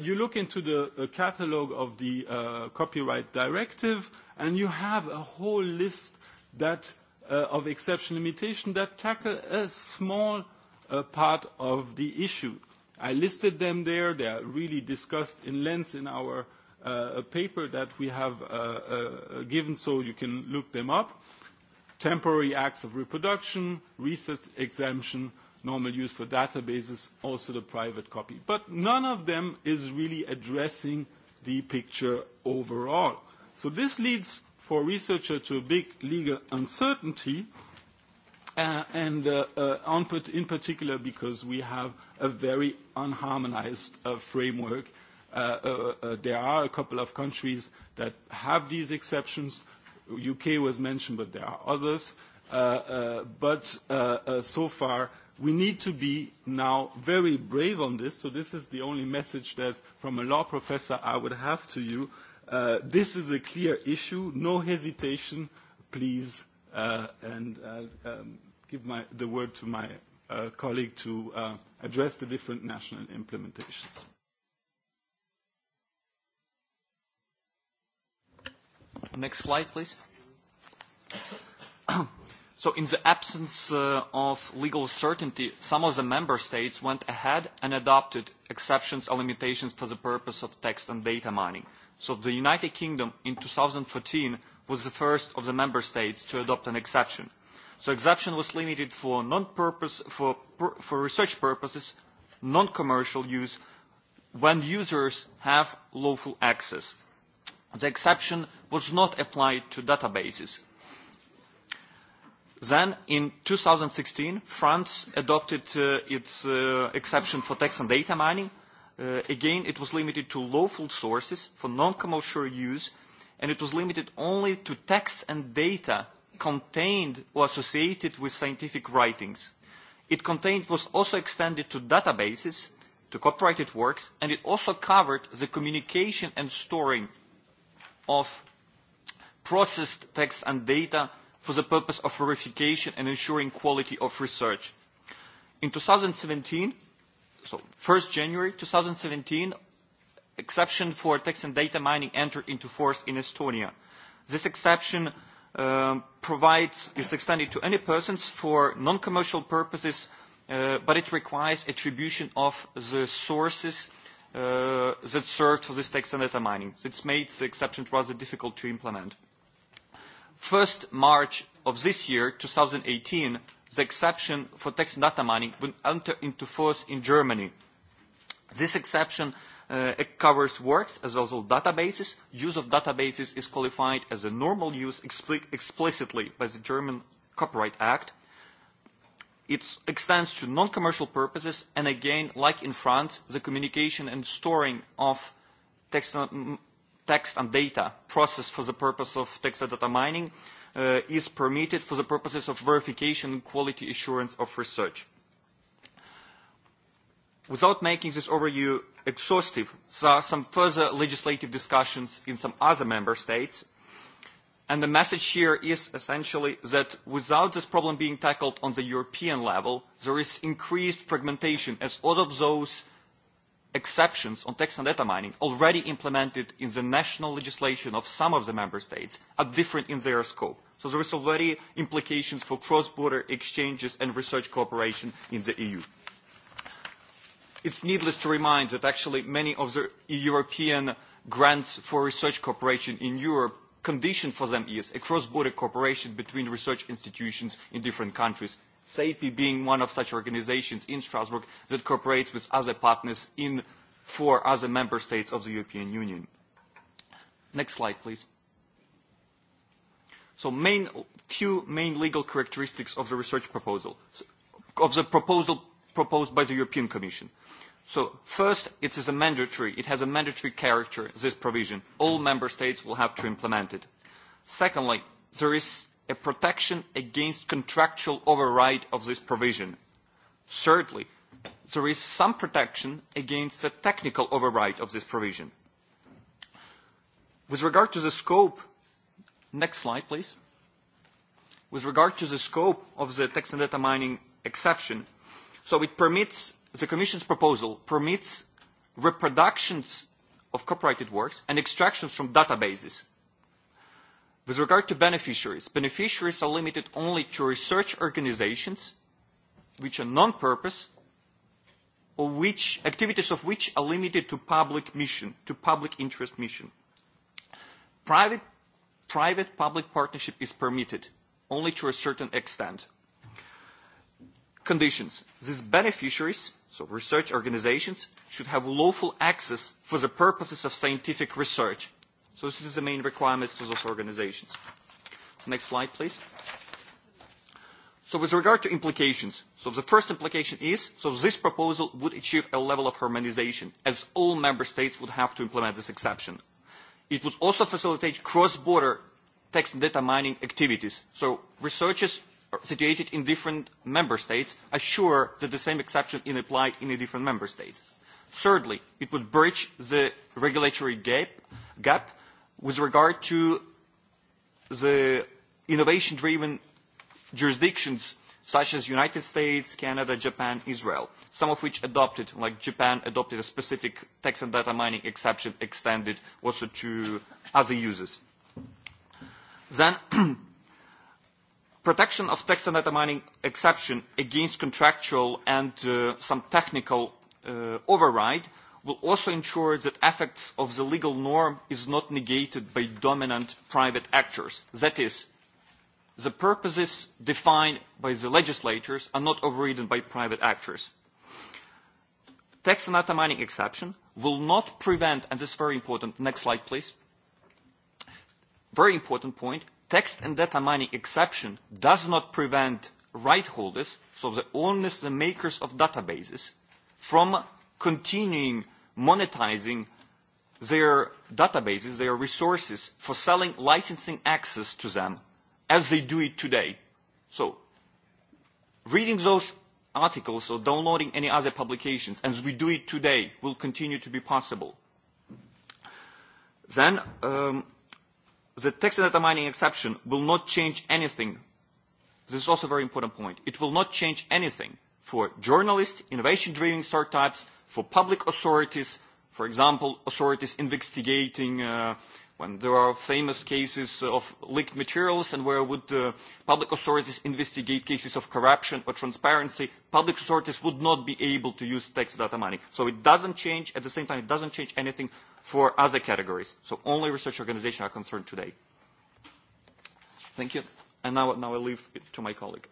you look into the catalog of the copyright directive, and you have a whole list that, of exception limitation that tackle a small part of the issue. I listed them there. They are really discussed in length in our uh, a paper that we have uh, uh, uh, given, so you can look them up. Temporary acts of reproduction, research exemption, normal use for databases, also the private copy. But none of them is really addressing the picture overall. So this leads for a researcher to a big legal uncertainty, uh, and uh, uh, in particular because we have a very unharmonized uh, framework Uh, uh, uh, there are a couple of countries that have these exceptions. U.K. was mentioned, but there are others. Uh, uh, but so far, we need to be now very brave on this. So this is the only message that from a law professor I would have to you. This is a clear issue. No hesitation, please. And um, give my, the word to my colleague to address the different national implementations. Next slide, please. so in the absence uh, of legal certainty, some of the member states went ahead and adopted exceptions or limitations for the purpose of text and data mining. So the United Kingdom in 2014 was the first of the member states to adopt an exception. So exception was limited for non-purpose, for, for research purposes, non-commercial use, when users have lawful access. The exception was not applied to databases. Then, in 2016, France adopted uh, its uh, exception for text and data mining. Uh, again, it was limited to lawful sources for non-commercial use, and it was limited only to text and data contained or associated with scientific writings. It contained was also extended to databases, to copyrighted works, and it also covered the communication and storing of processed text and data for the purpose of verification and ensuring quality of research. In 2017, so 1st January 2017, exception for text and data mining entered into force in Estonia. This exception um, provides is extended to any persons for non-commercial purposes, uh, but it requires attribution of the sources uh, uh, that served for this tax and data mining. This made the exception rather difficult to implement. 1st March of this year, 2018, the exception for tax and data mining will enter into force in Germany. This exception uh, it covers works as well as databases. Use of databases is qualified as a normal use explicitly by the German Copyright Act. It extends to non-commercial purposes, and again, like in France, the communication and storing of text and, mm, text and data processed for the purpose of text and data mining uh, is permitted for the purposes of verification and quality assurance of research. Without making this overview exhaustive, there are some further legislative discussions in some other member states And the message here is essentially that without this problem being tackled on the European level, there is increased fragmentation as all of those exceptions on tax and data mining already implemented in the national legislation of some of the member states are different in their scope. So there is already implications for cross-border exchanges and research cooperation in the EU. It's needless to remind that actually many of the European grants for research cooperation in Europe condition for them is a cross-border cooperation between research institutions in different countries. SAPI being one of such organizations in Strasbourg that cooperates with other partners in four other member states of the European Union. Next slide, please. So main, few main legal characteristics of the research proposal, of the proposal proposed by the European Commission. So first, it is a mandatory, it has a mandatory character, this provision. All member states will have to implement it. Secondly, there is a protection against contractual override of this provision. Thirdly, there is some protection against a technical override of this provision. With regard to the scope, next slide please. With regard to the scope of the tax and data mining exception, so it permits the Commission's proposal permits reproductions of copyrighted works and extractions from databases. With regard to beneficiaries, beneficiaries are limited only to research organizations which are non-purpose or which activities of which are limited to public mission, to public interest mission. Private, private public partnership is permitted only to a certain extent. Conditions. These beneficiaries So research organizations should have lawful access for the purposes of scientific research. So this is the main requirement to those organizations. Next slide, please. So with regard to implications, so the first implication is, so this proposal would achieve a level of harmonization, as all member states would have to implement this exception. It would also facilitate cross-border text data mining activities. So researchers situated in different member states assure that the same exception is applied in the different member states. Thirdly, it would bridge the regulatory gap, gap with regard to the innovation-driven jurisdictions such as United States, Canada, Japan, Israel, some of which adopted, like Japan adopted a specific tax and data mining exception extended also to other users. Then protection of tax and data mining exception against contractual and uh, some technical uh, override will also ensure that effects of the legal norm is not negated by dominant private actors. That is, the purposes defined by the legislators are not overridden by private actors. Tax and data mining exception will not prevent, and this is very important, next slide please, very important point, text and data mining exception does not prevent right holders, so the owners, the makers of databases, from continuing monetizing their databases, their resources, for selling licensing access to them as they do it today. So reading those articles or downloading any other publications as we do it today will continue to be possible. Then um, the tax and data mining exception will not change anything. This is also a very important point. It will not change anything for journalists, innovation-driven startups, for public authorities, for example, authorities investigating uh, when there are famous cases of leaked materials and where would uh, public authorities investigate cases of corruption or transparency, public authorities would not be able to use tax data mining. So it doesn't change, at the same time, it doesn't change anything for other categories. So only research organizations are concerned today. Thank you. And now, now I leave it to my colleague.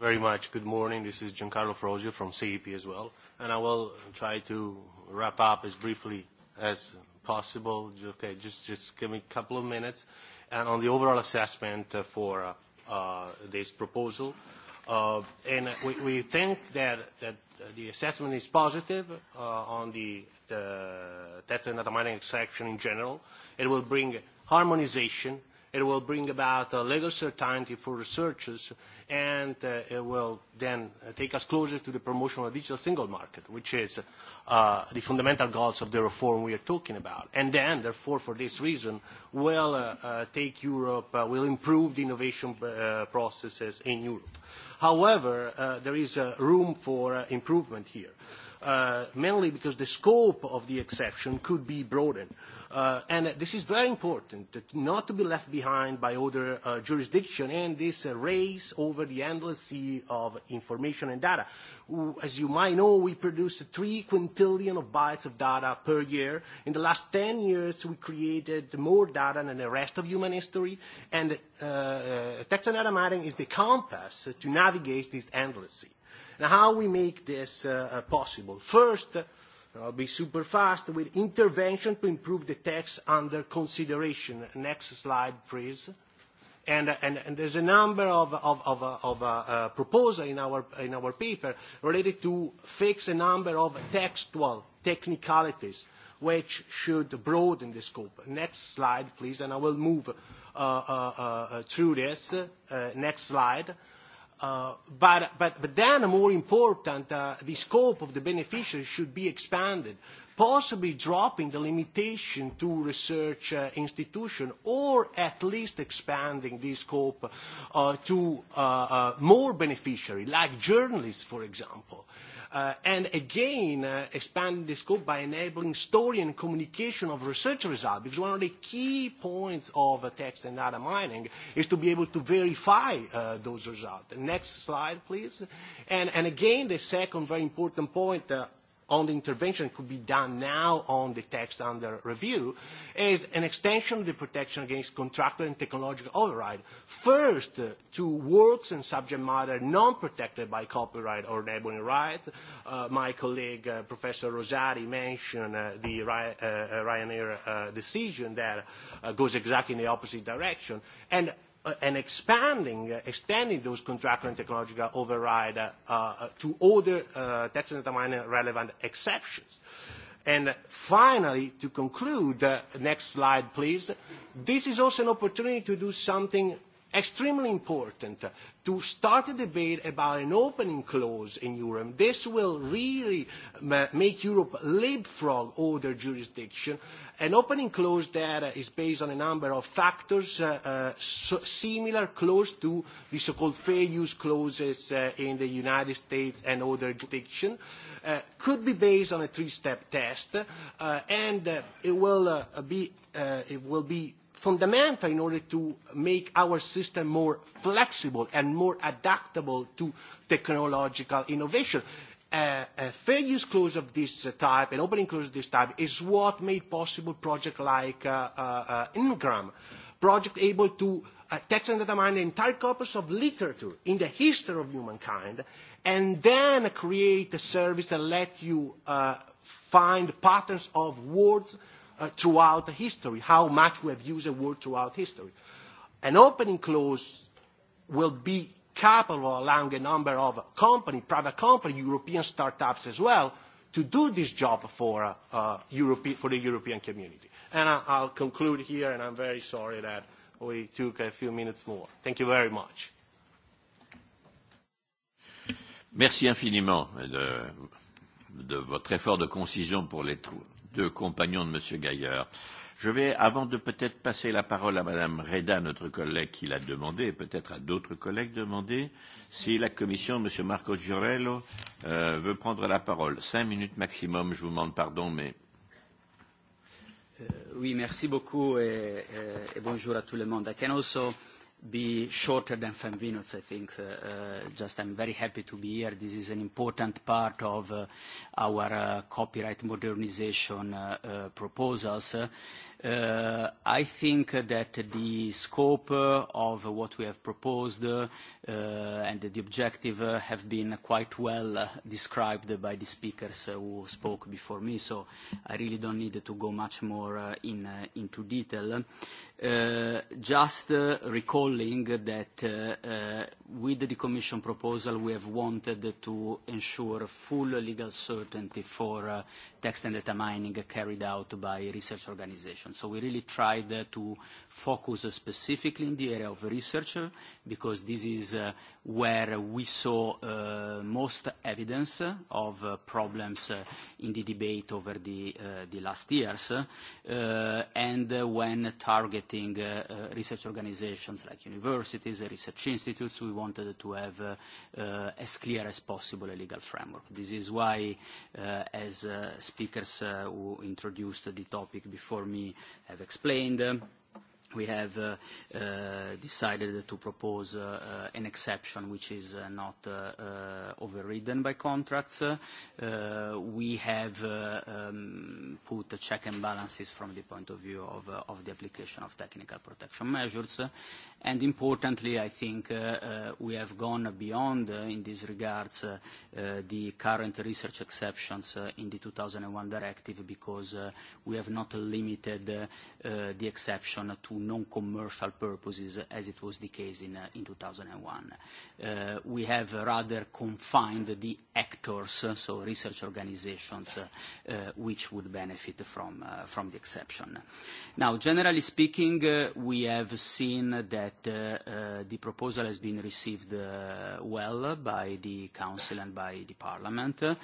Very much. Good morning. This is Giancarlo Frosio from CEP as well. And I will try to wrap up as briefly as possible. Okay, just, just give me a couple of minutes. And on the overall assessment for uh, uh, this proposal, uh, and we, we think that, that Uh, the assessment is positive uh, on the, the and data mining extraction in general. It will bring harmonization. It will bring about a legal certainty for researchers, and uh, it will then take us closer to the promotion of a digital single market, which is uh, the fundamental goals of the reform we are talking about. And then, therefore, for this reason, will uh, uh, take Europe, uh, will improve the innovation uh, processes in Europe. However, uh, there is uh, room for uh, improvement here uh, mainly because the scope of the exception could be broadened. Uh, and this is very important, not to be left behind by other uh, jurisdiction and this uh, race over the endless sea of information and data. As you might know, we produce 3 quintillion of bytes of data per year. In the last 10 years, we created more data than the rest of human history, and uh, uh text and data mining is the compass to navigate this endless sea how we make this uh, uh possible? First, uh, I'll be super fast with intervention to improve the text under consideration. Next slide, please. And, uh, and, and there's a number of, of, of, of uh, uh, proposals in our, in our paper related to fix a number of textual technicalities which should broaden the scope. Next slide, please, and I will move uh, through this. Next slide Uh, but, but, but then more important, uh, the scope of the beneficiaries should be expanded, possibly dropping the limitation to research uh, institution or at least expanding the scope uh, to uh, uh, more beneficiary, like journalists, for example. Uh, Uh, and again, uh, expanding the scope by enabling story and communication of research results, because one of the key points of uh, text and data mining is to be able to verify uh, those results. next slide, please. And, and again, the second very important point uh, on the intervention could be done now on the text under review is an extension of the protection against contractual and technological override, first uh, to works and subject matter non protected by copyright or neighboring rights. Uh, my colleague uh, Professor Rosati mentioned uh, the uh, uh, Ryanair uh, decision that uh, goes exactly in the opposite direction. And Uh, and expanding, uh, extending those contractual and technological override uh, to other tax mining relevant exceptions. And finally, to conclude, next slide, please. This is also an opportunity to do something extremely important to start a debate about an opening clause in Europe. This will really make Europe leapfrog other jurisdictions An opening clause there is based on a number of factors uh, uh, so similar close to the so-called fair use clauses uh, in the United States and other jurisdictions. Uh, could be based on a three-step test, uh, and uh, it will be it will be fundamental in order to make our system more flexible and more adaptable to technological innovation. Uh, a fair use clause of this type, an opening clause of this type, is what made possible projects like uh, uh, uh, Ingram, project able to uh, text and determine the entire corpus of literature in the history of humankind, and then create a service that let you uh, find patterns of words uh, throughout the history, how much we have used a word throughout history. An opening clause will be capable allowing a number of company, private company, European startups as well, to do this job for, uh, uh, Europe, for the European community. And I, I'll conclude here, and I'm very sorry that we took a few minutes more. Thank you very much. Merci infiniment de, de votre effort de concision pour les deux compagnons de M. Gaillard. Je vais, avant de peut-être passer la parole à Madame Reda, notre collègue qui l'a demandé, et peut-être à d'autres collègues demander, si la Commission, Monsieur Marco Giorello, euh, veut prendre la parole. Cinq minutes maximum, je vous demande pardon, mais... Euh, oui, merci beaucoup et, et, et bonjour à tout le monde. I can also be shorter than five minutes, I think. Uh, uh, just I'm very happy to be here. This is an important part of uh, our uh, copyright modernization uh, uh, proposals. I think that the scope of what we have proposed and the objective have been quite well described by the speakers who spoke before me, so I really don't need to go much more in, into detail. Uh, just uh, recalling that uh, uh with the Commission proposal, we have wanted to ensure full legal certainty for uh, text and data mining carried out by research organizations. So we really tried uh, to focus specifically in the area of research because this is uh, where we saw uh, most evidence of uh, problems uh, in the debate over the, uh, the last years uh, and uh, when targeting uh, uh, research organizations like universities, research institutes, we wanted to have uh, uh, as clear as possible a legal framework. This is why, uh, as uh, speakers uh, who introduced the topic before me have explained we have uh, uh, decided to propose uh, uh an exception which is uh, not overridden by contracts. We have um, put check and balances from the point of view of, of the application of technical protection measures, And importantly, I think uh, uh, we have gone beyond, uh, in these regards, the current research exceptions in the 2001 directive because we have not limited the exception to non-commercial purposes as it was the case in, in 2001. We have rather confined the actors, so research organizations, which would benefit from, from the exception. Now, generally speaking, we have seen that that uh, uh, the proposal has been received uh, well by the Council and by the Parliament. Uh,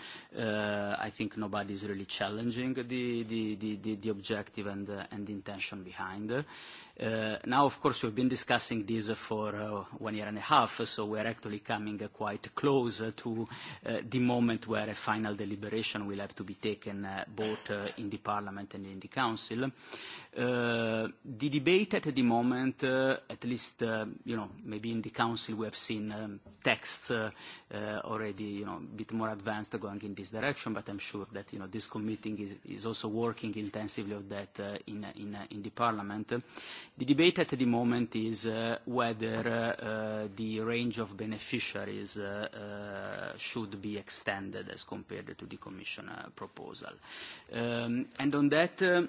I think nobody is really challenging the, the, the, the, the objective and, uh, and the intention behind. Uh, Uh, now, of course, we've been discussing this for uh, one year and a half, so we're actually coming uh, quite close uh, to uh, the moment where a final deliberation will have to be taken uh, both in the Parliament and in the Council. the debate at the moment, at least, you know, maybe in the Council we have seen um, texts already, you know, a bit more advanced going in this direction, but I'm sure that, you know, this committee is, is also working intensively on that in, in, in the Parliament The debate at the moment is uh, whether uh, uh the range of beneficiaries uh, uh, should be extended as compared to the Commission proposal. Um, and on that,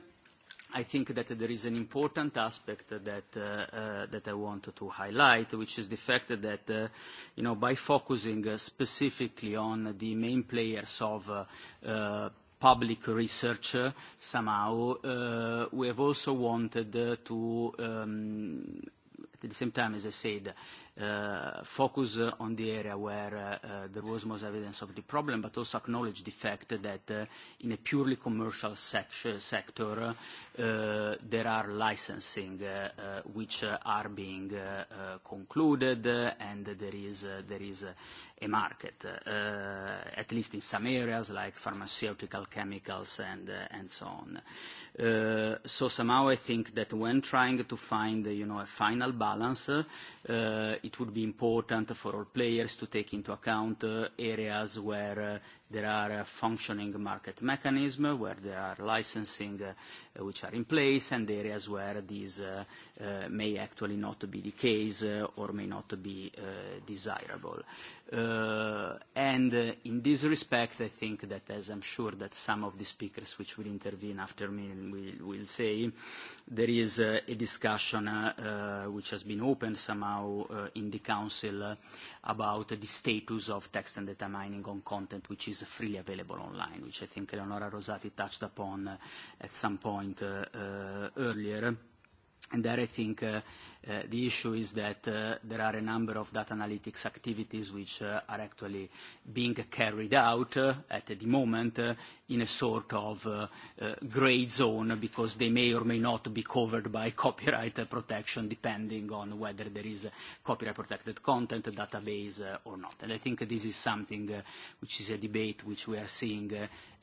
I think that there is an important aspect that uh, uh, that I want to highlight, which is the fact that uh, you know by focusing specifically on the main players of public research uh, somehow. Uh, we have also wanted uh, to, um, at the same time, as I said, uh, focus on the area where uh, there was most evidence of the problem, but also acknowledge the fact that uh, in a purely commercial sector, there are licensing which are being concluded, and there is, there is a market, uh, at least in some areas like pharmaceutical chemicals and, uh, and so on. Uh, so somehow I think that when trying to find, you know, a final balance, uh, it would be important for all players to take into account uh, areas where uh, there are functioning market mechanisms, where there are licensing which are in place, and areas where these may actually not be the case or may not be desirable. Uh, and uh, in this respect, I think that, as I'm sure that some of the speakers which will intervene after me will, will say, there is uh, a discussion uh, uh, which has been opened somehow uh, in the Council about the status of text and data mining on content which is freely available online, which I think Eleonora Rosati touched upon at some point earlier. And there I think uh, Uh, the issue is that uh, there are a number of data analytics activities which uh, are actually being carried out uh, at the moment uh, in a sort of grey zone because they may or may not be covered by copyright protection depending on whether there is copyright protected content, database or not. And I think this is something which is a debate which we are seeing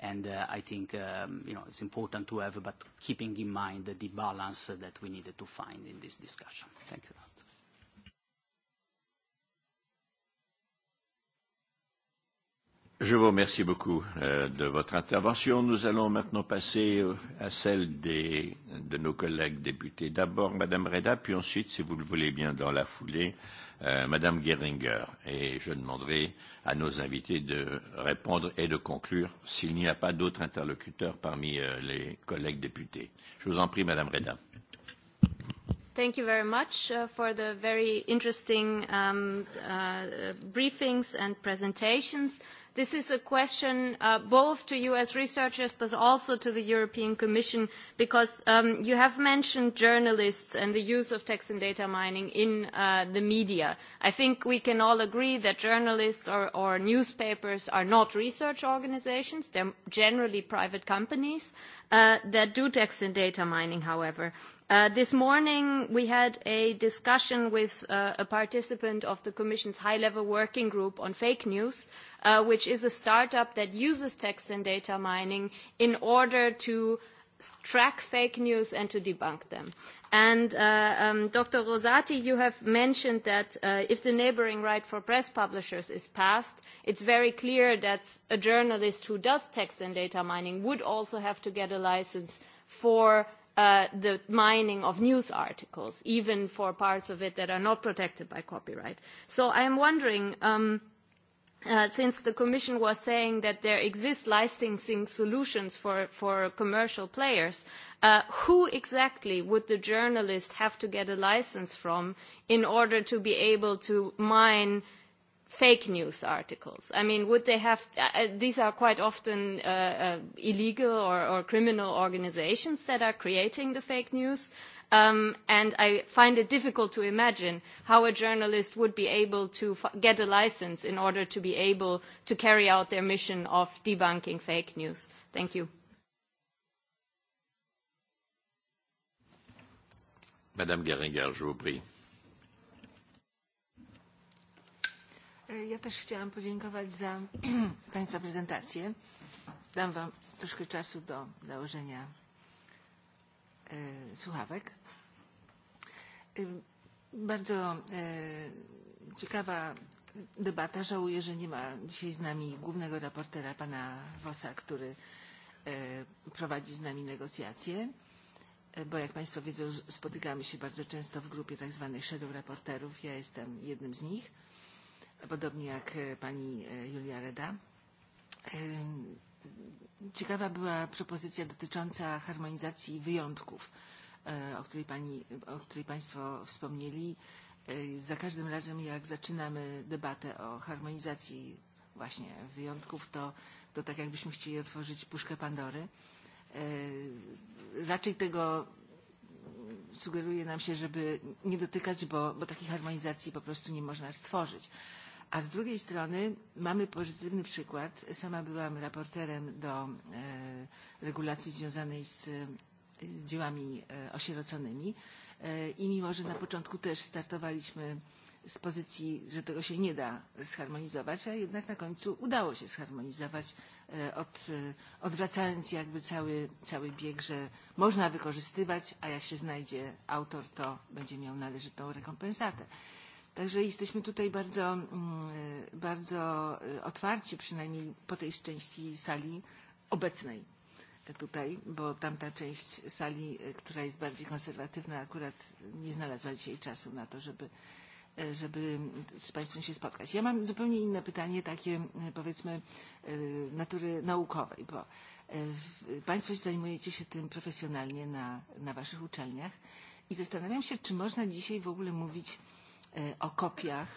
and I think um, you know, it's important to have but keeping in mind the balance that we needed to find in this discussion. Thanks a lot. Je vous remercie beaucoup euh, de votre intervention. Nous allons maintenant passer euh, à celle des, de nos collègues députés. D'abord Madame Reda, puis ensuite, si vous le voulez bien, dans la foulée, euh, Madame Geringer. Et je demanderai à nos invités de répondre et de conclure s'il n'y a pas d'autres interlocuteurs parmi euh, les collègues députés. Je vous en prie, Madame Reda. Euh, thank you very much uh, for the very interesting um, uh, briefings and presentations. This is a question uh, both to you as researchers but also to the European Commission because um, you have mentioned journalists and the use of text and data mining in uh, the media. I think we can all agree that journalists or, or newspapers are not research organisations. They're generally private companies uh, that do text and data mining, however. Uh, this morning we had a discussion with uh, a participant of the Commission's high-level working group on fake news, uh, which is a startup that uses text and data mining in order to track fake news and to debunk them. And uh, um, Dr. Rosati, you have mentioned that uh, if the neighboring right for press publishers is passed, it's very clear that a journalist who does text and data mining would also have to get a license for Uh, the mining of news articles, even for parts of it that are not protected by copyright. So I am wondering, um, uh, since the Commission was saying that there exist licensing solutions for, for commercial players, uh, who exactly would the journalist have to get a license from in order to be able to mine uh, fake news articles? I mean, would they have, uh, uh, these are quite often uh, uh, illegal or, or criminal organizations that are creating the fake news. Um, and I find it difficult to imagine how a journalist would be able to get a license in order to be able to carry out their mission of debunking fake news. Thank you. Madame Geringer, je vous prie. Ja też chciałam podziękować za Państwa prezentację. Dam Wam troszkę czasu do założenia słuchawek. Bardzo ciekawa debata. Żałuję, że nie ma dzisiaj z nami głównego raportera, pana Wosa, który prowadzi z nami negocjacje, bo jak Państwo wiedzą, spotykamy się bardzo często w grupie tak zwanych shadow raporterów. Ja jestem jednym z nich podobnie jak pani Julia Reda. Ciekawa była propozycja dotycząca harmonizacji wyjątków, o której, pani, o której Państwo wspomnieli. Za każdym razem, jak zaczynamy debatę o harmonizacji właśnie wyjątków, to, to tak jakbyśmy chcieli otworzyć puszkę Pandory. Raczej tego sugeruje nam się, żeby nie dotykać, bo, bo takiej harmonizacji po prostu nie można stworzyć. A z drugiej strony mamy pozytywny przykład. Sama byłam raporterem do regulacji związanej z dziełami osieroconymi i mimo, że na początku też startowaliśmy z pozycji, że tego się nie da zharmonizować, a jednak na końcu udało się zharmonizować, od, odwracając jakby cały, cały bieg, że można wykorzystywać, a jak się znajdzie autor, to będzie miał należytą rekompensatę. Także jesteśmy tutaj bardzo, mm, bardzo otwarci, przynajmniej po tej części sali obecnej tutaj, bo tamta część sali, która jest bardziej konserwatywna, akurat nie znalazła dzisiaj czasu na to, żeby, żeby z Państwem się spotkać. Ja mam zupełnie inne pytanie, takie powiedzmy natury naukowej, bo Państwo zajmujecie się tym profesjonalnie na, na Waszych uczelniach i zastanawiam się, czy można dzisiaj w ogóle mówić o kopiach,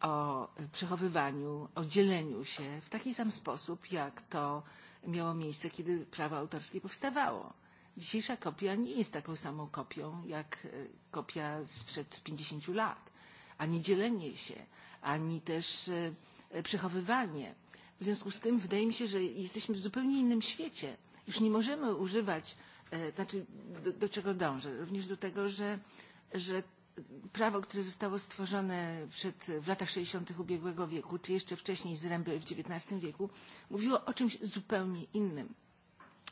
o przechowywaniu, o dzieleniu się w taki sam sposób, jak to miało miejsce, kiedy prawo autorskie powstawało. Dzisiejsza kopia nie jest taką samą kopią, jak kopia sprzed 50 lat, ani dzielenie się, ani też przechowywanie. W związku z tym wydaje mi się, że jesteśmy w zupełnie innym świecie. Już nie możemy używać, znaczy do, do czego dążę, również do tego, że, że prawo, które zostało stworzone przed, w latach 60. ubiegłego wieku, czy jeszcze wcześniej z Rembel w XIX wieku, mówiło o czymś zupełnie innym.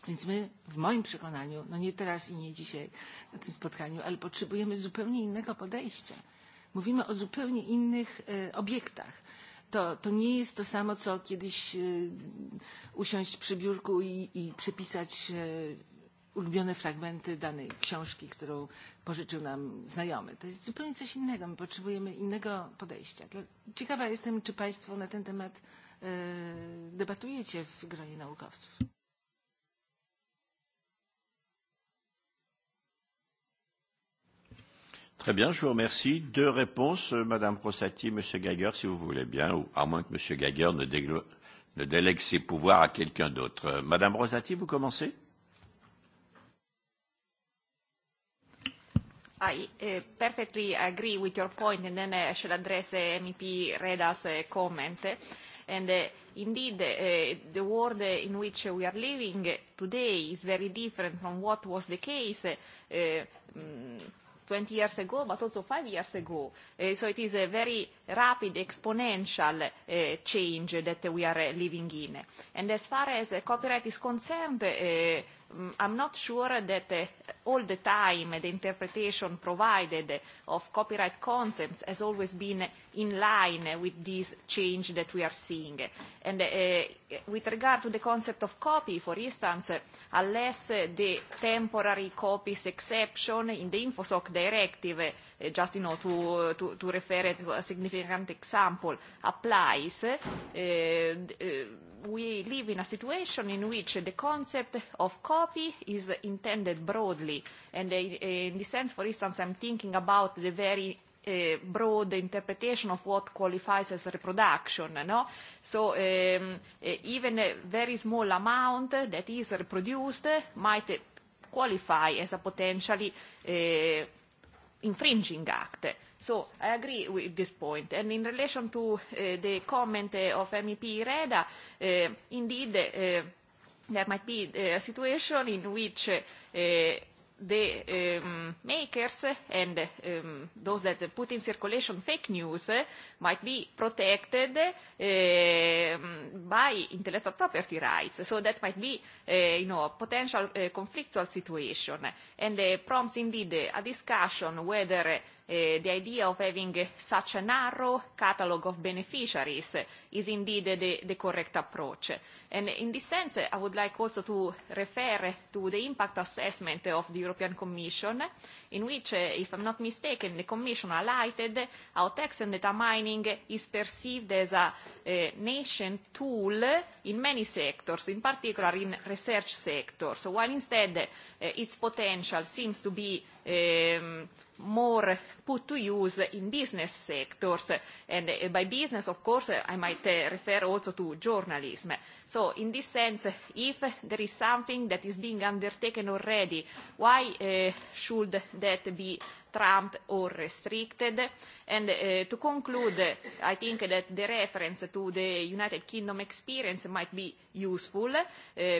Więc my, w moim przekonaniu, no nie teraz i nie dzisiaj na tym spotkaniu, ale potrzebujemy zupełnie innego podejścia. Mówimy o zupełnie innych y, obiektach. To, to nie jest to samo, co kiedyś y, usiąść przy biurku i, i przepisać y, ulubione fragmenty danej książki, którą pożyczył nam znajomy. To jest zupełnie coś innego. My potrzebujemy innego podejścia. Ciekawa jestem, czy Państwo na ten temat debatujecie w gronie naukowców. Très bien, je vous remercie. Deux réponses, euh, Madame Rossati, Monsieur Geiger, si vous voulez bien, ou à moins que Monsieur Geiger ne, ne délègue ses pouvoirs à quelqu'un d'autre. Euh, Madame Rosati, vous commencez. I uh, perfectly agree with your point, and then uh, I shall address uh, MEP Reda's uh, comment. And uh, indeed, uh, the world in which we are living today is very different from what was the case uh, 20 mm, years ago, but also five years ago. Uh, so it is a very rapid, exponential uh, change that we are uh, living in. And as far as uh, copyright is concerned, uh, Mm, I'm not sure that uh, all the time the interpretation provided uh, of copyright concepts has always been in line with this change that we are seeing. And uh, with regard to the concept of copy, for instance, uh, unless uh, the temporary copies exception in the InfoSoc directive, uh, just you know, to, to, to refer to a significant example, applies, we live in a situation in which the concept of copy is intended broadly. And uh, in this sense, for instance, I'm thinking about the very uh, broad interpretation of what qualifies as reproduction. No? So um, uh, even a very small amount that is reproduced might qualify as a potentially uh, infringing act. So I agree with this point. And in relation to uh, the comment uh, of MEP Reda, uh, indeed, uh, there might be uh, a situation in which uh, the um, makers and um, those that put in circulation fake news uh, might be protected uh, by intellectual property rights. So that might be, uh, you know, a potential uh, conflictual situation. And uh, prompts indeed a discussion whether Eh, the idea of having such a narrow catalogue of beneficiaries is indeed the, the correct approach. And in this sense, I would like also to refer to the impact assessment of the European Commission, in which, eh, if I'm not mistaken, the Commission highlighted how tax and data mining is perceived as a a eh, nation tool in many sectors, in particular in research sector. So while instead uh, its potential seems to be um, more put to use in business sectors. And by business, of course, I might might refer also to journalism. So in this sense, if there is something that is being undertaken already, why eh, should that be trumped or restricted. And uh, to conclude, I think that the reference to the United Kingdom experience might be useful uh,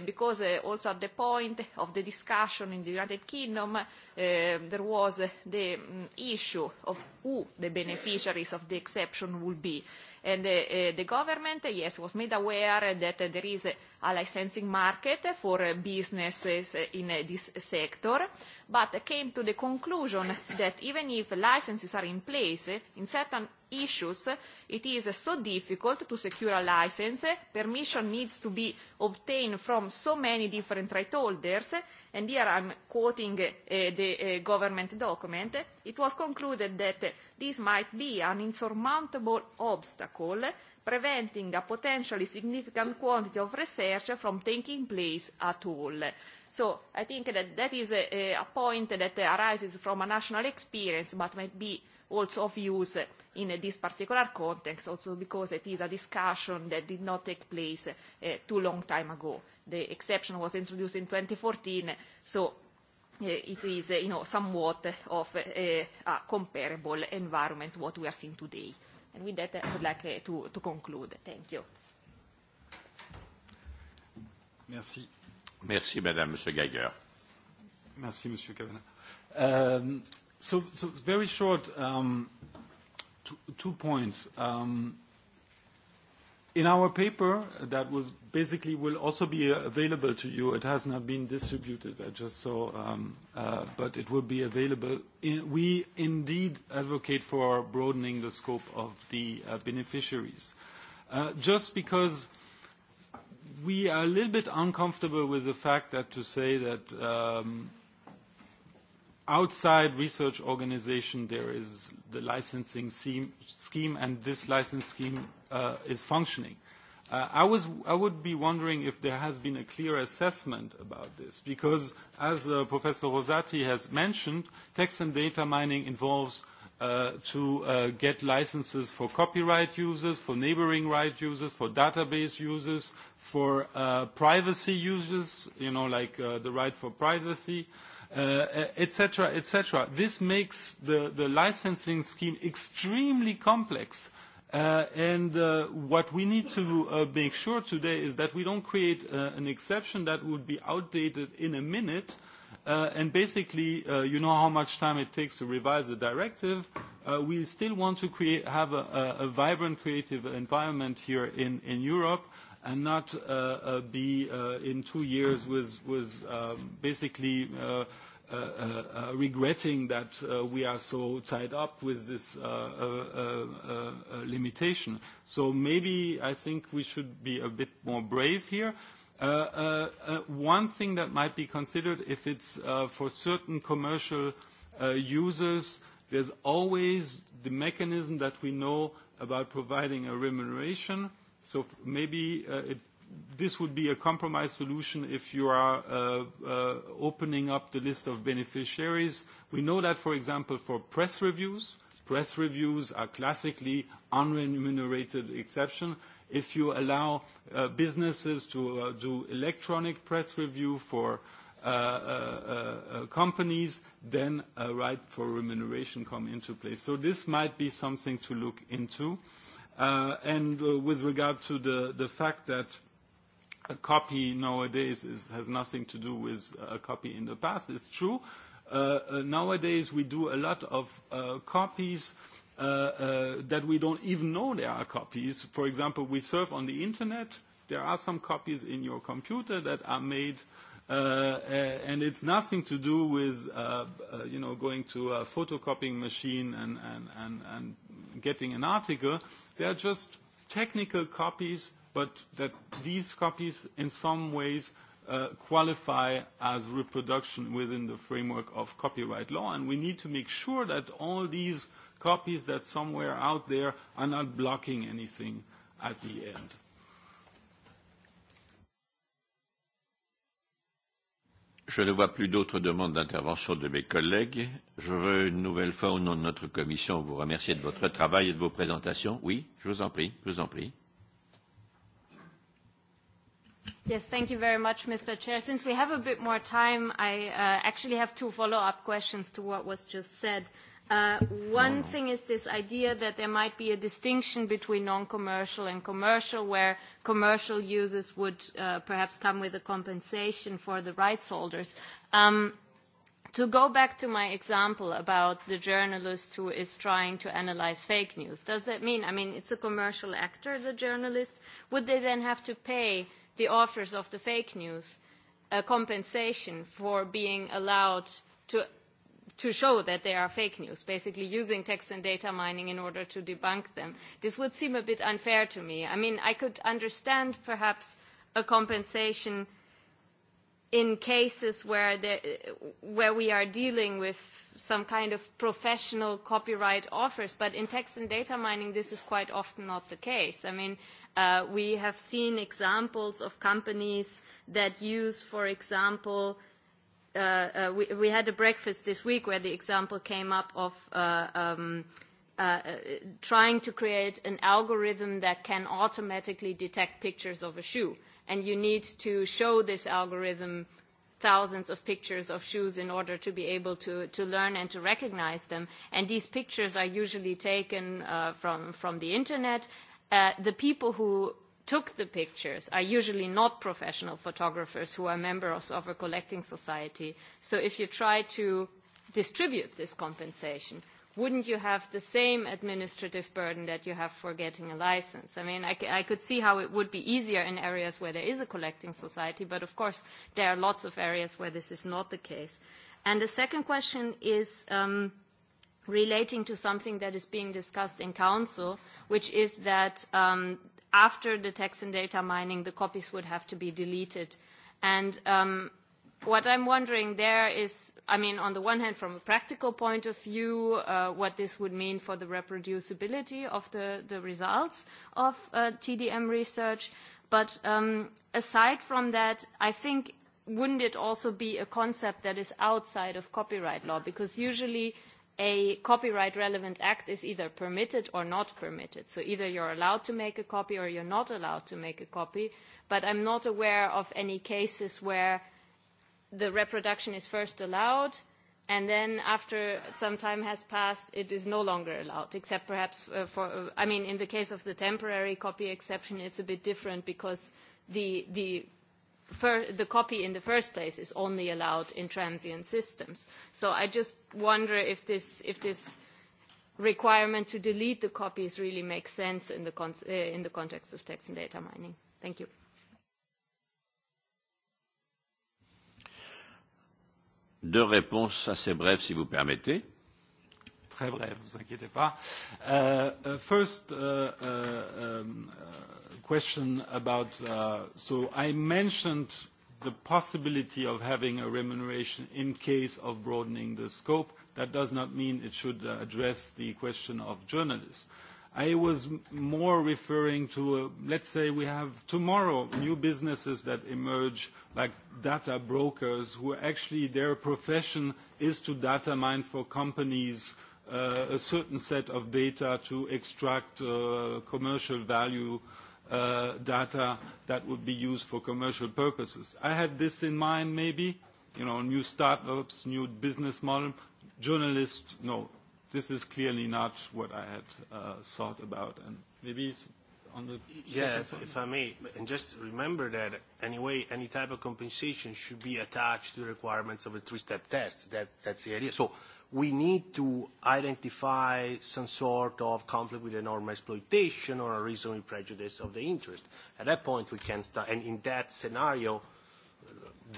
because uh, also at the point of the discussion in the United Kingdom uh, there was the um, issue of who the beneficiaries of the exception would be And the, uh, uh, the government, uh, yes, was made aware that there is a licensing market for uh, businesses in this sector, but came to the conclusion that even if licenses are in place in certain issues, it is so difficult to secure a license, permission needs to be obtained from so many different right holders, and here I'm quoting uh, the uh, government document, it was concluded that this might be an insurmountable obstacle preventing a potentially significant quantity of research from taking place at all. So I think that that is a, a point that arises from a national experience but might be also of use in this particular context, also because it is a discussion that did not take place uh, too long time ago. The exception was introduced in 2014, so Uh, it is, uh, you know, somewhat of uh, a comparable environment what we are seeing today. And with that, I would like to, to conclude. Thank you. Merci. Merci, Madame, Monsieur Geiger. Merci, Monsieur Kavanaugh. Euh, So, so very short, um, two, two points. Um, in our paper, uh, that was basically will also be uh, available to you. It has not been distributed, I just saw, um, uh, but it will be available. In, we indeed advocate for broadening the scope of the uh, beneficiaries. Uh, just because we are a little bit uncomfortable with the fact that to say that um, outside research organization, there is the licensing scheme, and this license scheme uh, is functioning. Uh, I, was, I would be wondering if there has been a clear assessment about this, because as uh, Professor Rosati has mentioned, text and data mining involves Uh, to uh, get licenses for copyright users, for neighboring right users, for database users, for uh, privacy users, you know, like uh, the right for privacy etc., uh, etc. Et this makes the, the licensing scheme extremely complex. Uh, and uh, what we need to uh, make sure today is that we don't create uh, an exception that would be outdated in a minute. Uh, and basically, you know how much time it takes to revise the directive. we still want to create, have a, a, a vibrant creative environment here in, in Europe and not uh, uh, be uh, in two years with, with uh, basically uh, uh, regretting that we are so tied up with this limitation. So maybe I think we should be a bit more brave here. One thing that might be considered if it's for certain commercial users, there's always the mechanism that we know about providing a remuneration So maybe uh, it, this would be a compromise solution if you are uh, uh, opening up the list of beneficiaries. We know that, for example, for press reviews, press reviews are classically unremunerated exception. If you allow uh, businesses to uh, do electronic press review for Uh, uh, uh, uh companies, then a right for remuneration come into place. So this might be something to look into. Uh, and uh, with regard to the, fact that a copy nowadays is, has nothing to do with a copy in the past, it's true. Uh, uh nowadays, we do a lot of copies that we don't even know there are copies. For example, we surf on the internet. There are some copies in your computer that are made Uh, and it's nothing to do with uh, uh, you know going to a photocopying machine and, and, and, and getting an article. They are just technical copies, but that these copies in some ways uh, qualify as reproduction within the framework of copyright law. And we need to make sure that all these copies that somewhere out there are not blocking anything at the end. Je ne vois plus d'autres demandes d'intervention de mes collègues. Je veux une nouvelle fois, au nom de notre commission, vous remercier de votre travail et de vos présentations. Oui, je vous en prie, je vous en prie. Yes, thank you very much, Mr. Chair. Since we have a bit more time, I uh, actually have two follow-up questions to what was just said. Uh, one thing is this idea that there might be a distinction between non-commercial and commercial, where commercial users would uh, perhaps come with a compensation for the rights holders. Um, to go back to my example about the journalist who is trying to analyze fake news, does that mean, I mean, it's a commercial actor, the journalist, would they then have to pay the authors of the fake news a compensation for being allowed to to show that they are fake news, basically using text and data mining in order to debunk them. This would seem a bit unfair to me. I mean, I could understand perhaps a compensation in cases where, the, where we are dealing with some kind of professional copyright offers, but in text and data mining, this is quite often not the case. I mean, uh, we have seen examples of companies that use, for example, Uh, uh, we, we had a breakfast this week where the example came up of uh, um, uh, uh, trying to create an algorithm that can automatically detect pictures of a shoe. And you need to show this algorithm thousands of pictures of shoes in order to be able to, to learn and to recognize them. And these pictures are usually taken uh, from, from the internet. Uh, the people who took the pictures are usually not professional photographers who are members of a collecting society. So if you try to distribute this compensation, wouldn't you have the same administrative burden that you have for getting a license? I mean, I, I could see how it would be easier in areas where there is a collecting society, but of course there are lots of areas where this is not the case. And the second question is um, relating to something that is being discussed in Council, which is that um, after the text and data mining, the copies would have to be deleted. And um, what I'm wondering there is, I mean, on the one hand, from a practical point of view, uh, what this would mean for the reproducibility of the, the results of uh, TDM research. But um, aside from that, I think, wouldn't it also be a concept that is outside of copyright law? Because usually – a copyright relevant act is either permitted or not permitted. So either you're allowed to make a copy or you're not allowed to make a copy. But I'm not aware of any cases where the reproduction is first allowed and then after some time has passed it is no longer allowed except perhaps uh, for uh, I mean in the case of the temporary copy exception it's a bit different because the the the copy in the first place is only allowed in transient systems. So I just wonder if this, if this requirement to delete the copies really makes sense in the, con uh, eh, in the context of text and data mining. Thank you. Deux réponses assez brèves, si vous permettez. Très brèves, vous inquiétez pas. Uh, uh, first, uh, uh, um, uh, question about, uh, so I mentioned the possibility of having a remuneration in case of broadening the scope. That does not mean it should uh, address the question of journalists. I was more referring to, uh, let's say we have tomorrow new businesses that emerge, like data brokers, who actually their profession is to data mine for companies a certain set of data to extract commercial value uh, data that would be used for commercial purposes. I had this in mind maybe, you know, new startups, new business model. Journalists, no, this is clearly not what I had uh, thought about. And maybe on the yeah, if, if I may, and just remember that anyway, any type of compensation should be attached to the requirements of a three-step test. That, that's the idea. So we need to identify some sort of conflict with a norm exploitation or a reasonable prejudice of the interest. At that point, we can start, and in that scenario,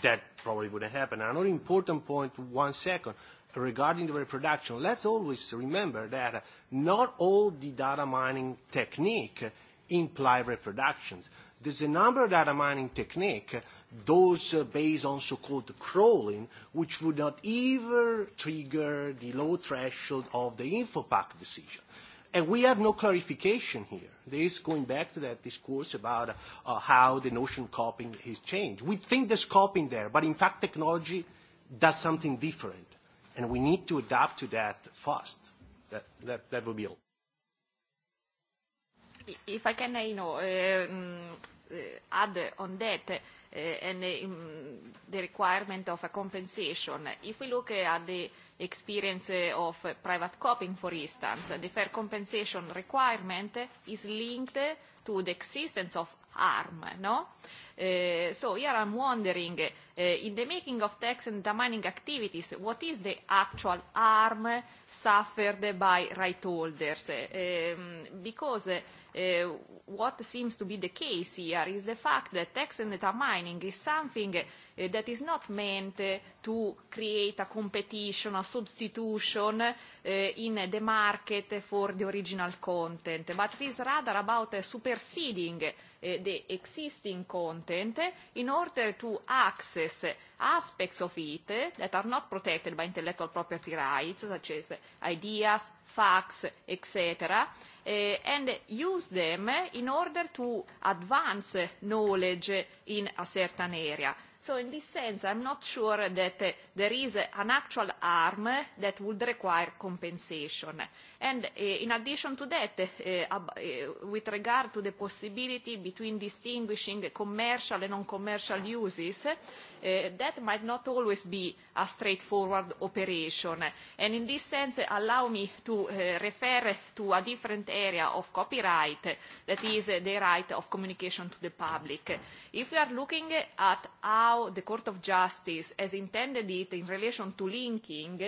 that probably wouldn't happen. Another important point, one second, regarding the reproduction. Let's always remember that not all the data mining technique imply reproductions. There's a number of data mining technique those uh, based on so-called crawling, which would not even trigger the low threshold of the InfoPac decision. And we have no clarification here. This going back to that discourse about uh, how the notion of copying has changed. We think there's copying there, but in fact technology does something different, and we need to adapt to that fast. That, that, that would be all. If I can, I know, um, Eh, add on that uh, eh, and um, the requirement of a compensation. If we look at the experience of private copying, for instance, the fair compensation requirement is linked to the existence of harm, no? Uh, so here I'm wondering, uh, in the making of tax and mining activities, what is the actual harm suffered by right holders? Um, because Uh, what seems to be the case here is the fact that tax and data mining is something uh, that is not meant uh, to create a competition, a substitution uh, in the market for the original content, but it is rather about uh, superseding uh, the existing content in order to access aspects of it that are not protected by intellectual property rights, such as ideas, facts, etc., Eh, and use them in order to advance knowledge in a certain area. So in this sense, I'm not sure that uh, there is uh, an actual harm uh, that would require compensation. And eh, in addition to that, eh, with regard to the possibility between distinguishing commercial and non-commercial uses, Eh, that might not always be a straightforward operation. And in this sense, allow me to eh, refer to a different area of copyright, that is eh, the right of communication to the public. If we are looking at how the Court of Justice has intended it in relation to linking,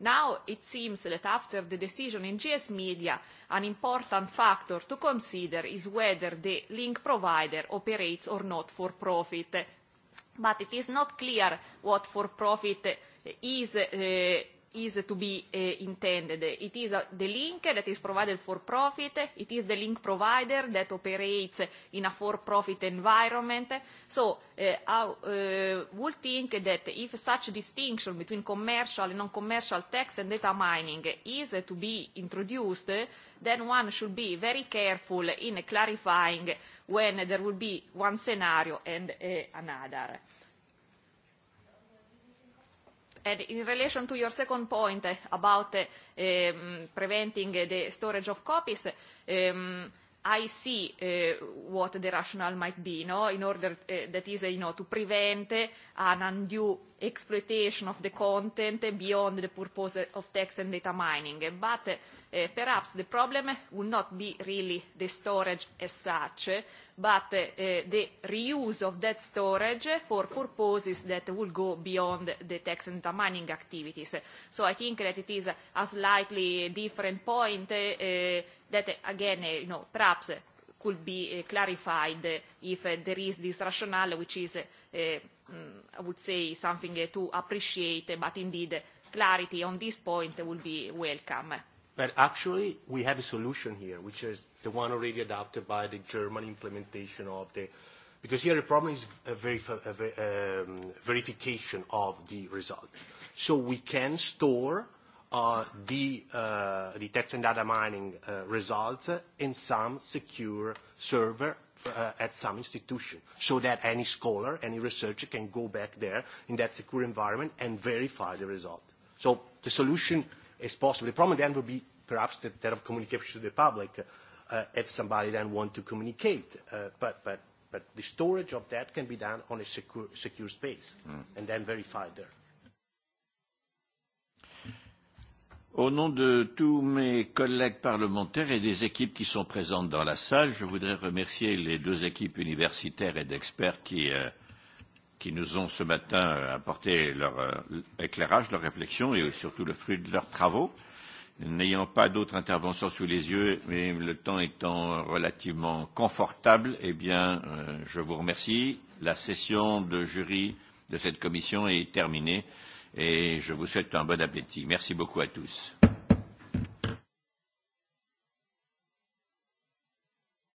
Now it seems that after the decision in GS Media, an important factor to consider is whether the link provider operates or not for profit but it is not clear what for-profit is, uh, is to be uh, intended. It is uh, the link that is provided for profit, it is the link provider that operates in a for-profit environment. So I eh, would think that if such distinction between commercial and non-commercial tax and data mining is to be introduced, then one should be very careful in clarifying when there will be one scenario and another. And in relation to your second point about um, preventing the storage of copies, um, I see uh, what the rationale might be, no? in order uh, that is, uh, you know, to prevent an undue exploitation of the content beyond the purpose of text and data mining. But uh, perhaps the problem will not be really the storage as such, but uh, the reuse of that storage for purposes that will go beyond the text and data mining activities. So I think that it is a slightly different point uh, that, again, you know, perhaps could be clarified if there is this rationale which is I mm, would say something to appreciate, but indeed clarity on this point will be welcome. But actually, we have a solution here, which is the one already adopted by the German implementation of the, because here the problem is a, verif a ver um, verification of the result. So we can store uh, the, uh, the text and data mining uh, results in some secure server uh, at some institution so that any scholar, any researcher can go back there in that secure environment and verify the result. So the solution is possible. The problem then would be perhaps that, that of communication to the public uh, if somebody then want to communicate. Uh, but, but, but the storage of that can be done on a secure, secure space mm. and then verified there. Au nom de tous mes collègues parlementaires et des équipes qui sont présentes dans la salle, je voudrais remercier les deux équipes universitaires et d'experts qui, euh, qui nous ont ce matin euh, apporté leur euh, éclairage, leur réflexion et surtout le fruit de leurs travaux. N'ayant pas d'autres interventions sous les yeux, mais le temps étant relativement confortable, eh bien, euh, je vous remercie. La session de jury de cette commission est terminée et je vous souhaite un bon appétit. Merci beaucoup à tous.